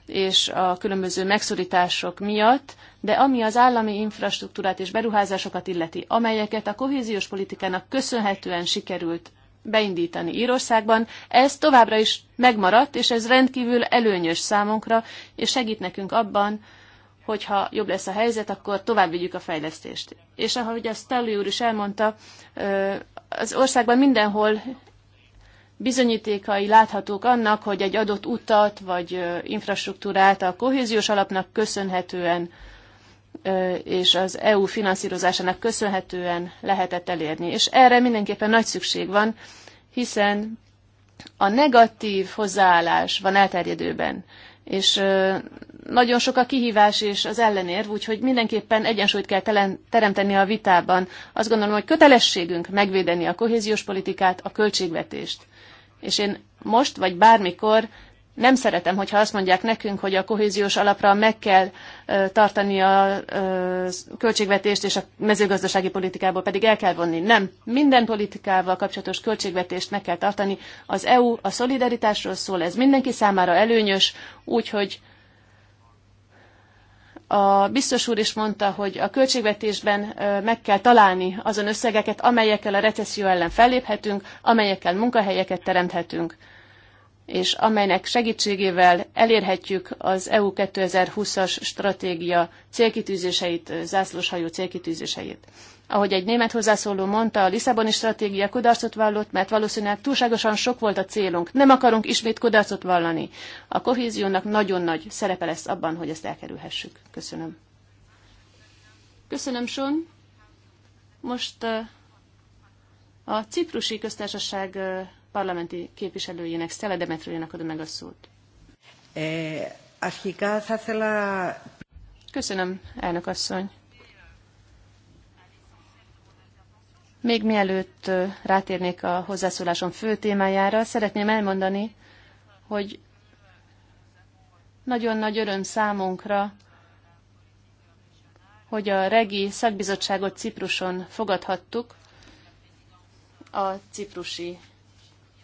és a különböző megszorítások miatt, de ami az állami infrastruktúrát és beruházásokat illeti, amelyeket a kohéziós politikának köszönhetően sikerült beindítani Írországban, ez továbbra is megmaradt, és ez rendkívül előnyös számunkra, és segít nekünk abban, hogyha jobb lesz a helyzet, akkor tovább vigyük a fejlesztést. És ahogy azt Tellő úr is elmondta, az országban mindenhol bizonyítékai láthatók annak, hogy egy adott utat vagy infrastruktúrát a kohéziós alapnak köszönhetően és az EU finanszírozásának köszönhetően lehetett elérni. És erre mindenképpen nagy szükség van, hiszen a negatív hozzáállás van elterjedőben, és nagyon sok a kihívás és az ellenérv, úgyhogy mindenképpen egyensúlyt kell teremteni a vitában. Azt gondolom, hogy kötelességünk megvédeni a kohéziós politikát, a költségvetést. És én most, vagy bármikor nem szeretem, hogyha azt mondják nekünk, hogy a kohéziós alapra meg kell tartani a költségvetést, és a mezőgazdasági politikából pedig el kell vonni. Nem. Minden politikával kapcsolatos költségvetést meg kell tartani. Az EU a szolidaritásról szól, ez mindenki számára előnyös, úgyhogy a biztos úr is mondta, hogy a költségvetésben meg kell találni azon összegeket, amelyekkel a recesszió ellen felléphetünk, amelyekkel munkahelyeket teremthetünk és amelynek segítségével elérhetjük az EU 2020-as stratégia célkitűzéseit, zászlóshajó célkitűzéseit. Ahogy egy német hozzászóló mondta, a Lisszaboni stratégia kudarcot vallott, mert valószínűleg túlságosan sok volt a célunk. Nem akarunk ismét kudarcot vallani. A kohéziónak nagyon nagy szerepe lesz abban, hogy ezt elkerülhessük. Köszönöm. Köszönöm, Son. Most uh, a Ciprusi Köztársaság uh, parlamenti képviselőjének, Stella Demetriának adom meg a szót. Eh, Köszönöm, elnök asszony. Még mielőtt eh, rátérnék a hozzászólásom fő témájára, szeretném elmondani, hogy nagyon nagy öröm számunkra, hogy a regi szakbizottságot Cipruson fogadhattuk a ciprusi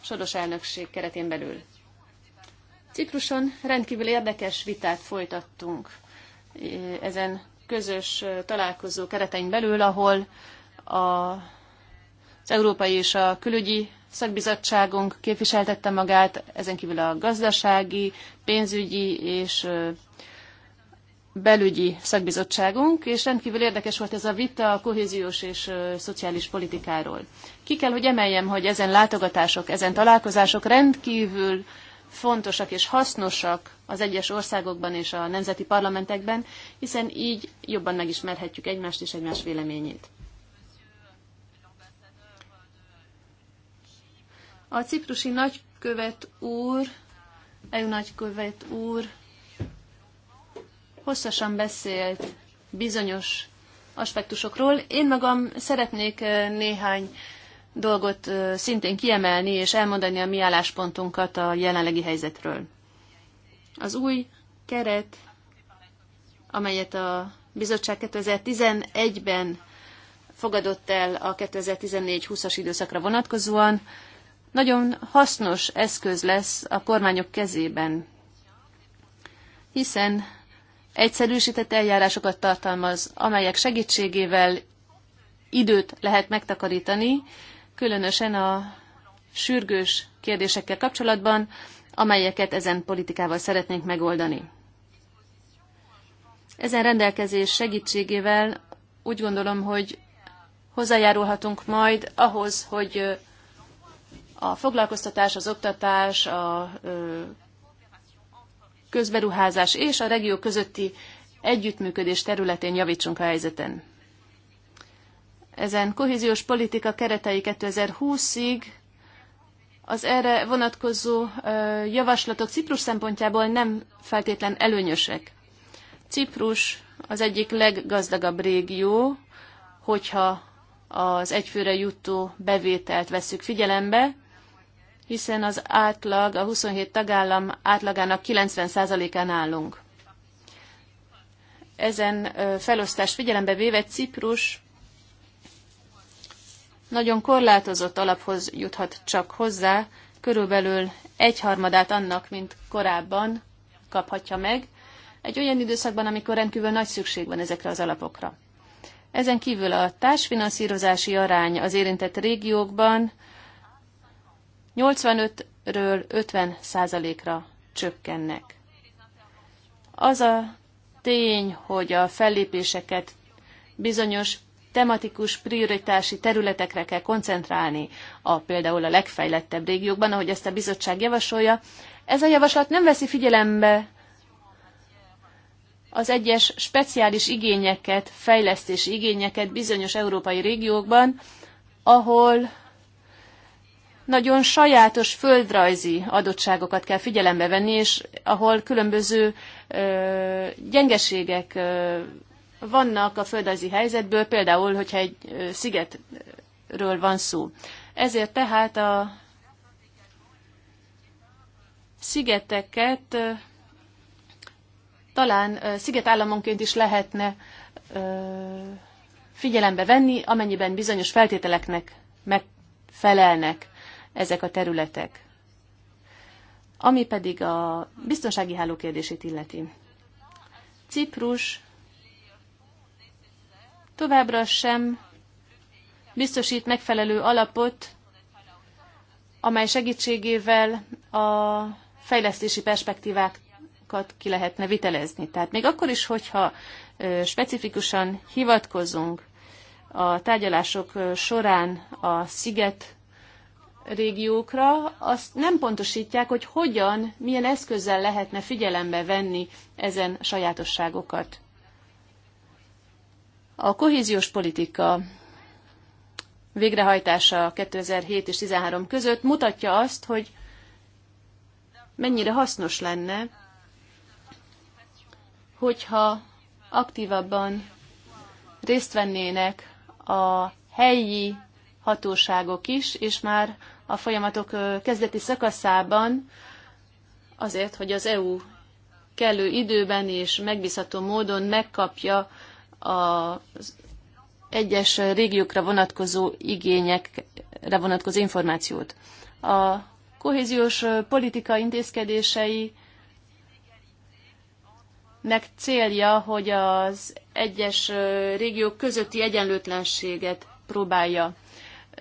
soros elnökség keretén belül. Cipruson rendkívül érdekes vitát folytattunk e, ezen közös e, találkozó keretein belül, ahol a, az Európai és a Külügyi Szakbizottságunk képviseltette magát, ezen kívül a gazdasági, pénzügyi és e, belügyi szakbizottságunk, és rendkívül érdekes volt ez a vita a kohéziós és szociális politikáról. Ki kell, hogy emeljem, hogy ezen látogatások, ezen találkozások rendkívül fontosak és hasznosak az egyes országokban és a nemzeti parlamentekben, hiszen így jobban megismerhetjük egymást és egymás véleményét. A ciprusi nagykövet úr, EU nagykövet úr hosszasan beszélt bizonyos aspektusokról. Én magam szeretnék néhány dolgot szintén kiemelni és elmondani a mi álláspontunkat a jelenlegi helyzetről. Az új keret, amelyet a bizottság 2011-ben fogadott el a 2014-20-as időszakra vonatkozóan, nagyon hasznos eszköz lesz a kormányok kezében, hiszen egyszerűsített eljárásokat tartalmaz, amelyek segítségével időt lehet megtakarítani, különösen a sürgős kérdésekkel kapcsolatban, amelyeket ezen politikával szeretnénk megoldani. Ezen rendelkezés segítségével úgy gondolom, hogy hozzájárulhatunk majd ahhoz, hogy a foglalkoztatás, az oktatás, a közberuházás és a regió közötti együttműködés területén javítsunk a helyzeten. Ezen kohéziós politika keretei 2020-ig az erre vonatkozó javaslatok Ciprus szempontjából nem feltétlen előnyösek. Ciprus az egyik leggazdagabb régió, hogyha az egyfőre jutó bevételt veszük figyelembe, hiszen az átlag, a 27 tagállam átlagának 90%-án állunk. Ezen felosztást figyelembe véve Ciprus nagyon korlátozott alaphoz juthat csak hozzá, körülbelül egyharmadát annak, mint korábban kaphatja meg, egy olyan időszakban, amikor rendkívül nagy szükség van ezekre az alapokra. Ezen kívül a társfinanszírozási arány az érintett régiókban 85-ről 50 százalékra csökkennek. Az a tény, hogy a fellépéseket bizonyos tematikus prioritási területekre kell koncentrálni, a például a legfejlettebb régiókban, ahogy ezt a bizottság javasolja, ez a javaslat nem veszi figyelembe az egyes speciális igényeket, fejlesztési igényeket bizonyos európai régiókban, ahol nagyon sajátos földrajzi adottságokat kell figyelembe venni, és ahol különböző ö, gyengeségek ö, vannak a földrajzi helyzetből, például, hogyha egy ö, szigetről van szó. Ezért tehát a szigeteket ö, talán ö, szigetállamonként is lehetne ö, figyelembe venni, amennyiben bizonyos feltételeknek megfelelnek ezek a területek. Ami pedig a biztonsági háló kérdését illeti. Ciprus továbbra sem biztosít megfelelő alapot, amely segítségével a fejlesztési perspektívákat ki lehetne vitelezni. Tehát még akkor is, hogyha specifikusan hivatkozunk a tárgyalások során a sziget régiókra, azt nem pontosítják, hogy hogyan, milyen eszközzel lehetne figyelembe venni ezen sajátosságokat. A kohéziós politika végrehajtása 2007 és 2013 között mutatja azt, hogy mennyire hasznos lenne, hogyha aktívabban részt vennének a helyi hatóságok is, és már a folyamatok kezdeti szakaszában, azért, hogy az EU kellő időben és megbízható módon megkapja az egyes régiókra vonatkozó igényekre vonatkozó információt. A kohéziós politika intézkedései meg célja, hogy az egyes régiók közötti egyenlőtlenséget próbálja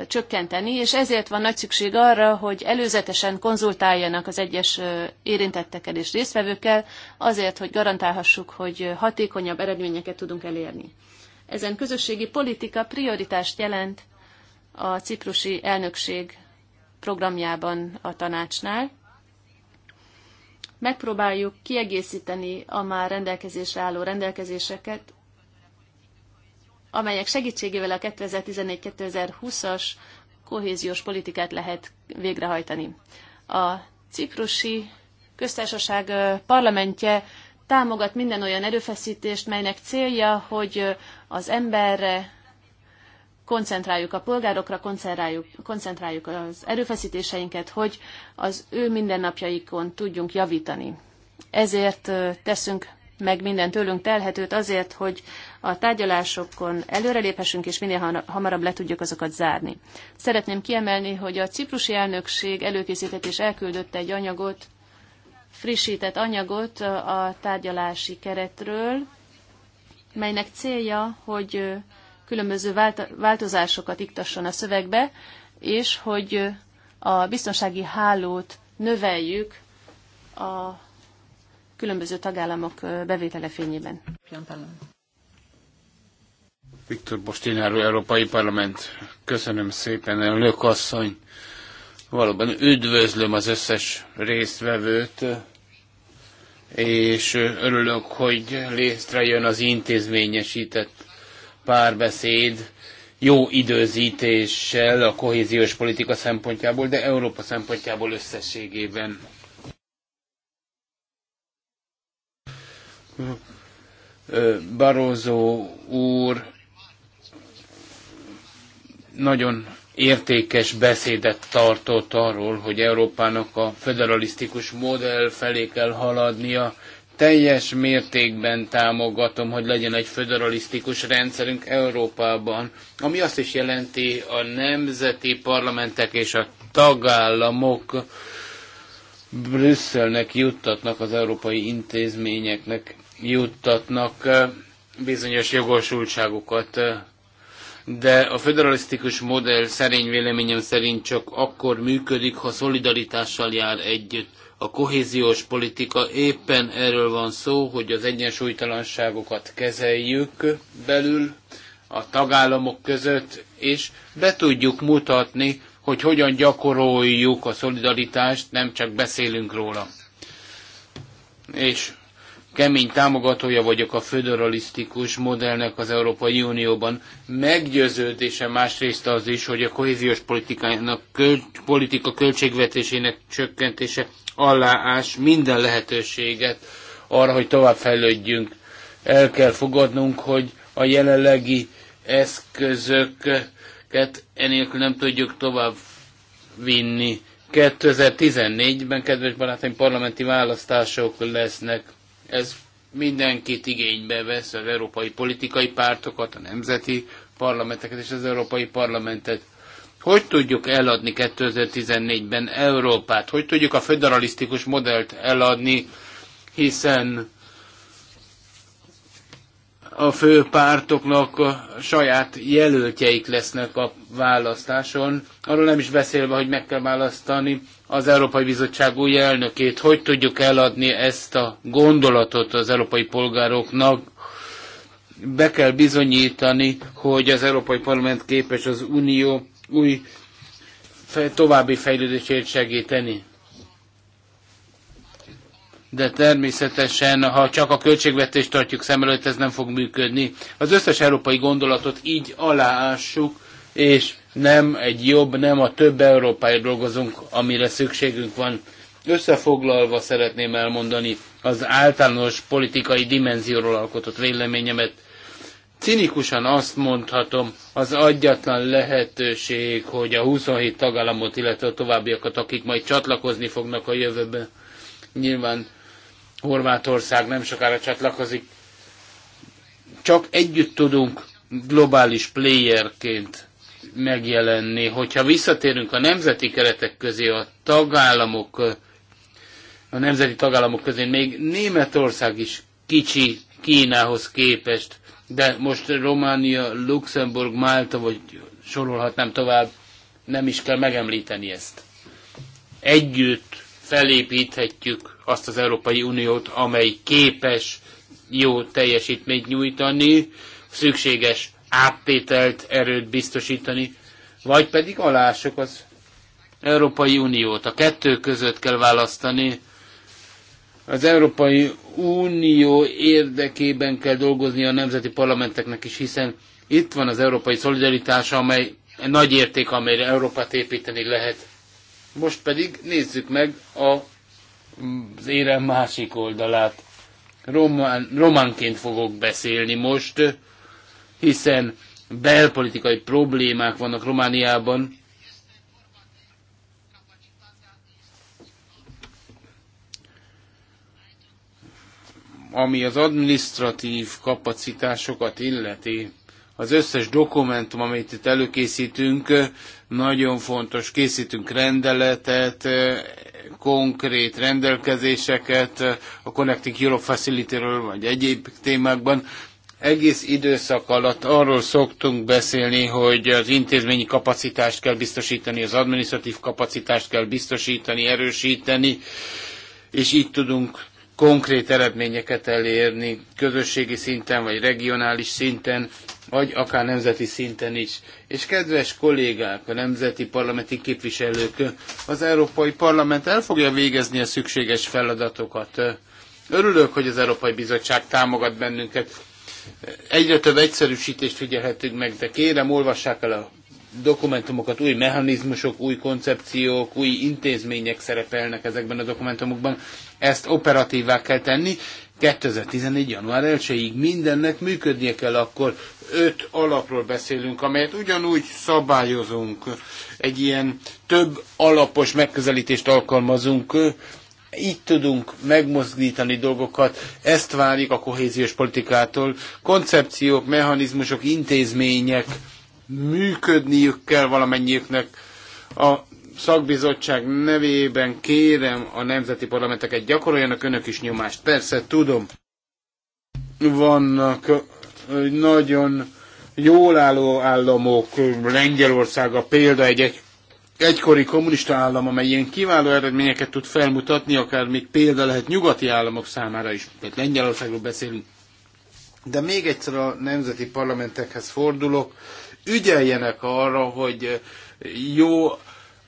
csökkenteni, és ezért van nagy szükség arra, hogy előzetesen konzultáljanak az egyes érintettekkel és résztvevőkkel, azért, hogy garantálhassuk, hogy hatékonyabb eredményeket tudunk elérni. Ezen közösségi politika prioritást jelent a ciprusi elnökség programjában a tanácsnál. Megpróbáljuk kiegészíteni a már rendelkezésre álló rendelkezéseket amelyek segítségével a 2014-2020-as kohéziós politikát lehet végrehajtani. A ciprusi köztársaság parlamentje támogat minden olyan erőfeszítést, melynek célja, hogy az emberre koncentráljuk a polgárokra, koncentráljuk, koncentráljuk az erőfeszítéseinket, hogy az ő mindennapjaikon tudjunk javítani. Ezért teszünk meg minden tőlünk telhetőt azért, hogy a tárgyalásokon előreléphessünk, és minél hamarabb le tudjuk azokat zárni. Szeretném kiemelni, hogy a ciprusi elnökség előkészített és elküldött egy anyagot, frissített anyagot a tárgyalási keretről, melynek célja, hogy különböző változásokat iktasson a szövegbe, és hogy a biztonsági hálót növeljük a különböző tagállamok bevétele fényében. Viktor Bostináró, Európai Parlament. Köszönöm szépen, elnök asszony. Valóban üdvözlöm az összes résztvevőt, és örülök, hogy létrejön az intézményesített párbeszéd jó időzítéssel a kohéziós politika szempontjából, de Európa szempontjából összességében barózó úr nagyon értékes beszédet tartott arról, hogy Európának a federalisztikus modell felé kell haladnia. Teljes mértékben támogatom, hogy legyen egy federalisztikus rendszerünk Európában, ami azt is jelenti a nemzeti parlamentek és a tagállamok Brüsszelnek juttatnak az európai intézményeknek juttatnak bizonyos jogosultságokat. De a föderalisztikus modell szerény véleményem szerint csak akkor működik, ha szolidaritással jár együtt. A kohéziós politika éppen erről van szó, hogy az egyensúlytalanságokat kezeljük belül, a tagállamok között, és be tudjuk mutatni, hogy hogyan gyakoroljuk a szolidaritást, nem csak beszélünk róla. És kemény támogatója vagyok a föderalisztikus modellnek az Európai Unióban. Meggyőződése másrészt az is, hogy a kohéziós politikának, köl, politika költségvetésének csökkentése aláás minden lehetőséget arra, hogy továbbfejlődjünk. El kell fogadnunk, hogy a jelenlegi eszközöket enélkül nem tudjuk tovább vinni. 2014-ben, kedves barátaim, parlamenti választások lesznek ez mindenkit igénybe vesz, az európai politikai pártokat, a nemzeti parlamenteket és az európai parlamentet. Hogy tudjuk eladni 2014-ben Európát? Hogy tudjuk a föderalisztikus modellt eladni, hiszen a fő pártoknak a saját jelöltjeik lesznek a választáson. Arról nem is beszélve, hogy meg kell választani az Európai Bizottság új elnökét. Hogy tudjuk eladni ezt a gondolatot az európai polgároknak? Be kell bizonyítani, hogy az Európai Parlament képes az Unió új további fejlődését segíteni de természetesen, ha csak a költségvetést tartjuk szem előtt, ez nem fog működni. Az összes európai gondolatot így aláássuk, és nem egy jobb, nem a több európai dolgozunk, amire szükségünk van. Összefoglalva szeretném elmondani az általános politikai dimenzióról alkotott véleményemet. Cinikusan azt mondhatom, az adjatlan lehetőség, hogy a 27 tagállamot, illetve a továbbiakat, akik majd csatlakozni fognak a jövőben, nyilván Horvátország nem sokára csatlakozik. Csak együtt tudunk globális playerként megjelenni. Hogyha visszatérünk a nemzeti keretek közé, a tagállamok, a nemzeti tagállamok közé, még Németország is kicsi Kínához képest, de most Románia, Luxemburg, Málta, vagy sorolhatnám tovább, nem is kell megemlíteni ezt. Együtt felépíthetjük azt az Európai Uniót, amely képes jó teljesítményt nyújtani, szükséges áttételt erőt biztosítani, vagy pedig alássuk az Európai Uniót. A kettő között kell választani. Az Európai Unió érdekében kell dolgozni a nemzeti parlamenteknek is, hiszen itt van az európai szolidaritás, amely nagy érték, amelyre Európát építeni lehet. Most pedig nézzük meg a az érem másik oldalát. Román, románként fogok beszélni most, hiszen belpolitikai problémák vannak Romániában. Ami az administratív kapacitásokat illeti, az összes dokumentum, amit itt előkészítünk, nagyon fontos. Készítünk rendeletet, konkrét rendelkezéseket a Connecting Europe facility vagy egyéb témákban. Egész időszak alatt arról szoktunk beszélni, hogy az intézményi kapacitást kell biztosítani, az administratív kapacitást kell biztosítani, erősíteni, és így tudunk konkrét eredményeket elérni közösségi szinten vagy regionális szinten, vagy akár nemzeti szinten is. És kedves kollégák, a nemzeti parlamenti képviselők, az Európai Parlament el fogja végezni a szükséges feladatokat. Örülök, hogy az Európai Bizottság támogat bennünket. Egyre több egyszerűsítést figyelhetünk meg, de kérem, olvassák el a dokumentumokat, új mechanizmusok, új koncepciók, új intézmények szerepelnek ezekben a dokumentumokban. Ezt operatívvá kell tenni. 2014. január 1-ig mindennek működnie kell akkor öt alapról beszélünk, amelyet ugyanúgy szabályozunk, egy ilyen több alapos megközelítést alkalmazunk, így tudunk megmozdítani dolgokat, ezt várjuk a kohéziós politikától. Koncepciók, mechanizmusok, intézmények, működniük kell valamennyiüknek. A szakbizottság nevében kérem a nemzeti parlamenteket, gyakoroljanak önök is nyomást. Persze, tudom, vannak nagyon jól álló államok, Lengyelország a példa, egy, egy egykori kommunista állam, amely ilyen kiváló eredményeket tud felmutatni, akár még példa lehet nyugati államok számára is, tehát Lengyelországról beszélünk. De még egyszer a nemzeti parlamentekhez fordulok, ügyeljenek arra, hogy jó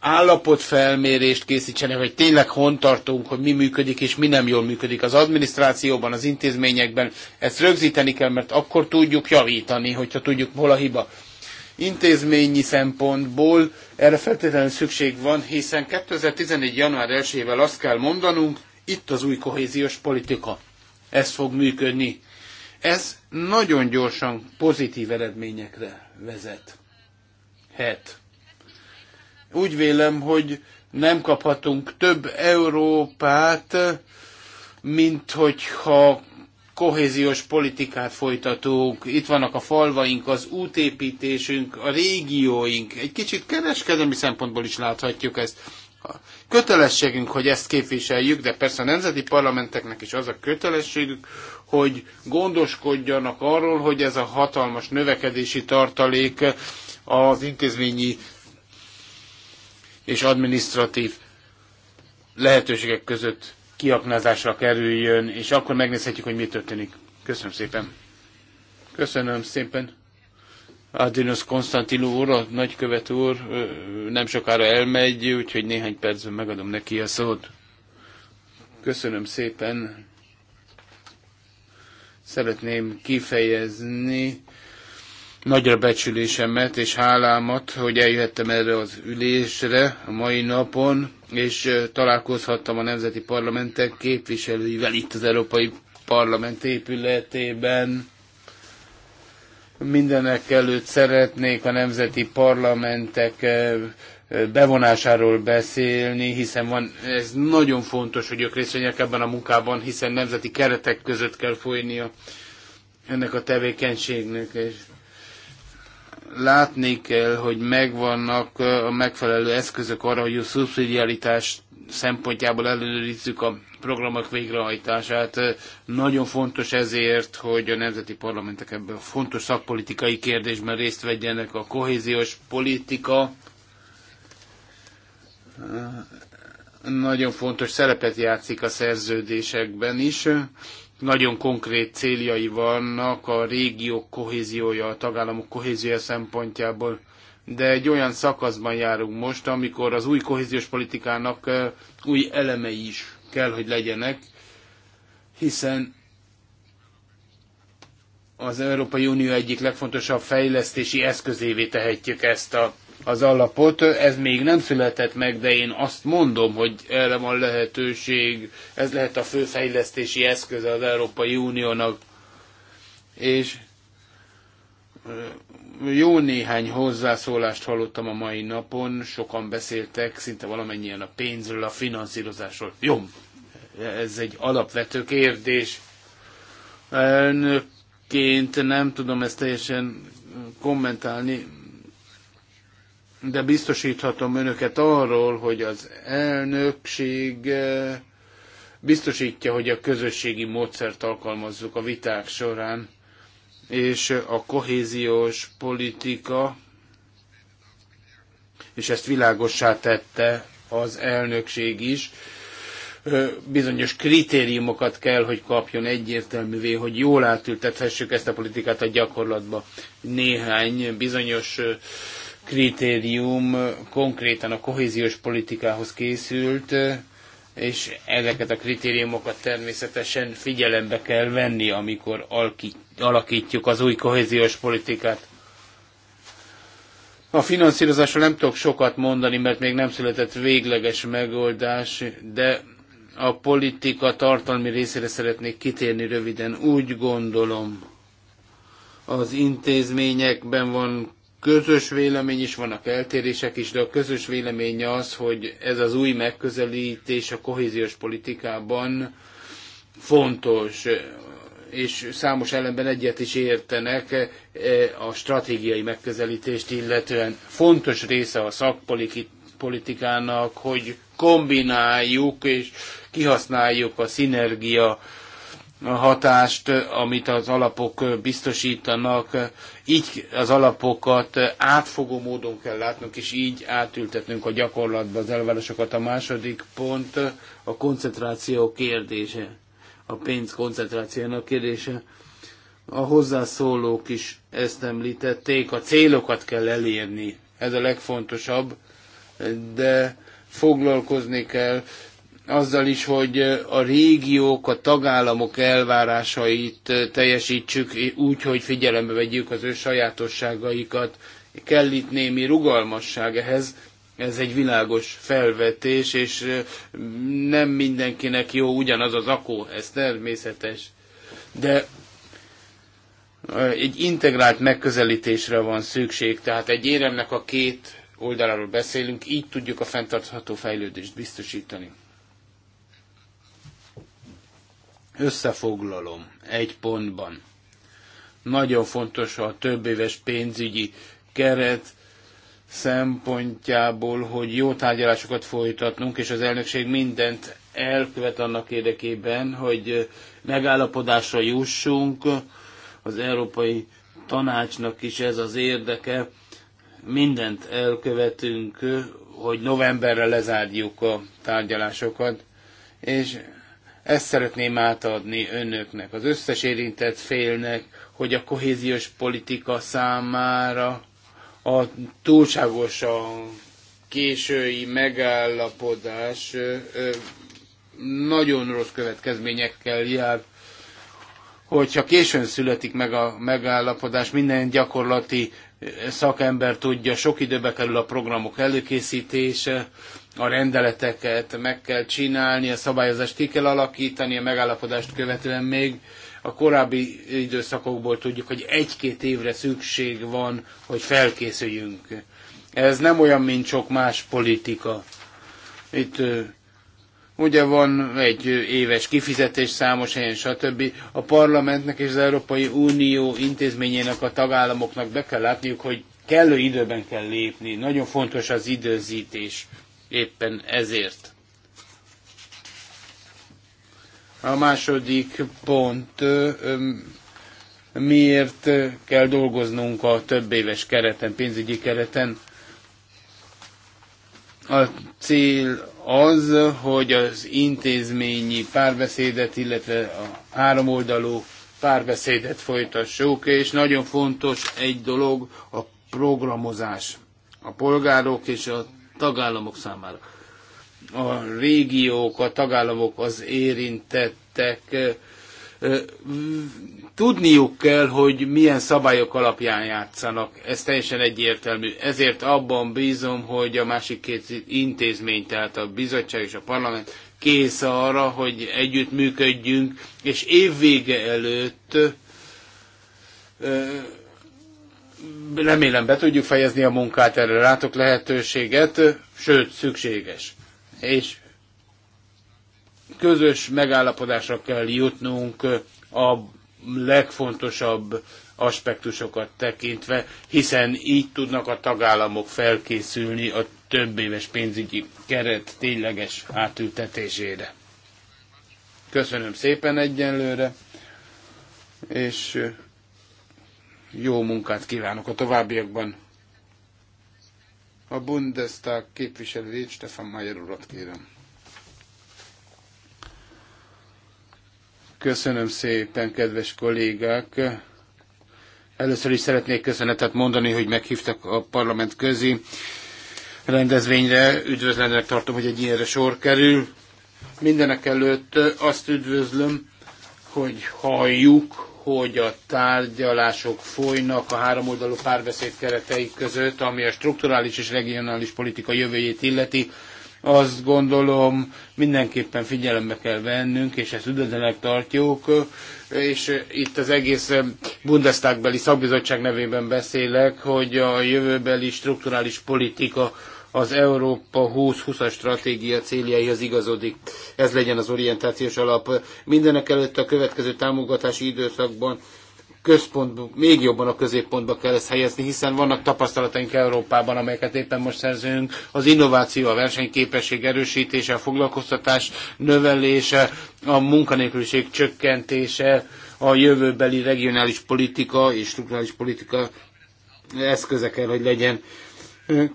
állapotfelmérést készítsenek, hogy tényleg hon tartunk, hogy mi működik és mi nem jól működik az adminisztrációban, az intézményekben. Ezt rögzíteni kell, mert akkor tudjuk javítani, hogyha tudjuk, hol a hiba. Intézményi szempontból erre feltétlenül szükség van, hiszen 2014. január 1-ével azt kell mondanunk, itt az új kohéziós politika. Ez fog működni. Ez nagyon gyorsan pozitív eredményekre vezet. Het. Úgy vélem, hogy nem kaphatunk több Európát, mint hogyha kohéziós politikát folytatunk, itt vannak a falvaink, az útépítésünk, a régióink, egy kicsit kereskedelmi szempontból is láthatjuk ezt. A kötelességünk, hogy ezt képviseljük, de persze a nemzeti parlamenteknek is az a kötelességük, hogy gondoskodjanak arról, hogy ez a hatalmas növekedési tartalék az intézményi és administratív lehetőségek között kiaknázásra kerüljön, és akkor megnézhetjük, hogy mi történik. Köszönöm szépen. Köszönöm szépen. Adinos Konstantinó úr, a nagykövet úr nem sokára elmegy, úgyhogy néhány percben megadom neki a szót. Köszönöm szépen. Szeretném kifejezni nagyra becsülésemet és hálámat, hogy eljöhettem erre az ülésre a mai napon, és találkozhattam a nemzeti parlamentek képviselőivel itt az Európai Parlament épületében. Mindenek előtt szeretnék a nemzeti parlamentek bevonásáról beszélni, hiszen van, ez nagyon fontos, hogy ők részt vegyenek ebben a munkában, hiszen nemzeti keretek között kell folynia ennek a tevékenységnek, és látni kell, hogy megvannak a megfelelő eszközök arra, hogy a szubszidiaritás szempontjából ellenőrizzük a programok végrehajtását. Nagyon fontos ezért, hogy a nemzeti parlamentek ebben a fontos szakpolitikai kérdésben részt vegyenek a kohéziós politika. Nagyon fontos szerepet játszik a szerződésekben is nagyon konkrét céljai vannak a régiók kohéziója, a tagállamok kohéziója szempontjából, de egy olyan szakaszban járunk most, amikor az új kohéziós politikának új elemei is kell, hogy legyenek, hiszen az Európai Unió egyik legfontosabb fejlesztési eszközévé tehetjük ezt a az alapot. Ez még nem született meg, de én azt mondom, hogy erre van lehetőség. Ez lehet a fő fejlesztési eszköze az Európai Uniónak. És jó néhány hozzászólást hallottam a mai napon, sokan beszéltek szinte valamennyien a pénzről, a finanszírozásról. Jó, ez egy alapvető kérdés. Önként nem tudom ezt teljesen kommentálni, de biztosíthatom önöket arról, hogy az elnökség eh, biztosítja, hogy a közösségi módszert alkalmazzuk a viták során, és a kohéziós politika, és ezt világossá tette az elnökség is, eh, bizonyos kritériumokat kell, hogy kapjon egyértelművé, hogy jól átültethessük ezt a politikát a gyakorlatba. Néhány bizonyos eh, kritérium konkrétan a kohéziós politikához készült, és ezeket a kritériumokat természetesen figyelembe kell venni, amikor alakítjuk az új kohéziós politikát. A finanszírozásról nem tudok sokat mondani, mert még nem született végleges megoldás, de a politika tartalmi részére szeretnék kitérni röviden. Úgy gondolom, az intézményekben van közös vélemény is, vannak eltérések is, de a közös vélemény az, hogy ez az új megközelítés a kohéziós politikában fontos, és számos ellenben egyet is értenek e, a stratégiai megközelítést illetően. Fontos része a szakpolitikának, hogy kombináljuk és kihasználjuk a szinergia hatást, amit az alapok biztosítanak. Így az alapokat átfogó módon kell látnunk, és így átültetnünk a gyakorlatba az elvárásokat. A második pont a koncentráció kérdése, a pénz koncentrációjának kérdése. A hozzászólók is ezt említették, a célokat kell elérni, ez a legfontosabb, de foglalkozni kell azzal is, hogy a régiók, a tagállamok elvárásait teljesítsük úgy, hogy figyelembe vegyük az ő sajátosságaikat. Kell itt némi rugalmasság ehhez, ez egy világos felvetés, és nem mindenkinek jó ugyanaz az akó, ez természetes. De egy integrált megközelítésre van szükség, tehát egy éremnek a két oldaláról beszélünk, így tudjuk a fenntartható fejlődést biztosítani. Összefoglalom egy pontban. Nagyon fontos a több éves pénzügyi keret szempontjából, hogy jó tárgyalásokat folytatnunk, és az elnökség mindent elkövet annak érdekében, hogy megállapodásra jussunk. Az Európai Tanácsnak is ez az érdeke. Mindent elkövetünk, hogy novemberre lezárjuk a tárgyalásokat, és ezt szeretném átadni önöknek, az összes érintett félnek, hogy a kohéziós politika számára a túlságosan késői megállapodás nagyon rossz következményekkel jár. Hogyha későn születik meg a megállapodás, minden gyakorlati szakember tudja, sok időbe kerül a programok előkészítése, a rendeleteket meg kell csinálni, a szabályozást ki kell alakítani, a megállapodást követően még a korábbi időszakokból tudjuk, hogy egy-két évre szükség van, hogy felkészüljünk. Ez nem olyan, mint sok más politika. Itt ugye van egy éves kifizetés számos helyen, stb. A parlamentnek és az Európai Unió intézményének a tagállamoknak be kell látniuk, hogy kellő időben kell lépni. Nagyon fontos az időzítés éppen ezért. A második pont, miért kell dolgoznunk a több éves kereten, pénzügyi kereten. A cél az, hogy az intézményi párbeszédet, illetve a háromoldalú párbeszédet folytassuk, és nagyon fontos egy dolog a programozás. A polgárok és a tagállamok számára. A régiók, a tagállamok, az érintettek tudniuk kell, hogy milyen szabályok alapján játszanak. Ez teljesen egyértelmű. Ezért abban bízom, hogy a másik két intézmény, tehát a bizottság és a parlament kész arra, hogy együtt működjünk, és évvége előtt remélem be tudjuk fejezni a munkát, erre látok lehetőséget, sőt, szükséges. És közös megállapodásra kell jutnunk a legfontosabb aspektusokat tekintve, hiszen így tudnak a tagállamok felkészülni a több éves pénzügyi keret tényleges átültetésére. Köszönöm szépen egyenlőre, és jó munkát kívánok a továbbiakban. A Bundestag képviselőjét, Stefan Mayer urat kérem. Köszönöm szépen, kedves kollégák! Először is szeretnék köszönetet mondani, hogy meghívtak a parlament közi rendezvényre. Üdvözlendőnek tartom, hogy egy ilyenre sor kerül. Mindenek előtt azt üdvözlöm, hogy halljuk, hogy a tárgyalások folynak a háromoldalú párbeszéd keretei között, ami a strukturális és regionális politika jövőjét illeti. Azt gondolom mindenképpen figyelembe kell vennünk, és ezt üdvözlenek tartjuk, és itt az egész Bundestagbeli szakbizottság nevében beszélek, hogy a jövőbeli strukturális politika az Európa 2020-as stratégia céljaihoz igazodik. Ez legyen az orientációs alap. Mindenek előtt a következő támogatási időszakban központban, még jobban a középpontba kell ezt helyezni, hiszen vannak tapasztalataink Európában, amelyeket éppen most szerzünk, az innováció, a versenyképesség erősítése, a foglalkoztatás növelése, a munkanélküliség csökkentése, a jövőbeli regionális politika és strukturális politika eszköze kell, hogy legyen.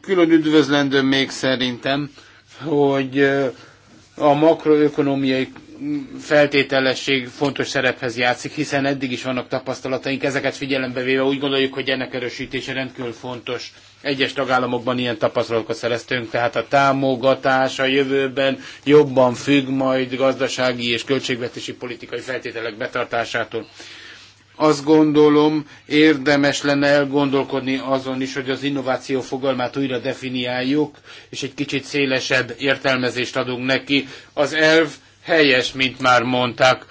Külön üdvözlendő még szerintem, hogy a makroökonomiai feltételesség fontos szerephez játszik, hiszen eddig is vannak tapasztalataink, ezeket figyelembe véve úgy gondoljuk, hogy ennek erősítése rendkívül fontos. Egyes tagállamokban ilyen tapasztalatokat szereztünk, tehát a támogatás a jövőben jobban függ majd gazdasági és költségvetési politikai feltételek betartásától azt gondolom érdemes lenne elgondolkodni azon is, hogy az innováció fogalmát újra definiáljuk, és egy kicsit szélesebb értelmezést adunk neki. Az elv helyes, mint már mondták.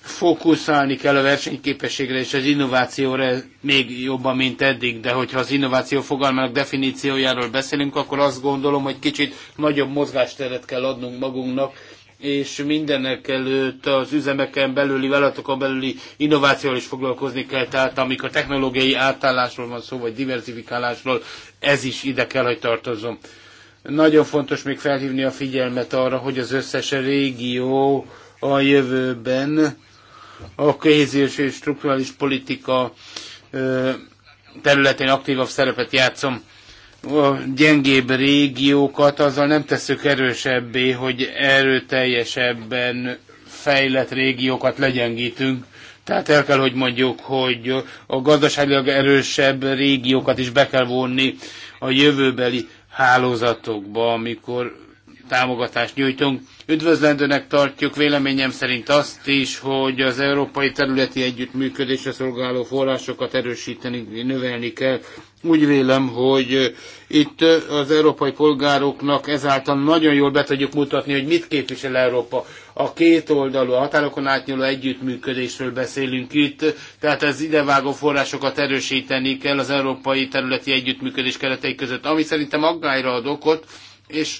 Fókuszálni kell a versenyképességre és az innovációra még jobban, mint eddig, de hogyha az innováció fogalmának definíciójáról beszélünk, akkor azt gondolom, hogy kicsit nagyobb mozgásteret kell adnunk magunknak, és mindenek előtt az üzemeken belüli, vállalatokon belüli innovációval is foglalkozni kell, tehát amikor technológiai átállásról van szó, vagy diversifikálásról, ez is ide kell, hogy tartozom. Nagyon fontos még felhívni a figyelmet arra, hogy az összes régió a jövőben a kohéziós és strukturális politika területén aktívabb szerepet játszom a gyengébb régiókat azzal nem tesszük erősebbé, hogy erőteljesebben fejlett régiókat legyengítünk. Tehát el kell, hogy mondjuk, hogy a gazdaságilag erősebb régiókat is be kell vonni a jövőbeli hálózatokba, amikor támogatást nyújtunk. Üdvözlendőnek tartjuk véleményem szerint azt is, hogy az európai területi együttműködésre szolgáló forrásokat erősíteni, növelni kell. Úgy vélem, hogy itt az európai polgároknak ezáltal nagyon jól be tudjuk mutatni, hogy mit képvisel Európa. A két oldalú, a határokon átnyúló együttműködésről beszélünk itt, tehát az idevágó forrásokat erősíteni kell az európai területi együttműködés keretei között, ami szerintem aggályra ad okot, és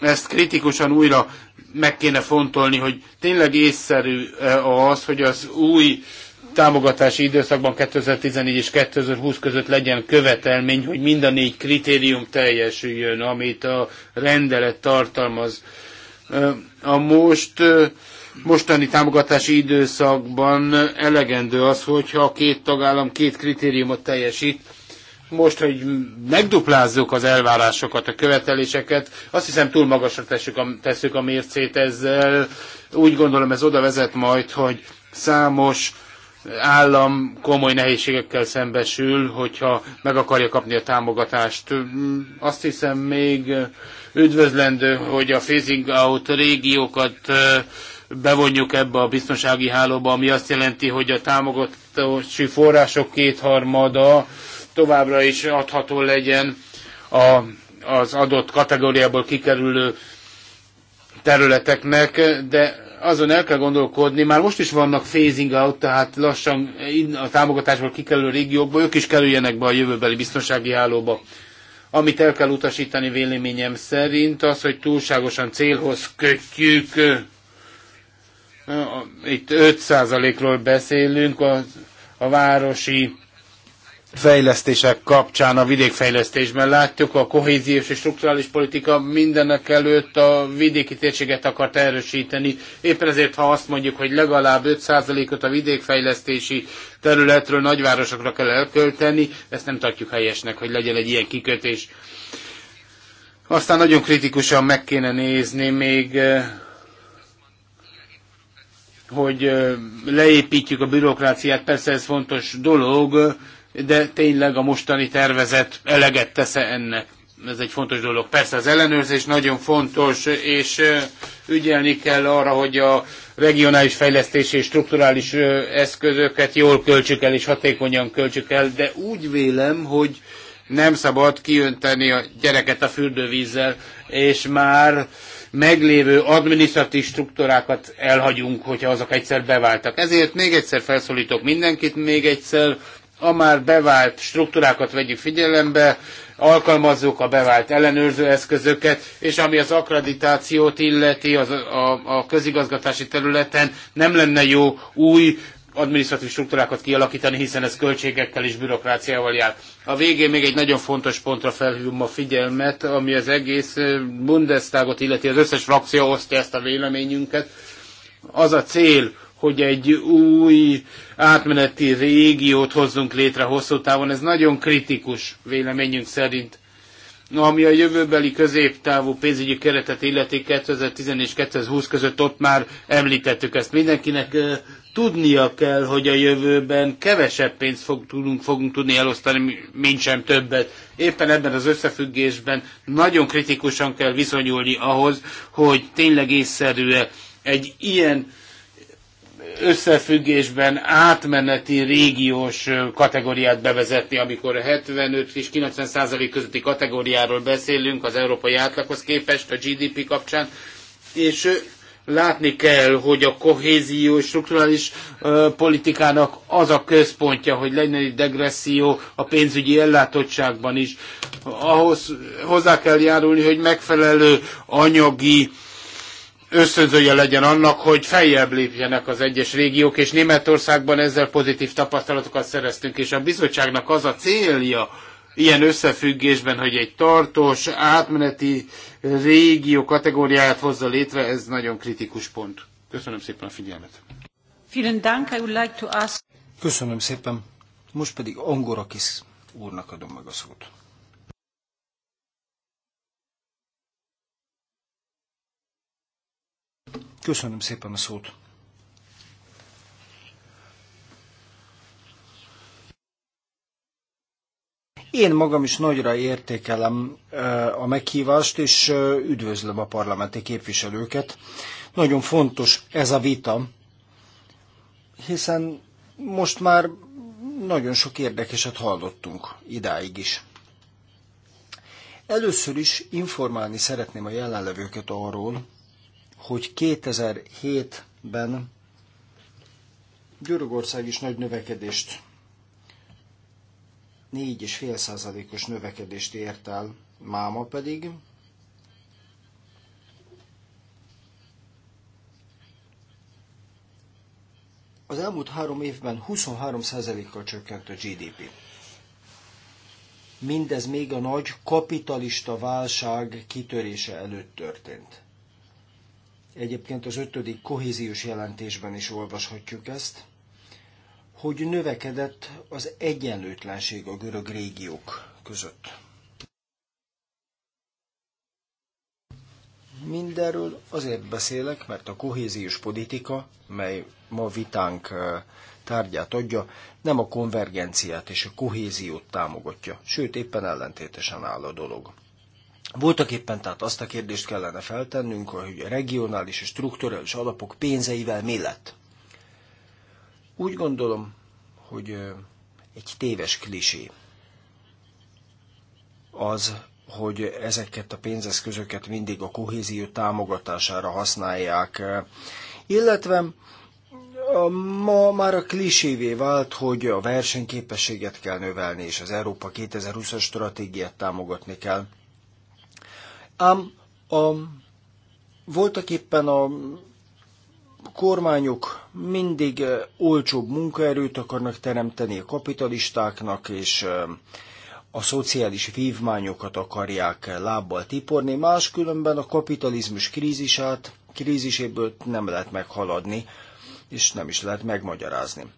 ezt kritikusan újra meg kéne fontolni, hogy tényleg észszerű e, az, hogy az új támogatási időszakban 2014 és 2020 között legyen követelmény, hogy mind a négy kritérium teljesüljön, amit a rendelet tartalmaz. E, a most e, mostani támogatási időszakban elegendő az, hogyha a két tagállam két kritériumot teljesít, most, hogy megduplázzuk az elvárásokat, a követeléseket, azt hiszem túl magasra tesszük a, tesszük a mércét ezzel. Úgy gondolom ez oda vezet majd, hogy számos állam komoly nehézségekkel szembesül, hogyha meg akarja kapni a támogatást. Azt hiszem még üdvözlendő, hogy a phasing out régiókat bevonjuk ebbe a biztonsági hálóba, ami azt jelenti, hogy a támogatási források kétharmada továbbra is adható legyen a, az adott kategóriából kikerülő területeknek, de azon el kell gondolkodni, már most is vannak phasing out, tehát lassan a támogatásból kikerülő régiókba, ők is kerüljenek be a jövőbeli biztonsági hálóba. Amit el kell utasítani véleményem szerint, az, hogy túlságosan célhoz kötjük, itt 5%-ról beszélünk, a, a városi fejlesztések kapcsán a vidékfejlesztésben látjuk, a kohéziós és strukturális politika mindenek előtt a vidéki térséget akart erősíteni. Éppen ezért, ha azt mondjuk, hogy legalább 5%-ot a vidékfejlesztési területről nagyvárosokra kell elkölteni, ezt nem tartjuk helyesnek, hogy legyen egy ilyen kikötés. Aztán nagyon kritikusan meg kéne nézni még eh, hogy eh, leépítjük a bürokráciát, persze ez fontos dolog, de tényleg a mostani tervezet eleget tesz -e ennek. Ez egy fontos dolog. Persze az ellenőrzés nagyon fontos, és ügyelni kell arra, hogy a regionális fejlesztési és strukturális eszközöket jól költsük el, és hatékonyan költsük el, de úgy vélem, hogy nem szabad kiönteni a gyereket a fürdővízzel, és már meglévő adminisztratív struktúrákat elhagyunk, hogyha azok egyszer beváltak. Ezért még egyszer felszólítok mindenkit, még egyszer a már bevált struktúrákat vegyük figyelembe, alkalmazzuk a bevált ellenőrző eszközöket, és ami az akkreditációt illeti az, a, a közigazgatási területen, nem lenne jó új adminisztratív struktúrákat kialakítani, hiszen ez költségekkel és bürokráciával jár. A végén még egy nagyon fontos pontra felhívom a figyelmet, ami az egész Bundestagot illeti, az összes frakció osztja ezt a véleményünket. Az a cél, hogy egy új átmeneti régiót hozzunk létre hosszú távon. Ez nagyon kritikus véleményünk szerint. Ami a jövőbeli középtávú pénzügyi keretet illeti 2010 és 2020 között ott már említettük ezt. Mindenkinek tudnia kell, hogy a jövőben kevesebb pénzt fog, tudunk, fogunk tudni elosztani, mint sem többet. Éppen ebben az összefüggésben nagyon kritikusan kell viszonyulni ahhoz, hogy tényleg észszerű -e egy ilyen összefüggésben átmeneti régiós kategóriát bevezetni, amikor 75 és 90 százalék közötti kategóriáról beszélünk az európai átlaghoz képest a GDP kapcsán, és látni kell, hogy a kohézió és strukturális ö, politikának az a központja, hogy legyen egy degresszió a pénzügyi ellátottságban is. Ahhoz hozzá kell járulni, hogy megfelelő anyagi ösztönzője legyen annak, hogy feljebb lépjenek az egyes régiók, és Németországban ezzel pozitív tapasztalatokat szereztünk, és a bizottságnak az a célja, ilyen összefüggésben, hogy egy tartós, átmeneti régió kategóriáját hozza létre, ez nagyon kritikus pont. Köszönöm szépen a figyelmet. Köszönöm szépen. Most pedig Angorakis úrnak adom meg a szót. Köszönöm szépen a szót. Én magam is nagyra értékelem a meghívást, és üdvözlöm a parlamenti képviselőket. Nagyon fontos ez a vita, hiszen most már nagyon sok érdekeset hallottunk idáig is. Először is informálni szeretném a jelenlevőket arról, hogy 2007-ben Görögország is nagy növekedést, 4,5 százalékos növekedést ért el, máma pedig az elmúlt három évben 23%-kal csökkent a GDP. Mindez még a nagy kapitalista válság kitörése előtt történt egyébként az ötödik kohéziós jelentésben is olvashatjuk ezt, hogy növekedett az egyenlőtlenség a görög régiók között. Mindenről azért beszélek, mert a kohéziós politika, mely ma vitánk eh, tárgyát adja, nem a konvergenciát és a kohéziót támogatja, sőt éppen ellentétesen áll a dolog. Voltak éppen tehát azt a kérdést kellene feltennünk, hogy a regionális és strukturális alapok pénzeivel mi lett. Úgy gondolom, hogy egy téves klisé az, hogy ezeket a pénzeszközöket mindig a kohézió támogatására használják, illetve ma már a klisévé vált, hogy a versenyképességet kell növelni, és az Európa 2020-as stratégiát támogatni kell. Ám a, voltak éppen a kormányok mindig eh, olcsóbb munkaerőt akarnak teremteni a kapitalistáknak, és eh, a szociális vívmányokat akarják eh, lábbal tiporni, máskülönben a kapitalizmus krízisát, kríziséből nem lehet meghaladni, és nem is lehet megmagyarázni.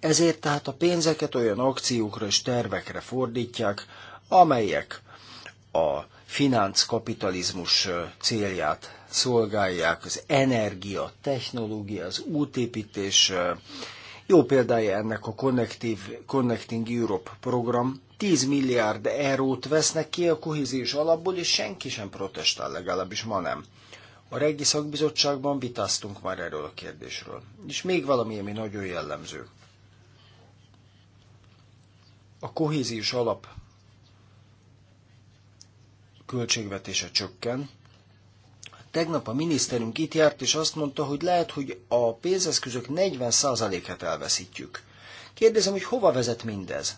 Ezért tehát a pénzeket olyan akciókra és tervekre fordítják, amelyek a finanszkapitalizmus célját szolgálják, az energia, technológia, az útépítés. Jó példája ennek a Connective, Connecting Europe program. 10 milliárd eurót vesznek ki a kohéziós alapból, és senki sem protestál, legalábbis ma nem. A reggi szakbizottságban vitáztunk már erről a kérdésről. És még valami, ami nagyon jellemző. A kohéziós alap költségvetése csökken. Tegnap a miniszterünk itt járt, és azt mondta, hogy lehet, hogy a pénzeszközök 40%-át elveszítjük. Kérdezem, hogy hova vezet mindez?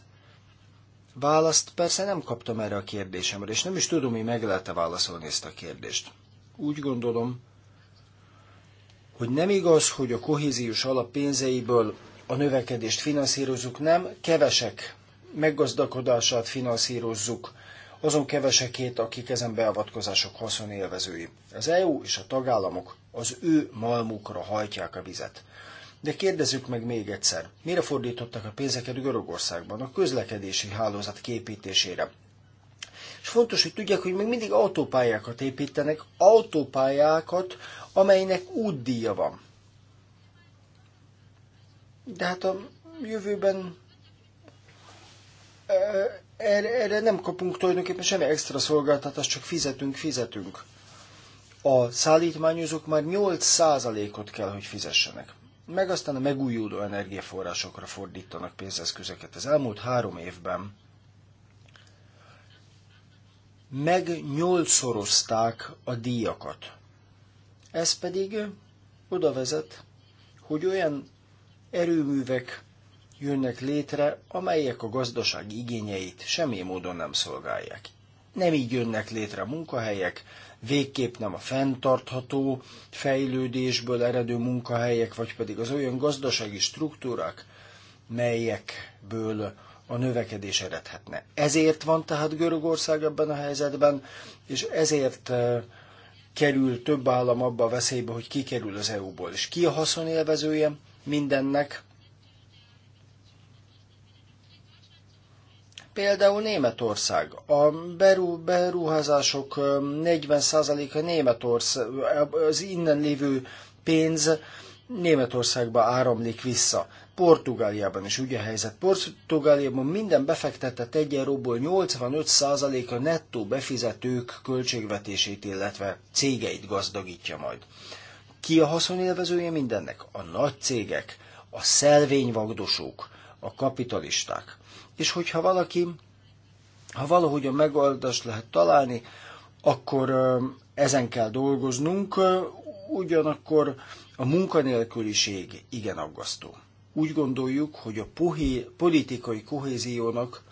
Választ persze nem kaptam erre a kérdésemre, és nem is tudom, hogy meg lehet-e válaszolni ezt a kérdést. Úgy gondolom, hogy nem igaz, hogy a kohéziós alap pénzeiből a növekedést finanszírozzuk, nem, kevesek meggazdagodását finanszírozzuk, azon kevesekét, akik ezen beavatkozások haszonélvezői. Az EU és a tagállamok az ő malmukra hajtják a vizet. De kérdezzük meg még egyszer, mire fordítottak a pénzeket Görögországban a közlekedési hálózat képítésére? És fontos, hogy tudják, hogy még mindig autópályákat építenek, autópályákat, amelynek útdíja van. De hát a jövőben erre, erre nem kapunk tulajdonképpen semmi extra szolgáltatást, csak fizetünk, fizetünk. A szállítmányozók már 8%-ot kell, hogy fizessenek. Meg aztán a megújuló energiaforrásokra fordítanak pénzeszközöket. Az elmúlt három évben meg megnyolcszorozták a díjakat. Ez pedig oda vezet, hogy olyan erőművek jönnek létre, amelyek a gazdaság igényeit semmi módon nem szolgálják. Nem így jönnek létre munkahelyek, végképp nem a fenntartható fejlődésből eredő munkahelyek, vagy pedig az olyan gazdasági struktúrák, melyekből a növekedés eredhetne. Ezért van tehát Görögország ebben a helyzetben, és ezért eh, kerül több állam abba a veszélybe, hogy kikerül az EU-ból. És ki a haszonélvezője mindennek? például Németország. A beruházások 40%-a Németország, az innen lévő pénz Németországba áramlik vissza. Portugáliában is ugye helyzet. Portugáliában minden befektetett egyenróból 85% a nettó befizetők költségvetését, illetve cégeit gazdagítja majd. Ki a haszonélvezője mindennek? A nagy cégek, a szelvényvagdosók, a kapitalisták és hogyha valaki, ha valahogy a megoldást lehet találni, akkor ezen kell dolgoznunk, ugyanakkor a munkanélküliség igen aggasztó. Úgy gondoljuk, hogy a puhi politikai kohéziónak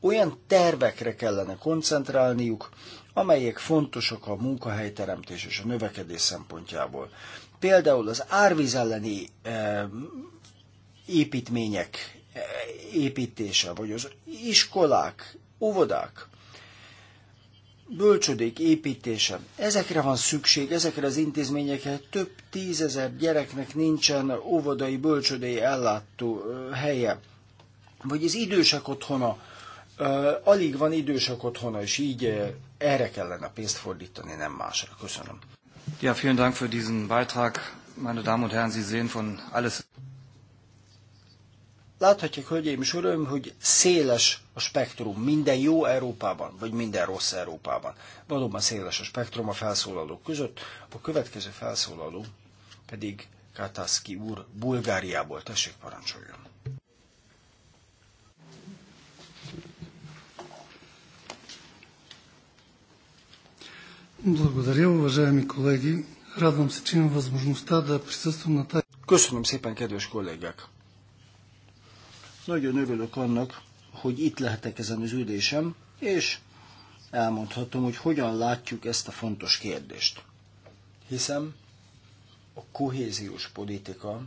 olyan tervekre kellene koncentrálniuk, amelyek fontosak a munkahelyteremtés és a növekedés szempontjából. Például az árvíz elleni építmények építése, vagy az iskolák, óvodák, bölcsödék építése. Ezekre van szükség, ezekre az intézményekre több tízezer gyereknek nincsen óvodai, bölcsödei ellátó helye. Vagy az idősek otthona, alig van idősek otthona, és így erre kellene pénzt fordítani, nem másra. Köszönöm. Ja, vielen Dank für diesen Beitrag. Meine Damen und Herren, Sie sehen von alles. Láthatják, hölgyeim és uraim, hogy széles a spektrum minden jó Európában, vagy minden rossz Európában. Valóban széles a spektrum a felszólalók között. A következő felszólaló pedig Kataszki úr Bulgáriából. Tessék, parancsoljon! Köszönöm szépen, kedves kollégák! Nagyon örülök annak, hogy itt lehetek ezen az ülésem, és elmondhatom, hogy hogyan látjuk ezt a fontos kérdést. Hiszem, a kohéziós politika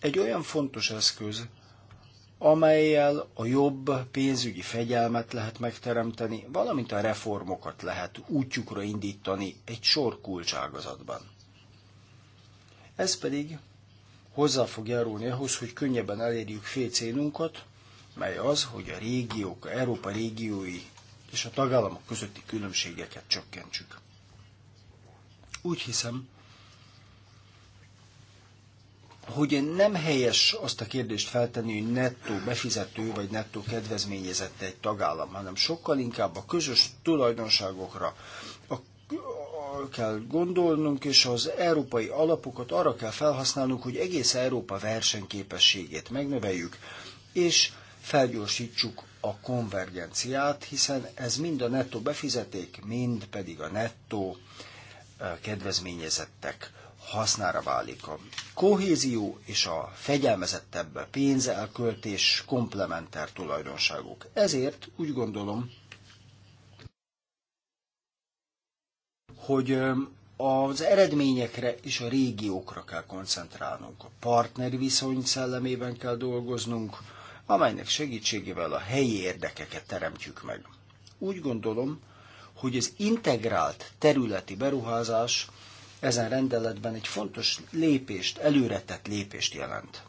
egy olyan fontos eszköz, amelyel a jobb pénzügyi fegyelmet lehet megteremteni, valamint a reformokat lehet útjukra indítani egy sor kulcságazatban. Ez pedig hozzá fog járulni ahhoz, hogy könnyebben elérjük fél célunkat, mely az, hogy a régiók, a Európa régiói és a tagállamok közötti különbségeket csökkentsük. Úgy hiszem, hogy nem helyes azt a kérdést feltenni, hogy nettó befizető vagy nettó kedvezményezett egy tagállam, hanem sokkal inkább a közös tulajdonságokra, a, kell gondolnunk, és az európai alapokat arra kell felhasználnunk, hogy egész Európa versenyképességét megnöveljük, és felgyorsítsuk a konvergenciát, hiszen ez mind a nettó befizeték, mind pedig a nettó eh, kedvezményezettek hasznára válik. A kohézió és a fegyelmezettebb pénzelköltés komplementer tulajdonságok. Ezért úgy gondolom, hogy az eredményekre és a régiókra kell koncentrálnunk. A partneri viszony szellemében kell dolgoznunk, amelynek segítségével a helyi érdekeket teremtjük meg. Úgy gondolom, hogy az integrált területi beruházás ezen rendeletben egy fontos lépést, előretett lépést jelent.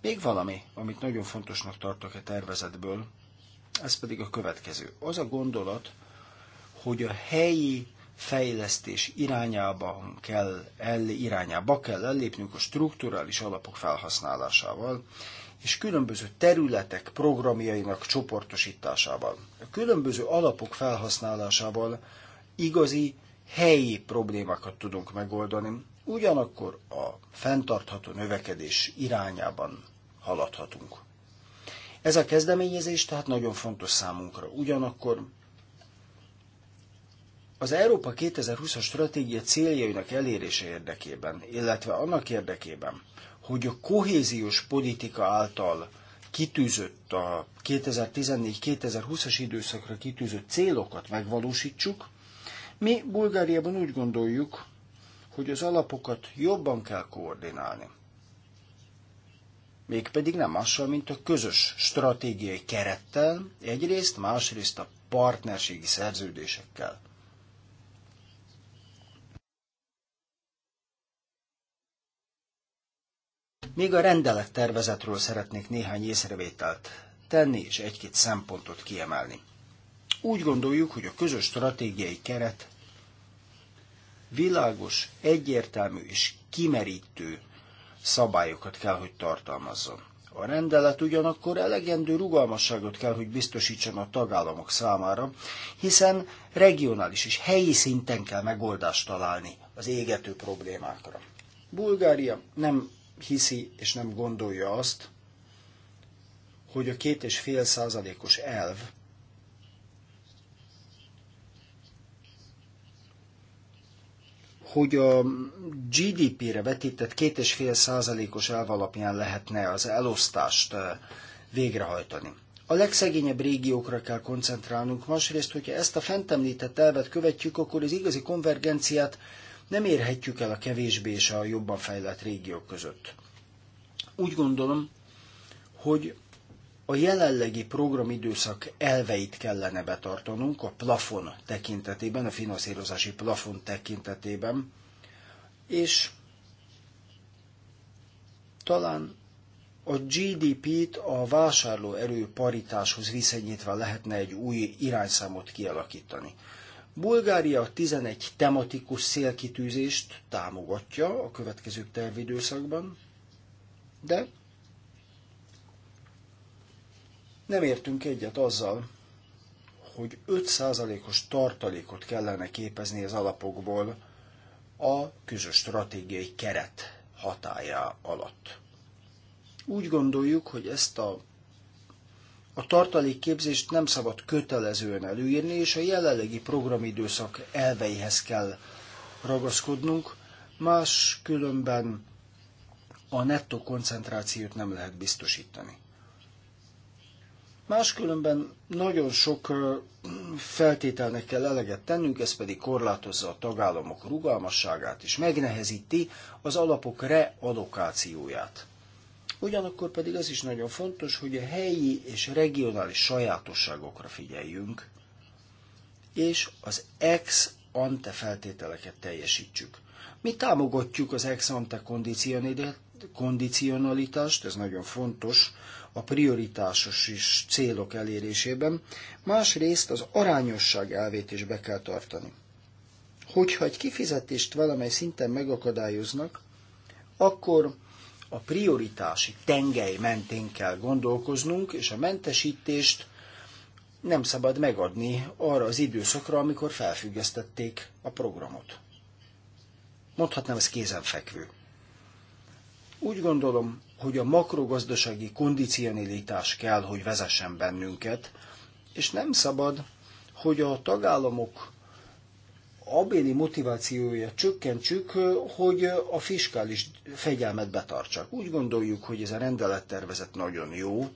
Még valami, amit nagyon fontosnak tartok a e tervezetből, ez pedig a következő. Az a gondolat, hogy a helyi fejlesztés irányába kell, el, irányába kell ellépnünk a strukturális alapok felhasználásával, és különböző területek programjainak csoportosításával. A különböző alapok felhasználásával igazi helyi problémákat tudunk megoldani, ugyanakkor a fenntartható növekedés irányában haladhatunk. Ez a kezdeményezés tehát nagyon fontos számunkra. Ugyanakkor az Európa 2020-as stratégia céljainak elérése érdekében, illetve annak érdekében, hogy a kohéziós politika által kitűzött a 2014-2020-as időszakra kitűzött célokat megvalósítsuk, mi Bulgáriában úgy gondoljuk, hogy az alapokat jobban kell koordinálni mégpedig nem mással, mint a közös stratégiai kerettel, egyrészt, másrészt a partnerségi szerződésekkel. Még a rendelettervezetről szeretnék néhány észrevételt tenni és egy-két szempontot kiemelni. Úgy gondoljuk, hogy a közös stratégiai keret világos, egyértelmű és kimerítő szabályokat kell, hogy tartalmazzon. A rendelet ugyanakkor elegendő rugalmasságot kell, hogy biztosítson a tagállamok számára, hiszen regionális és helyi szinten kell megoldást találni az égető problémákra. Bulgária nem hiszi és nem gondolja azt, hogy a két és fél százalékos elv hogy a GDP-re vetített 2,5 százalékos elv alapján lehetne az elosztást eh, végrehajtani. A legszegényebb régiókra kell koncentrálnunk, másrészt, hogyha ezt a fent említett elvet követjük, akkor az igazi konvergenciát nem érhetjük el a kevésbé és a jobban fejlett régiók között. Úgy gondolom, hogy a jelenlegi programidőszak elveit kellene betartanunk a plafon tekintetében, a finanszírozási plafon tekintetében, és talán a GDP-t a vásárlóerő paritáshoz viszonyítva lehetne egy új irányszámot kialakítani. Bulgária 11 tematikus szélkitűzést támogatja a következő tervidőszakban, de nem értünk egyet azzal, hogy 5%-os tartalékot kellene képezni az alapokból a közös stratégiai keret hatája alatt. Úgy gondoljuk, hogy ezt a a tartalékképzést nem szabad kötelezően előírni, és a jelenlegi programidőszak elveihez kell ragaszkodnunk, más különben a nettó koncentrációt nem lehet biztosítani. Máskülönben nagyon sok feltételnek kell eleget tennünk, ez pedig korlátozza a tagállamok rugalmasságát és megnehezíti az alapok readokációját. Ugyanakkor pedig az is nagyon fontos, hogy a helyi és regionális sajátosságokra figyeljünk, és az ex ante feltételeket teljesítsük. Mi támogatjuk az ex ante kondicionalitást, kondicionalitást, ez nagyon fontos, a prioritásos és célok elérésében, másrészt az arányosság elvét is be kell tartani. Hogyha egy kifizetést valamely szinten megakadályoznak, akkor a prioritási tengely mentén kell gondolkoznunk, és a mentesítést nem szabad megadni arra az időszakra, amikor felfüggesztették a programot. Mondhatnám, ez kézenfekvő. Úgy gondolom, hogy a makrogazdasági kondicionalitás kell, hogy vezessen bennünket, és nem szabad, hogy a tagállamok abéli motivációja csökkentsük, hogy a fiskális fegyelmet betartsák. Úgy gondoljuk, hogy ez a rendelettervezet nagyon jó,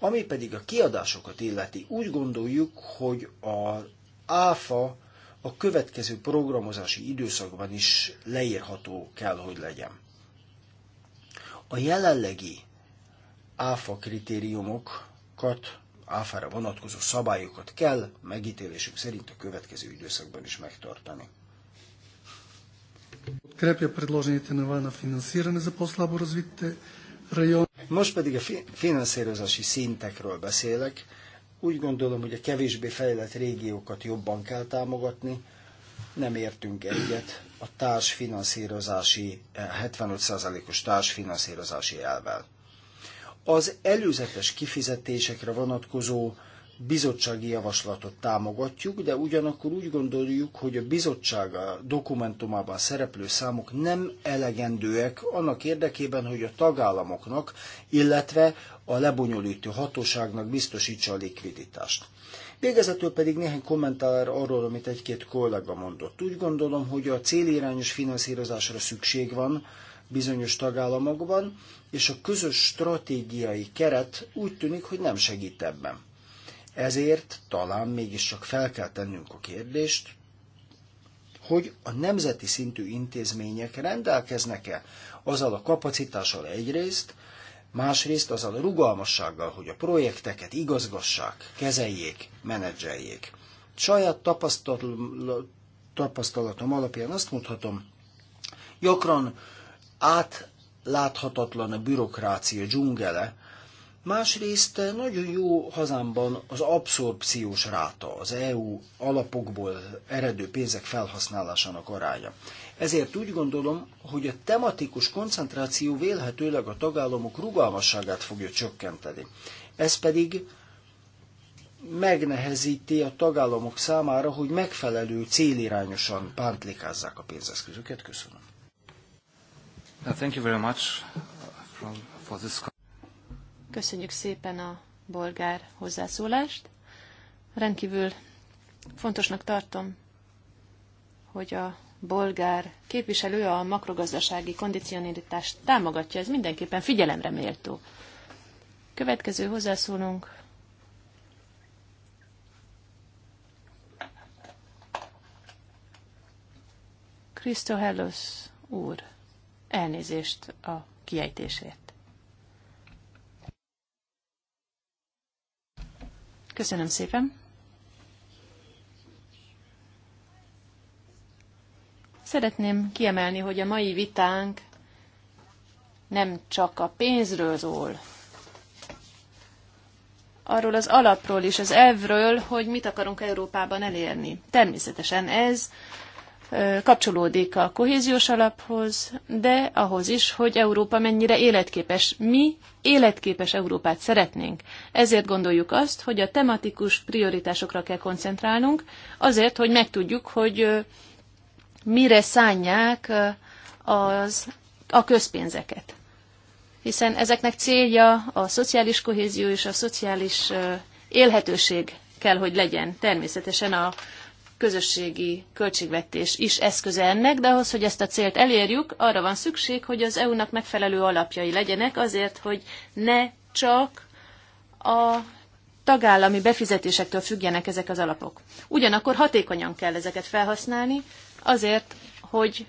ami pedig a kiadásokat illeti, úgy gondoljuk, hogy a ÁFA a következő programozási időszakban is leírható kell, hogy legyen. A jelenlegi áfa kritériumokat, áfára vonatkozó szabályokat kell megítélésük szerint a következő időszakban is megtartani. Most pedig a finanszírozási szintekről beszélek. Úgy gondolom, hogy a kevésbé fejlett régiókat jobban kell támogatni, nem értünk egyet a társfinanszírozási, 75%-os eh, társfinanszírozási elvel. Az előzetes kifizetésekre vonatkozó bizottsági javaslatot támogatjuk, de ugyanakkor úgy gondoljuk, hogy a bizottság dokumentumában szereplő számok nem elegendőek annak érdekében, hogy a tagállamoknak, illetve a lebonyolító hatóságnak biztosítsa a likviditást. Végezetül pedig néhány kommentár arról, amit egy-két kollega mondott. Úgy gondolom, hogy a célirányos finanszírozásra szükség van bizonyos tagállamokban, és a közös stratégiai keret úgy tűnik, hogy nem segít ebben. Ezért talán mégiscsak fel kell tennünk a kérdést, hogy a nemzeti szintű intézmények rendelkeznek-e azzal a kapacitással egyrészt, másrészt azzal a rugalmassággal, hogy a projekteket igazgassák, kezeljék, menedzseljék. Saját tapasztal tapasztalatom alapján azt mondhatom, gyakran átláthatatlan a bürokrácia dzsungele, másrészt nagyon jó hazámban az abszorpciós ráta, az EU alapokból eredő pénzek felhasználásának aránya. Ezért úgy gondolom, hogy a tematikus koncentráció vélhetőleg a tagállamok rugalmasságát fogja csökkenteni. Ez pedig megnehezíti a tagállamok számára, hogy megfelelő célirányosan pántlikázzák a pénzeszközöket. Köszönöm. Thank you very much uh, for this... Köszönjük szépen a bolgár hozzászólást. Rendkívül fontosnak tartom, hogy a bolgár képviselő a makrogazdasági kondicionalitást támogatja, ez mindenképpen figyelemre méltó. Következő hozzászólunk. Krisztohelos úr, elnézést a kiejtésért. Köszönöm szépen. Szeretném kiemelni, hogy a mai vitánk nem csak a pénzről szól, arról az alapról is, az elvről, hogy mit akarunk Európában elérni. Természetesen ez kapcsolódik a kohéziós alaphoz, de ahhoz is, hogy Európa mennyire életképes. Mi életképes Európát szeretnénk. Ezért gondoljuk azt, hogy a tematikus prioritásokra kell koncentrálnunk, azért, hogy megtudjuk, hogy mire szánják az, a közpénzeket. Hiszen ezeknek célja a szociális kohézió és a szociális élhetőség kell, hogy legyen. Természetesen a közösségi költségvetés is eszköze ennek, de ahhoz, hogy ezt a célt elérjük, arra van szükség, hogy az EU-nak megfelelő alapjai legyenek azért, hogy ne csak a tagállami befizetésektől függjenek ezek az alapok. Ugyanakkor hatékonyan kell ezeket felhasználni, azért, hogy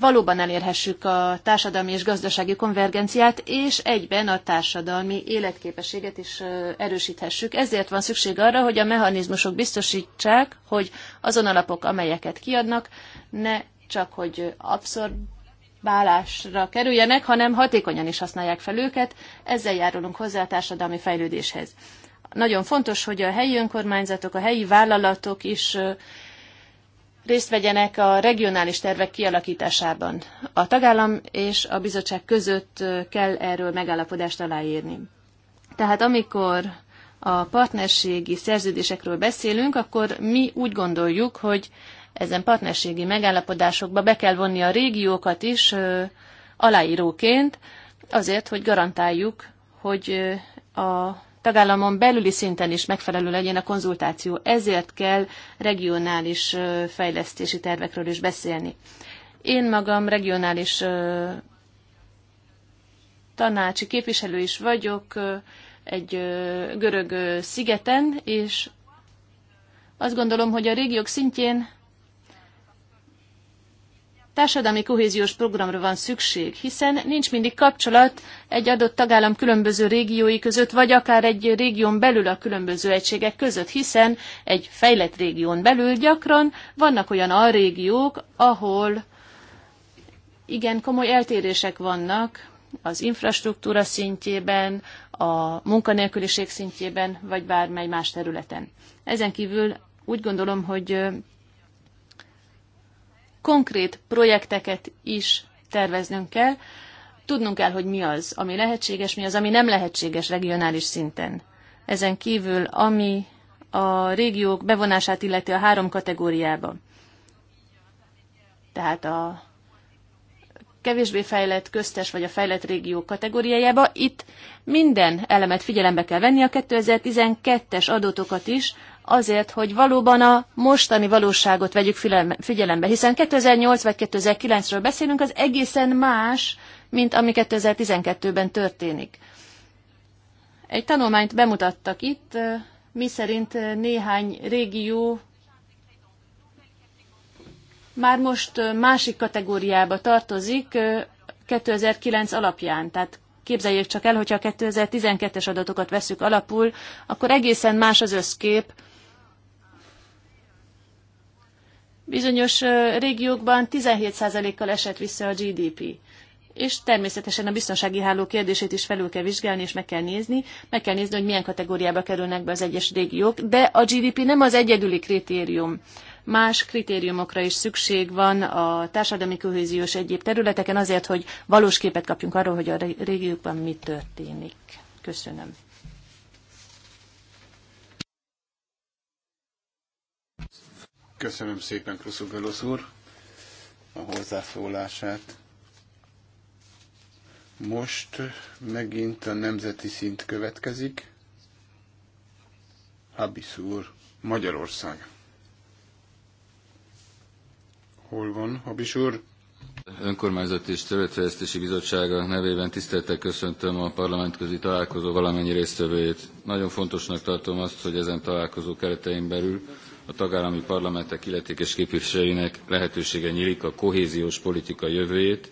valóban elérhessük a társadalmi és gazdasági konvergenciát, és egyben a társadalmi életképességet is erősíthessük. Ezért van szükség arra, hogy a mechanizmusok biztosítsák, hogy azon alapok, amelyeket kiadnak, ne csak hogy abszorbálásra kerüljenek, hanem hatékonyan is használják fel őket, ezzel járulunk hozzá a társadalmi fejlődéshez. Nagyon fontos, hogy a helyi önkormányzatok, a helyi vállalatok is részt vegyenek a regionális tervek kialakításában. A tagállam és a bizottság között kell erről megállapodást aláírni. Tehát amikor a partnerségi szerződésekről beszélünk, akkor mi úgy gondoljuk, hogy ezen partnerségi megállapodásokba be kell vonni a régiókat is ö, aláíróként, azért, hogy garantáljuk, hogy ö, a tagállamon belüli szinten is megfelelő legyen a konzultáció. Ezért kell regionális fejlesztési tervekről is beszélni. Én magam regionális tanácsi képviselő is vagyok egy görög szigeten, és azt gondolom, hogy a régiók szintjén társadalmi kohéziós programra van szükség, hiszen nincs mindig kapcsolat egy adott tagállam különböző régiói között, vagy akár egy régión belül a különböző egységek között, hiszen egy fejlett régión belül gyakran vannak olyan alrégiók, ahol igen komoly eltérések vannak az infrastruktúra szintjében, a munkanélküliség szintjében, vagy bármely más területen. Ezen kívül úgy gondolom, hogy konkrét projekteket is terveznünk kell. Tudnunk kell, hogy mi az, ami lehetséges, mi az, ami nem lehetséges regionális szinten. Ezen kívül, ami a régiók bevonását illeti a három kategóriába. Tehát a kevésbé fejlett, köztes vagy a fejlett régió kategóriájába. Itt minden elemet figyelembe kell venni, a 2012-es adatokat is, azért, hogy valóban a mostani valóságot vegyük figyelembe, hiszen 2008 vagy 2009-ről beszélünk, az egészen más, mint ami 2012-ben történik. Egy tanulmányt bemutattak itt, mi szerint néhány régió már most másik kategóriába tartozik 2009 alapján. Tehát képzeljék csak el, hogyha a 2012-es adatokat veszük alapul, akkor egészen más az összkép, Bizonyos régiókban 17%-kal esett vissza a GDP. És természetesen a biztonsági háló kérdését is felül kell vizsgálni, és meg kell nézni, meg kell nézni, hogy milyen kategóriába kerülnek be az egyes régiók, de a GDP nem az egyedüli kritérium más kritériumokra is szükség van a társadalmi kohéziós egyéb területeken azért, hogy valós képet kapjunk arról, hogy a régiókban mi történik. Köszönöm. Köszönöm szépen Kruszugölosz úr a hozzászólását. Most megint a nemzeti szint következik. Habisz úr, Magyarország. Hol van Habisz úr? Önkormányzati és Területfejlesztési Bizottsága nevében tisztelettel köszöntöm a parlamentközi találkozó valamennyi résztvevőjét. Nagyon fontosnak tartom azt, hogy ezen találkozó keretein belül a tagállami parlamentek illetékes képviselőinek lehetősége nyílik a kohéziós politika jövőjét,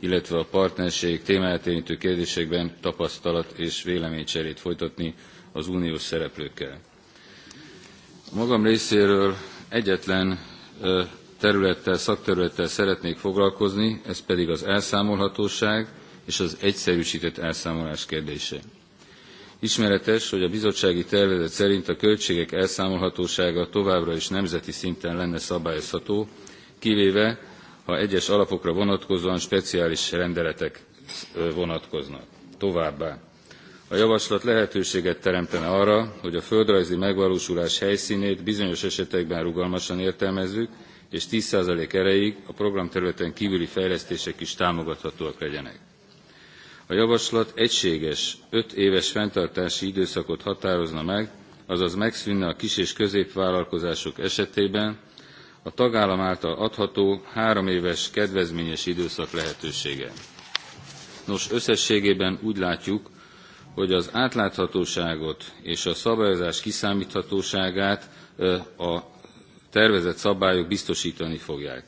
illetve a partnerség témáját érintő kérdésekben tapasztalat és véleménycserét folytatni az uniós szereplőkkel. A magam részéről egyetlen területtel, szakterülettel szeretnék foglalkozni, ez pedig az elszámolhatóság és az egyszerűsített elszámolás kérdése. Ismeretes, hogy a bizottsági tervezet szerint a költségek elszámolhatósága továbbra is nemzeti szinten lenne szabályozható, kivéve, ha egyes alapokra vonatkozóan speciális rendeletek vonatkoznak. Továbbá. A javaslat lehetőséget teremtene arra, hogy a földrajzi megvalósulás helyszínét bizonyos esetekben rugalmasan értelmezzük, és 10% erejéig a programterületen kívüli fejlesztések is támogathatóak legyenek. A javaslat egységes, öt éves fenntartási időszakot határozna meg, azaz megszűnne a kis- és középvállalkozások esetében a tagállam által adható három éves kedvezményes időszak lehetősége. Nos, összességében úgy látjuk, hogy az átláthatóságot és a szabályozás kiszámíthatóságát a tervezett szabályok biztosítani fogják.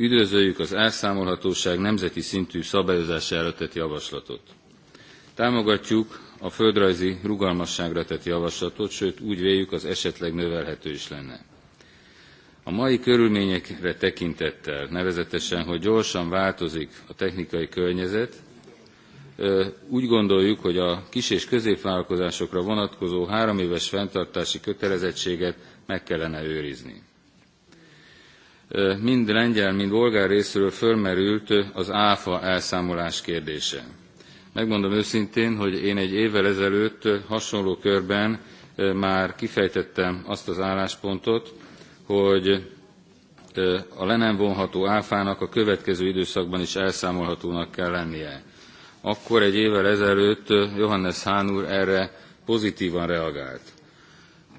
Üdvözöljük az elszámolhatóság nemzeti szintű szabályozására tett javaslatot. Támogatjuk a földrajzi rugalmasságra tett javaslatot, sőt úgy véljük az esetleg növelhető is lenne. A mai körülményekre tekintettel, nevezetesen, hogy gyorsan változik a technikai környezet, úgy gondoljuk, hogy a kis- és középvállalkozásokra vonatkozó három éves fenntartási kötelezettséget meg kellene őrizni mind lengyel, mind bolgár részről fölmerült az áfa elszámolás kérdése. Megmondom őszintén, hogy én egy évvel ezelőtt hasonló körben már kifejtettem azt az álláspontot, hogy a le nem vonható áfának a következő időszakban is elszámolhatónak kell lennie. Akkor egy évvel ezelőtt Johannes Hán úr erre pozitívan reagált.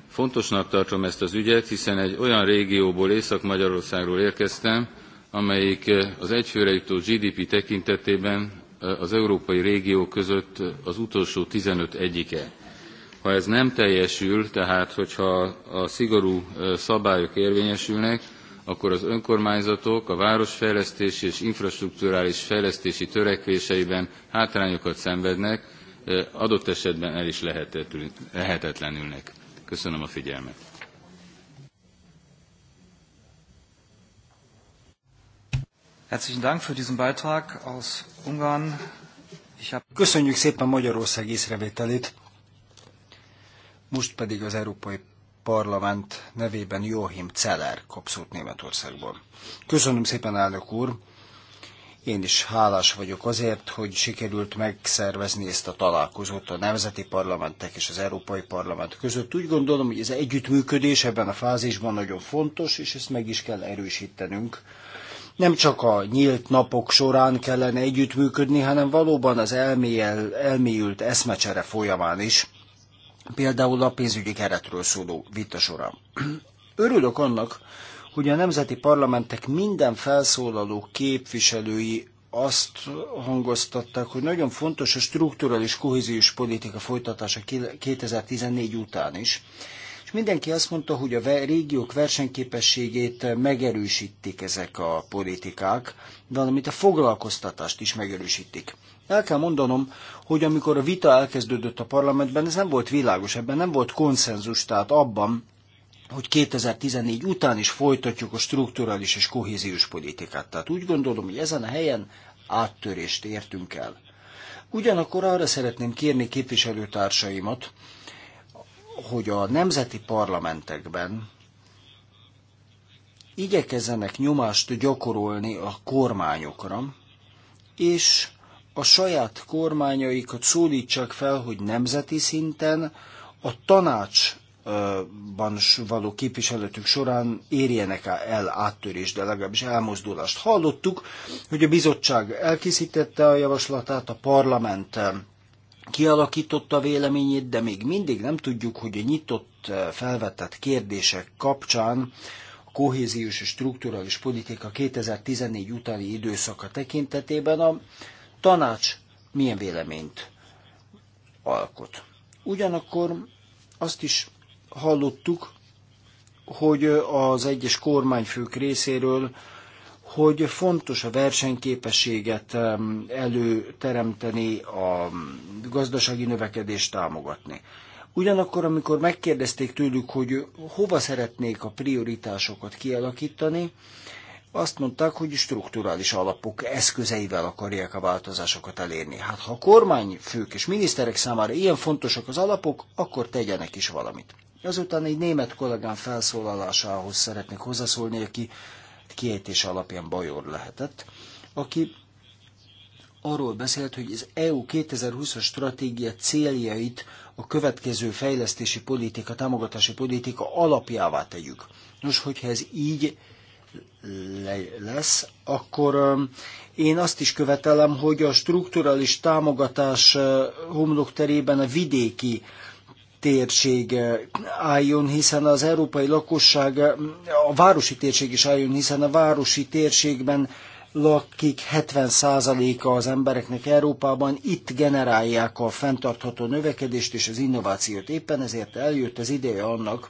Fontosnak tartom ezt az ügyet, hiszen egy olyan régióból, Észak-Magyarországról érkeztem, amelyik eh, az egyfőre jutó GDP tekintetében eh, az európai régiók között eh, az utolsó 15 egyike. Ha ez nem teljesül, tehát hogyha a szigorú szabályok érvényesülnek, akkor az önkormányzatok a városfejlesztési és infrastrukturális fejlesztési törekvéseiben hátrányokat szenvednek, adott esetben el is lehetetlenülnek. Köszönöm a figyelmet. Herzlichen Dank für diesen Beitrag aus Ungarn. Ich hab... Köszönjük szépen Magyarország észrevételét. Most pedig az Európai Parlament nevében Joachim Celler kapszott Németországból. Köszönöm szépen, elnök úr! Én is hálás vagyok azért, hogy sikerült megszervezni ezt a találkozót a nemzeti parlamentek és az Európai Parlament között. Úgy gondolom, hogy ez együttműködés ebben a fázisban nagyon fontos, és ezt meg is kell erősítenünk. Nem csak a nyílt napok során kellene együttműködni, hanem valóban az elmélyel, elmélyült eszmecsere folyamán is, például a pénzügyi keretről szóló vita során. Örülök annak, hogy a nemzeti parlamentek minden felszólaló képviselői azt hangoztatták, hogy nagyon fontos a strukturális kohéziós politika folytatása 2014 után is. És mindenki azt mondta, hogy a régiók versenyképességét megerősítik ezek a politikák, valamint a foglalkoztatást is megerősítik. El kell mondanom, hogy amikor a vita elkezdődött a parlamentben, ez nem volt világos, ebben nem volt konszenzus, tehát abban, hogy 2014 után is folytatjuk a strukturális és kohéziós politikát. Tehát úgy gondolom, hogy ezen a helyen áttörést értünk el. Ugyanakkor arra szeretném kérni képviselőtársaimat, hogy a nemzeti parlamentekben igyekezzenek nyomást gyakorolni a kormányokra, és a saját kormányaikat szólítsák fel, hogy nemzeti szinten a tanács ban való képviseletük során érjenek el áttörést, de legalábbis elmozdulást. Hallottuk, hogy a bizottság elkészítette a javaslatát, a parlament eh, kialakította a véleményét, de még mindig nem tudjuk, hogy a nyitott eh, felvetett kérdések kapcsán a kohéziós és strukturális politika 2014 utáni időszaka tekintetében a tanács milyen véleményt alkot. Ugyanakkor azt is hallottuk, hogy az egyes kormányfők részéről, hogy fontos a versenyképességet előteremteni, a gazdasági növekedést támogatni. Ugyanakkor, amikor megkérdezték tőlük, hogy hova szeretnék a prioritásokat kialakítani, azt mondták, hogy strukturális alapok eszközeivel akarják a változásokat elérni. Hát ha a kormányfők és miniszterek számára ilyen fontosak az alapok, akkor tegyenek is valamit. Azután egy német kollégám felszólalásához szeretnék hozzászólni, aki kiejtés alapján bajor lehetett, aki arról beszélt, hogy az EU 2020-as stratégia céljait a következő fejlesztési politika, támogatási politika alapjává tegyük. Nos, hogyha ez így lesz, akkor én azt is követelem, hogy a strukturális támogatás homlok terében a vidéki térség eh, álljon, hiszen az európai lakosság, eh, a városi térség is álljon, hiszen a városi térségben lakik 70%-a az embereknek Európában, itt generálják a fenntartható növekedést és az innovációt. Éppen ezért eljött az ideje annak,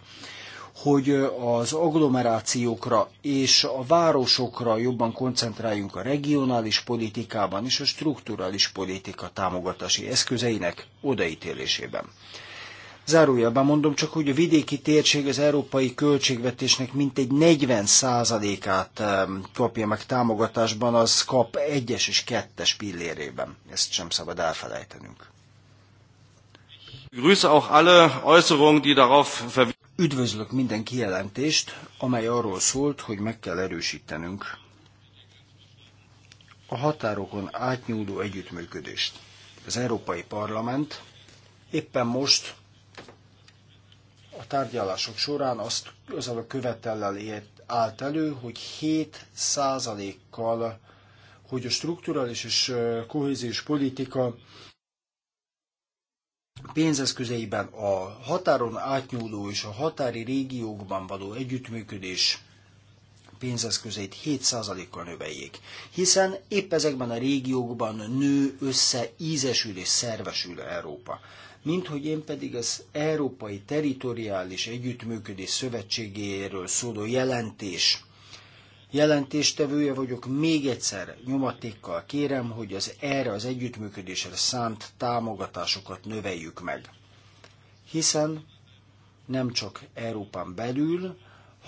hogy eh, az agglomerációkra és a városokra jobban koncentráljunk a regionális politikában és a strukturális politika támogatási eszközeinek odaítélésében. Zárójelben mondom csak, hogy a vidéki térség az európai költségvetésnek mintegy 40 át kapja meg támogatásban, az kap egyes és kettes pillérében. Ezt sem szabad elfelejtenünk. Üdvözlök minden kijelentést, amely arról szólt, hogy meg kell erősítenünk a határokon átnyúló együttműködést. Az Európai Parlament éppen most a tárgyalások során azt azzal a követellel állt elő, hogy 7%-kal, hogy a strukturális és kohéziós politika pénzeszközeiben a határon átnyúló és a határi régiókban való együttműködés pénzeszközeit 7%-kal növeljék, hiszen épp ezekben a régiókban nő össze, ízesül és szervesül Európa mint hogy én pedig az Európai Teritoriális Együttműködés Szövetségéről szóló jelentés jelentéstevője vagyok. Még egyszer nyomatékkal kérem, hogy az erre az együttműködésre szánt támogatásokat növeljük meg. Hiszen nem csak Európán belül,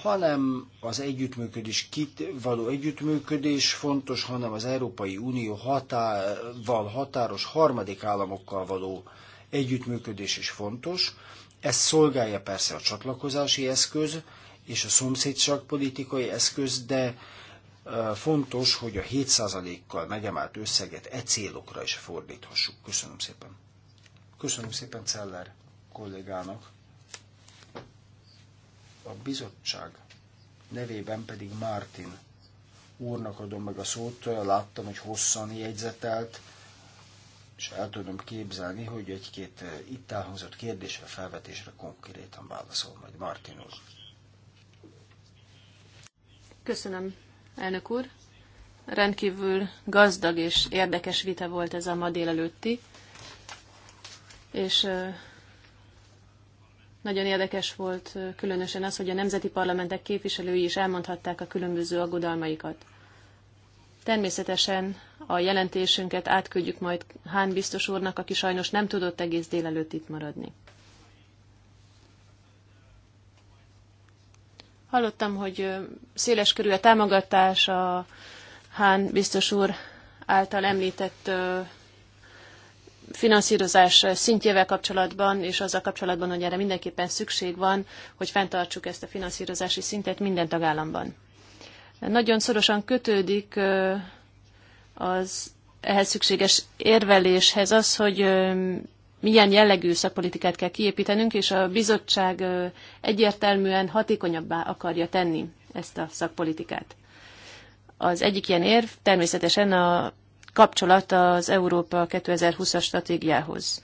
hanem az együttműködés, kit való együttműködés fontos, hanem az Európai Unió hatá, val határos harmadik államokkal való együttműködés is fontos. Ez szolgálja persze a csatlakozási eszköz és a politikai eszköz, de fontos, hogy a 7%-kal megemelt összeget e célokra is fordíthassuk. Köszönöm szépen. Köszönöm szépen Celler kollégának. A bizottság nevében pedig Martin úrnak adom meg a szót, láttam, hogy hosszan jegyzetelt, és el tudom képzelni, hogy egy-két eh, itt elhangzott kérdésre, felvetésre konkrétan válaszol majd Martin úr. Köszönöm, elnök úr. Rendkívül gazdag és érdekes vita volt ez a ma délelőtti, és eh, nagyon érdekes volt eh, különösen az, hogy a nemzeti parlamentek képviselői is elmondhatták a különböző aggodalmaikat. Természetesen a jelentésünket átküldjük majd Hán biztos úrnak, aki sajnos nem tudott egész délelőtt itt maradni. Hallottam, hogy széles körül a támogatás a Hán biztos úr által említett finanszírozás szintjével kapcsolatban, és azzal kapcsolatban, hogy erre mindenképpen szükség van, hogy fenntartsuk ezt a finanszírozási szintet minden tagállamban nagyon szorosan kötődik az ehhez szükséges érveléshez az, hogy milyen jellegű szakpolitikát kell kiépítenünk, és a bizottság egyértelműen hatékonyabbá akarja tenni ezt a szakpolitikát. Az egyik ilyen érv természetesen a kapcsolat az Európa 2020-as stratégiához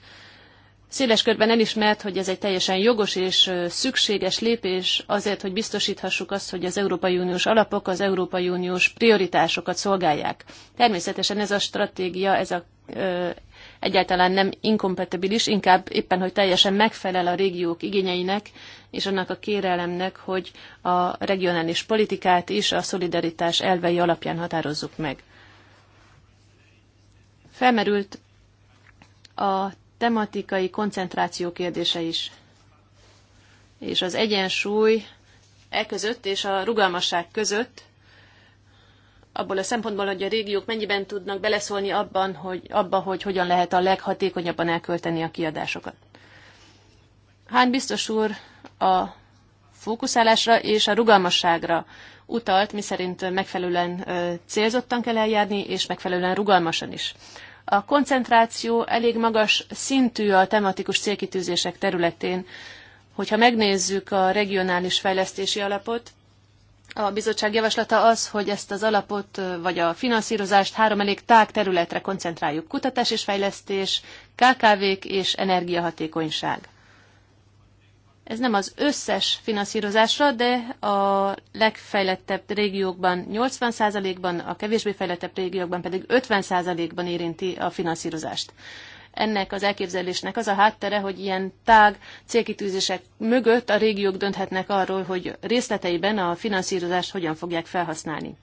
széles körben elismert, hogy ez egy teljesen jogos és szükséges lépés azért, hogy biztosíthassuk azt, hogy az Európai Uniós alapok az Európai Uniós prioritásokat szolgálják. Természetesen ez a stratégia, ez a egyáltalán nem inkompatibilis, inkább éppen, hogy teljesen megfelel a régiók igényeinek és annak a kérelemnek, hogy a regionális politikát is a szolidaritás elvei alapján határozzuk meg. Felmerült a tematikai koncentráció kérdése is. És az egyensúly e között és a rugalmasság között, abból a szempontból, hogy a régiók mennyiben tudnak beleszólni abban, hogy, abba, hogy hogyan lehet a leghatékonyabban elkölteni a kiadásokat. Hán biztos úr a fókuszálásra és a rugalmasságra utalt, miszerint megfelelően célzottan kell eljárni, és megfelelően rugalmasan is. A koncentráció elég magas szintű a tematikus célkitűzések területén. Hogyha megnézzük a regionális fejlesztési alapot, a bizottság javaslata az, hogy ezt az alapot vagy a finanszírozást három elég tág területre koncentráljuk. Kutatás és fejlesztés, KKV-k és energiahatékonyság. Ez nem az összes finanszírozásra, de a legfejlettebb régiókban 80%-ban, a kevésbé fejlettebb régiókban pedig 50%-ban érinti a finanszírozást. Ennek az elképzelésnek az a háttere, hogy ilyen tág célkitűzések mögött a régiók dönthetnek arról, hogy részleteiben a finanszírozást hogyan fogják felhasználni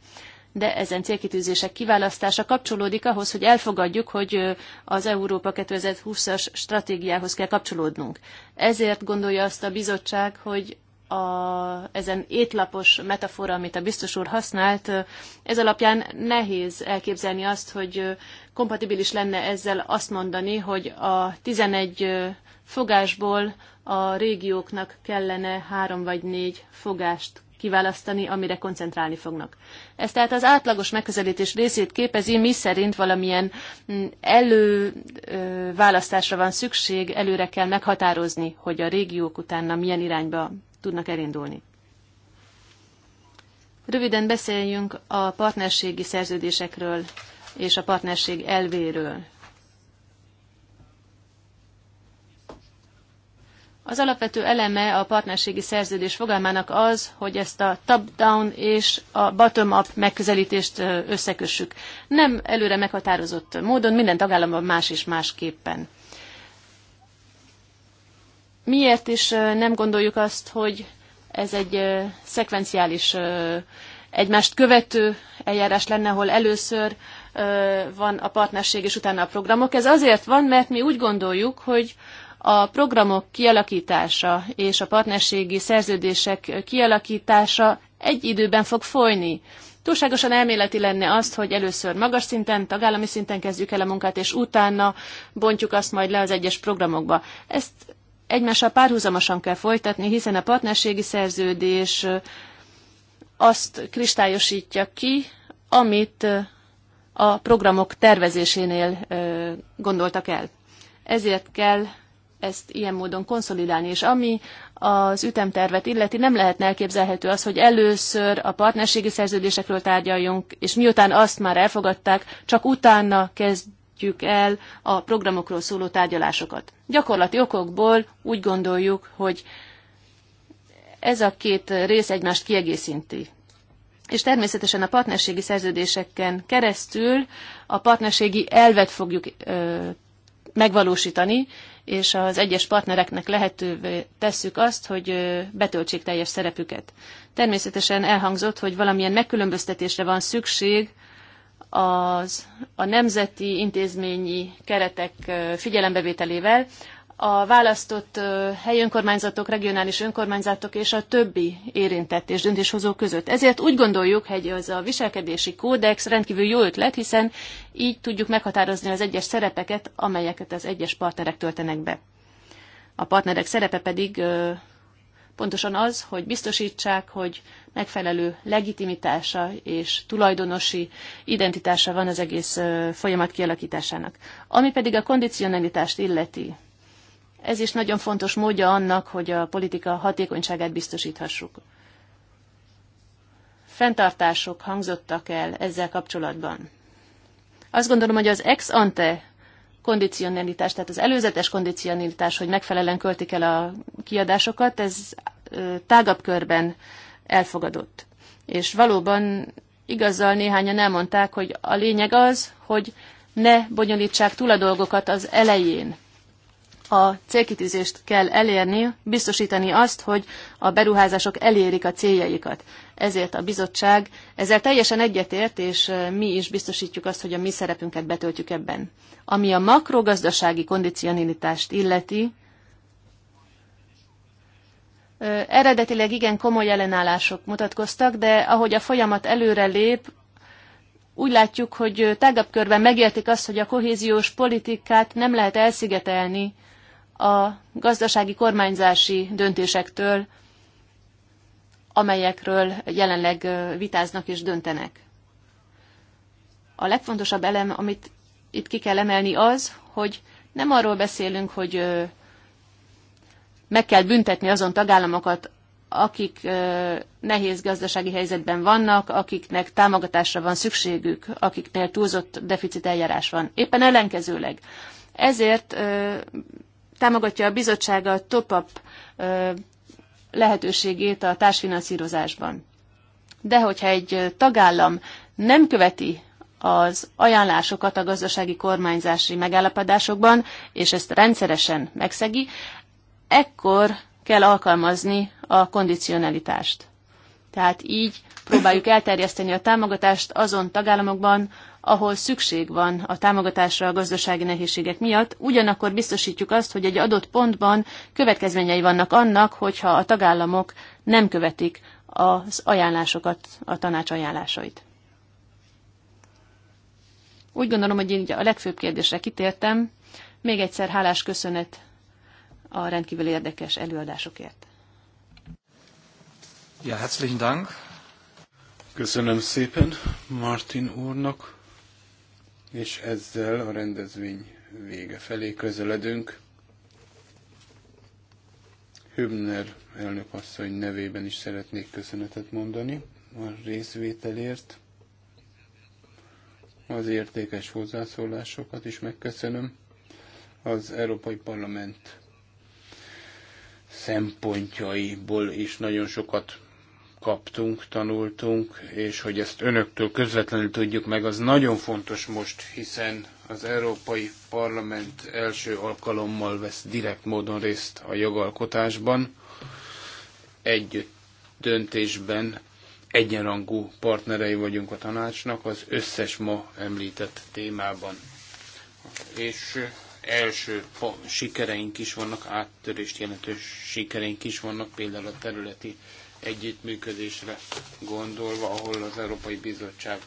de ezen célkitűzések kiválasztása kapcsolódik ahhoz, hogy elfogadjuk, hogy az Európa 2020-as stratégiához kell kapcsolódnunk. Ezért gondolja azt a bizottság, hogy a, ezen étlapos metafora, amit a biztos úr használt, ez alapján nehéz elképzelni azt, hogy kompatibilis lenne ezzel azt mondani, hogy a 11 fogásból a régióknak kellene három vagy négy fogást kiválasztani, amire koncentrálni fognak. Ez tehát az átlagos megközelítés részét képezi, mi szerint valamilyen mm, előválasztásra van szükség, előre kell meghatározni, hogy a régiók utána milyen irányba tudnak elindulni. Röviden beszéljünk a partnerségi szerződésekről és a partnerség elvéről. Az alapvető eleme a partnerségi szerződés fogalmának az, hogy ezt a top-down és a bottom-up megközelítést összekössük. Nem előre meghatározott módon, minden tagállamban más és másképpen. Miért is nem gondoljuk azt, hogy ez egy szekvenciális egymást követő eljárás lenne, ahol először van a partnerség, és utána a programok. Ez azért van, mert mi úgy gondoljuk, hogy a programok kialakítása és a partnerségi szerződések kialakítása egy időben fog folyni. Túlságosan elméleti lenne azt, hogy először magas szinten, tagállami szinten kezdjük el a munkát, és utána bontjuk azt majd le az egyes programokba. Ezt egymással párhuzamosan kell folytatni, hiszen a partnerségi szerződés azt kristályosítja ki, amit a programok tervezésénél gondoltak el. Ezért kell ezt ilyen módon konszolidálni. És ami az ütemtervet illeti, nem lehetne elképzelhető az, hogy először a partnerségi szerződésekről tárgyaljunk, és miután azt már elfogadták, csak utána kezdjük el a programokról szóló tárgyalásokat. Gyakorlati okokból úgy gondoljuk, hogy ez a két rész egymást kiegészíti. És természetesen a partnerségi szerződéseken keresztül a partnerségi elvet fogjuk ö, megvalósítani, és az egyes partnereknek lehetővé tesszük azt, hogy betöltsék teljes szerepüket. Természetesen elhangzott, hogy valamilyen megkülönböztetésre van szükség az, a nemzeti intézményi keretek figyelembevételével, a választott helyi önkormányzatok, regionális önkormányzatok és a többi érintett és döntéshozó között. Ezért úgy gondoljuk, hogy ez a viselkedési kódex rendkívül jó ötlet, hiszen így tudjuk meghatározni az egyes szerepeket, amelyeket az egyes partnerek töltenek be. A partnerek szerepe pedig pontosan az, hogy biztosítsák, hogy megfelelő legitimitása és tulajdonosi identitása van az egész folyamat kialakításának. Ami pedig a kondicionalitást illeti, ez is nagyon fontos módja annak, hogy a politika hatékonyságát biztosíthassuk. Fentartások hangzottak el ezzel kapcsolatban. Azt gondolom, hogy az ex ante kondicionalitás, tehát az előzetes kondicionalitás, hogy megfelelően költik el a kiadásokat, ez tágabb körben elfogadott. És valóban igazzal néhányan elmondták, hogy a lényeg az, hogy ne bonyolítsák túl a dolgokat az elején a célkitűzést kell elérni, biztosítani azt, hogy a beruházások elérik a céljaikat. Ezért a bizottság ezzel teljesen egyetért, és mi is biztosítjuk azt, hogy a mi szerepünket betöltjük ebben. Ami a makrogazdasági kondicionalitást illeti, eredetileg igen komoly ellenállások mutatkoztak, de ahogy a folyamat előre lép, úgy látjuk, hogy tágabb körben megértik azt, hogy a kohéziós politikát nem lehet elszigetelni a gazdasági kormányzási döntésektől, amelyekről jelenleg vitáznak és döntenek. A legfontosabb elem, amit itt ki kell emelni az, hogy nem arról beszélünk, hogy meg kell büntetni azon tagállamokat, akik nehéz gazdasági helyzetben vannak, akiknek támogatásra van szükségük, akiknél túlzott deficit eljárás van. Éppen ellenkezőleg. Ezért támogatja a bizottsága a top-up lehetőségét a társfinanszírozásban. De hogyha egy tagállam nem követi az ajánlásokat a gazdasági kormányzási megállapodásokban, és ezt rendszeresen megszegi, ekkor kell alkalmazni a kondicionalitást. Tehát így próbáljuk elterjeszteni a támogatást azon tagállamokban, ahol szükség van a támogatásra a gazdasági nehézségek miatt, ugyanakkor biztosítjuk azt, hogy egy adott pontban következményei vannak annak, hogyha a tagállamok nem követik az ajánlásokat, a tanács ajánlásait. Úgy gondolom, hogy így a legfőbb kérdésre kitértem. Még egyszer hálás köszönet a rendkívül érdekes előadásokért. Ja, herzlichen Dank. Köszönöm szépen Martin úrnak és ezzel a rendezvény vége felé közeledünk. Hübner elnökasszony nevében is szeretnék köszönetet mondani a részvételért. Az értékes hozzászólásokat is megköszönöm. Az Európai Parlament szempontjaiból is nagyon sokat kaptunk, tanultunk, és hogy ezt önöktől közvetlenül tudjuk meg, az nagyon fontos most, hiszen az Európai Parlament első alkalommal vesz direkt módon részt a jogalkotásban, egy döntésben egyenrangú partnerei vagyunk a tanácsnak az összes ma említett témában. És első sikereink is vannak, áttörést jelentő sikereink is vannak, például a területi együttműködésre gondolva, ahol az Európai Bizottság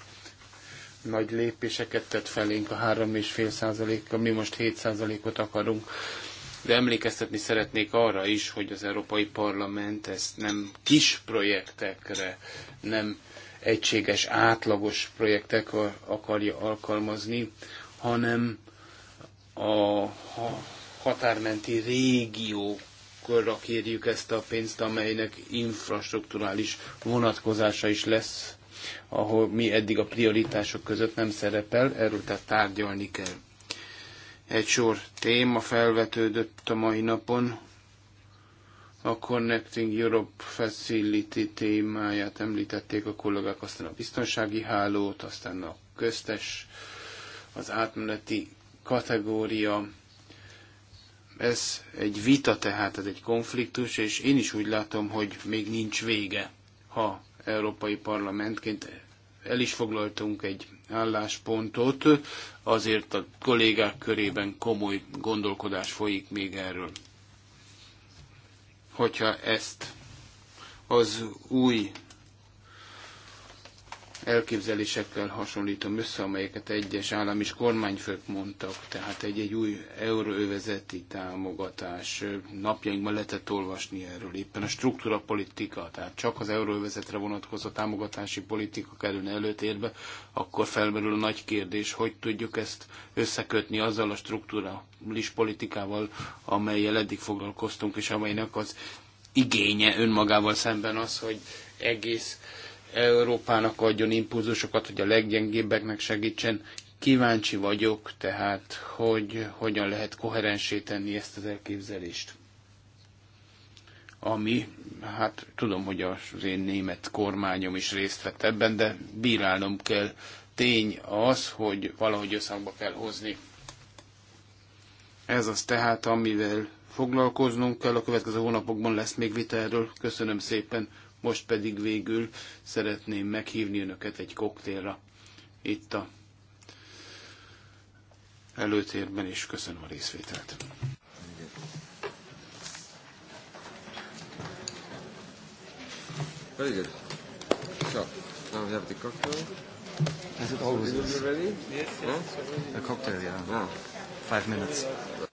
nagy lépéseket tett felénk a 3,5 százalékkal, mi most 7 százalékot akarunk. De emlékeztetni szeretnék arra is, hogy az Európai Parlament ezt nem kis projektekre, nem egységes, átlagos projektekre akarja alkalmazni, hanem a határmenti régiók akkor kérjük ezt a pénzt, amelynek infrastruktúrális vonatkozása is lesz, ahol mi eddig a prioritások között nem szerepel, erről tehát tárgyalni kell. Egy sor téma felvetődött a mai napon, a Connecting Europe Facility témáját említették a kollégák, aztán a biztonsági hálót, aztán a köztes, az átmeneti kategória, ez egy vita tehát, ez egy konfliktus, és én is úgy látom, hogy még nincs vége, ha Európai Parlamentként el is foglaltunk egy álláspontot, azért a kollégák körében komoly gondolkodás folyik még erről. Hogyha ezt az új elképzelésekkel hasonlítom össze, amelyeket egyes állam és kormányfők mondtak, tehát egy-egy új euróövezeti támogatás napjainkban lehetett olvasni erről éppen a struktúra politika, tehát csak az euróövezetre vonatkozó támogatási politika kerülne előtérbe, akkor felmerül a nagy kérdés, hogy tudjuk ezt összekötni azzal a struktúrális politikával, amelyel eddig foglalkoztunk, és amelynek az igénye önmagával szemben az, hogy egész Európának adjon impulzusokat, hogy a leggyengébbeknek segítsen. Kíváncsi vagyok tehát, hogy hogyan lehet koherensé tenni ezt az elképzelést. Ami, hát tudom, hogy az én német kormányom is részt vett ebben, de bírálnom kell. Tény az, hogy valahogy összhangba kell hozni. Ez az tehát, amivel foglalkoznunk kell. A következő hónapokban lesz még vita erről. Köszönöm szépen. Most pedig végül szeretném meghívni önöket egy koktélra itt a előtérben, és köszönöm a részvételt. Very good. So, now we have the cocktail. Is it always? Is Yes, yes. Huh? A cocktail, yeah. yeah. Five minutes.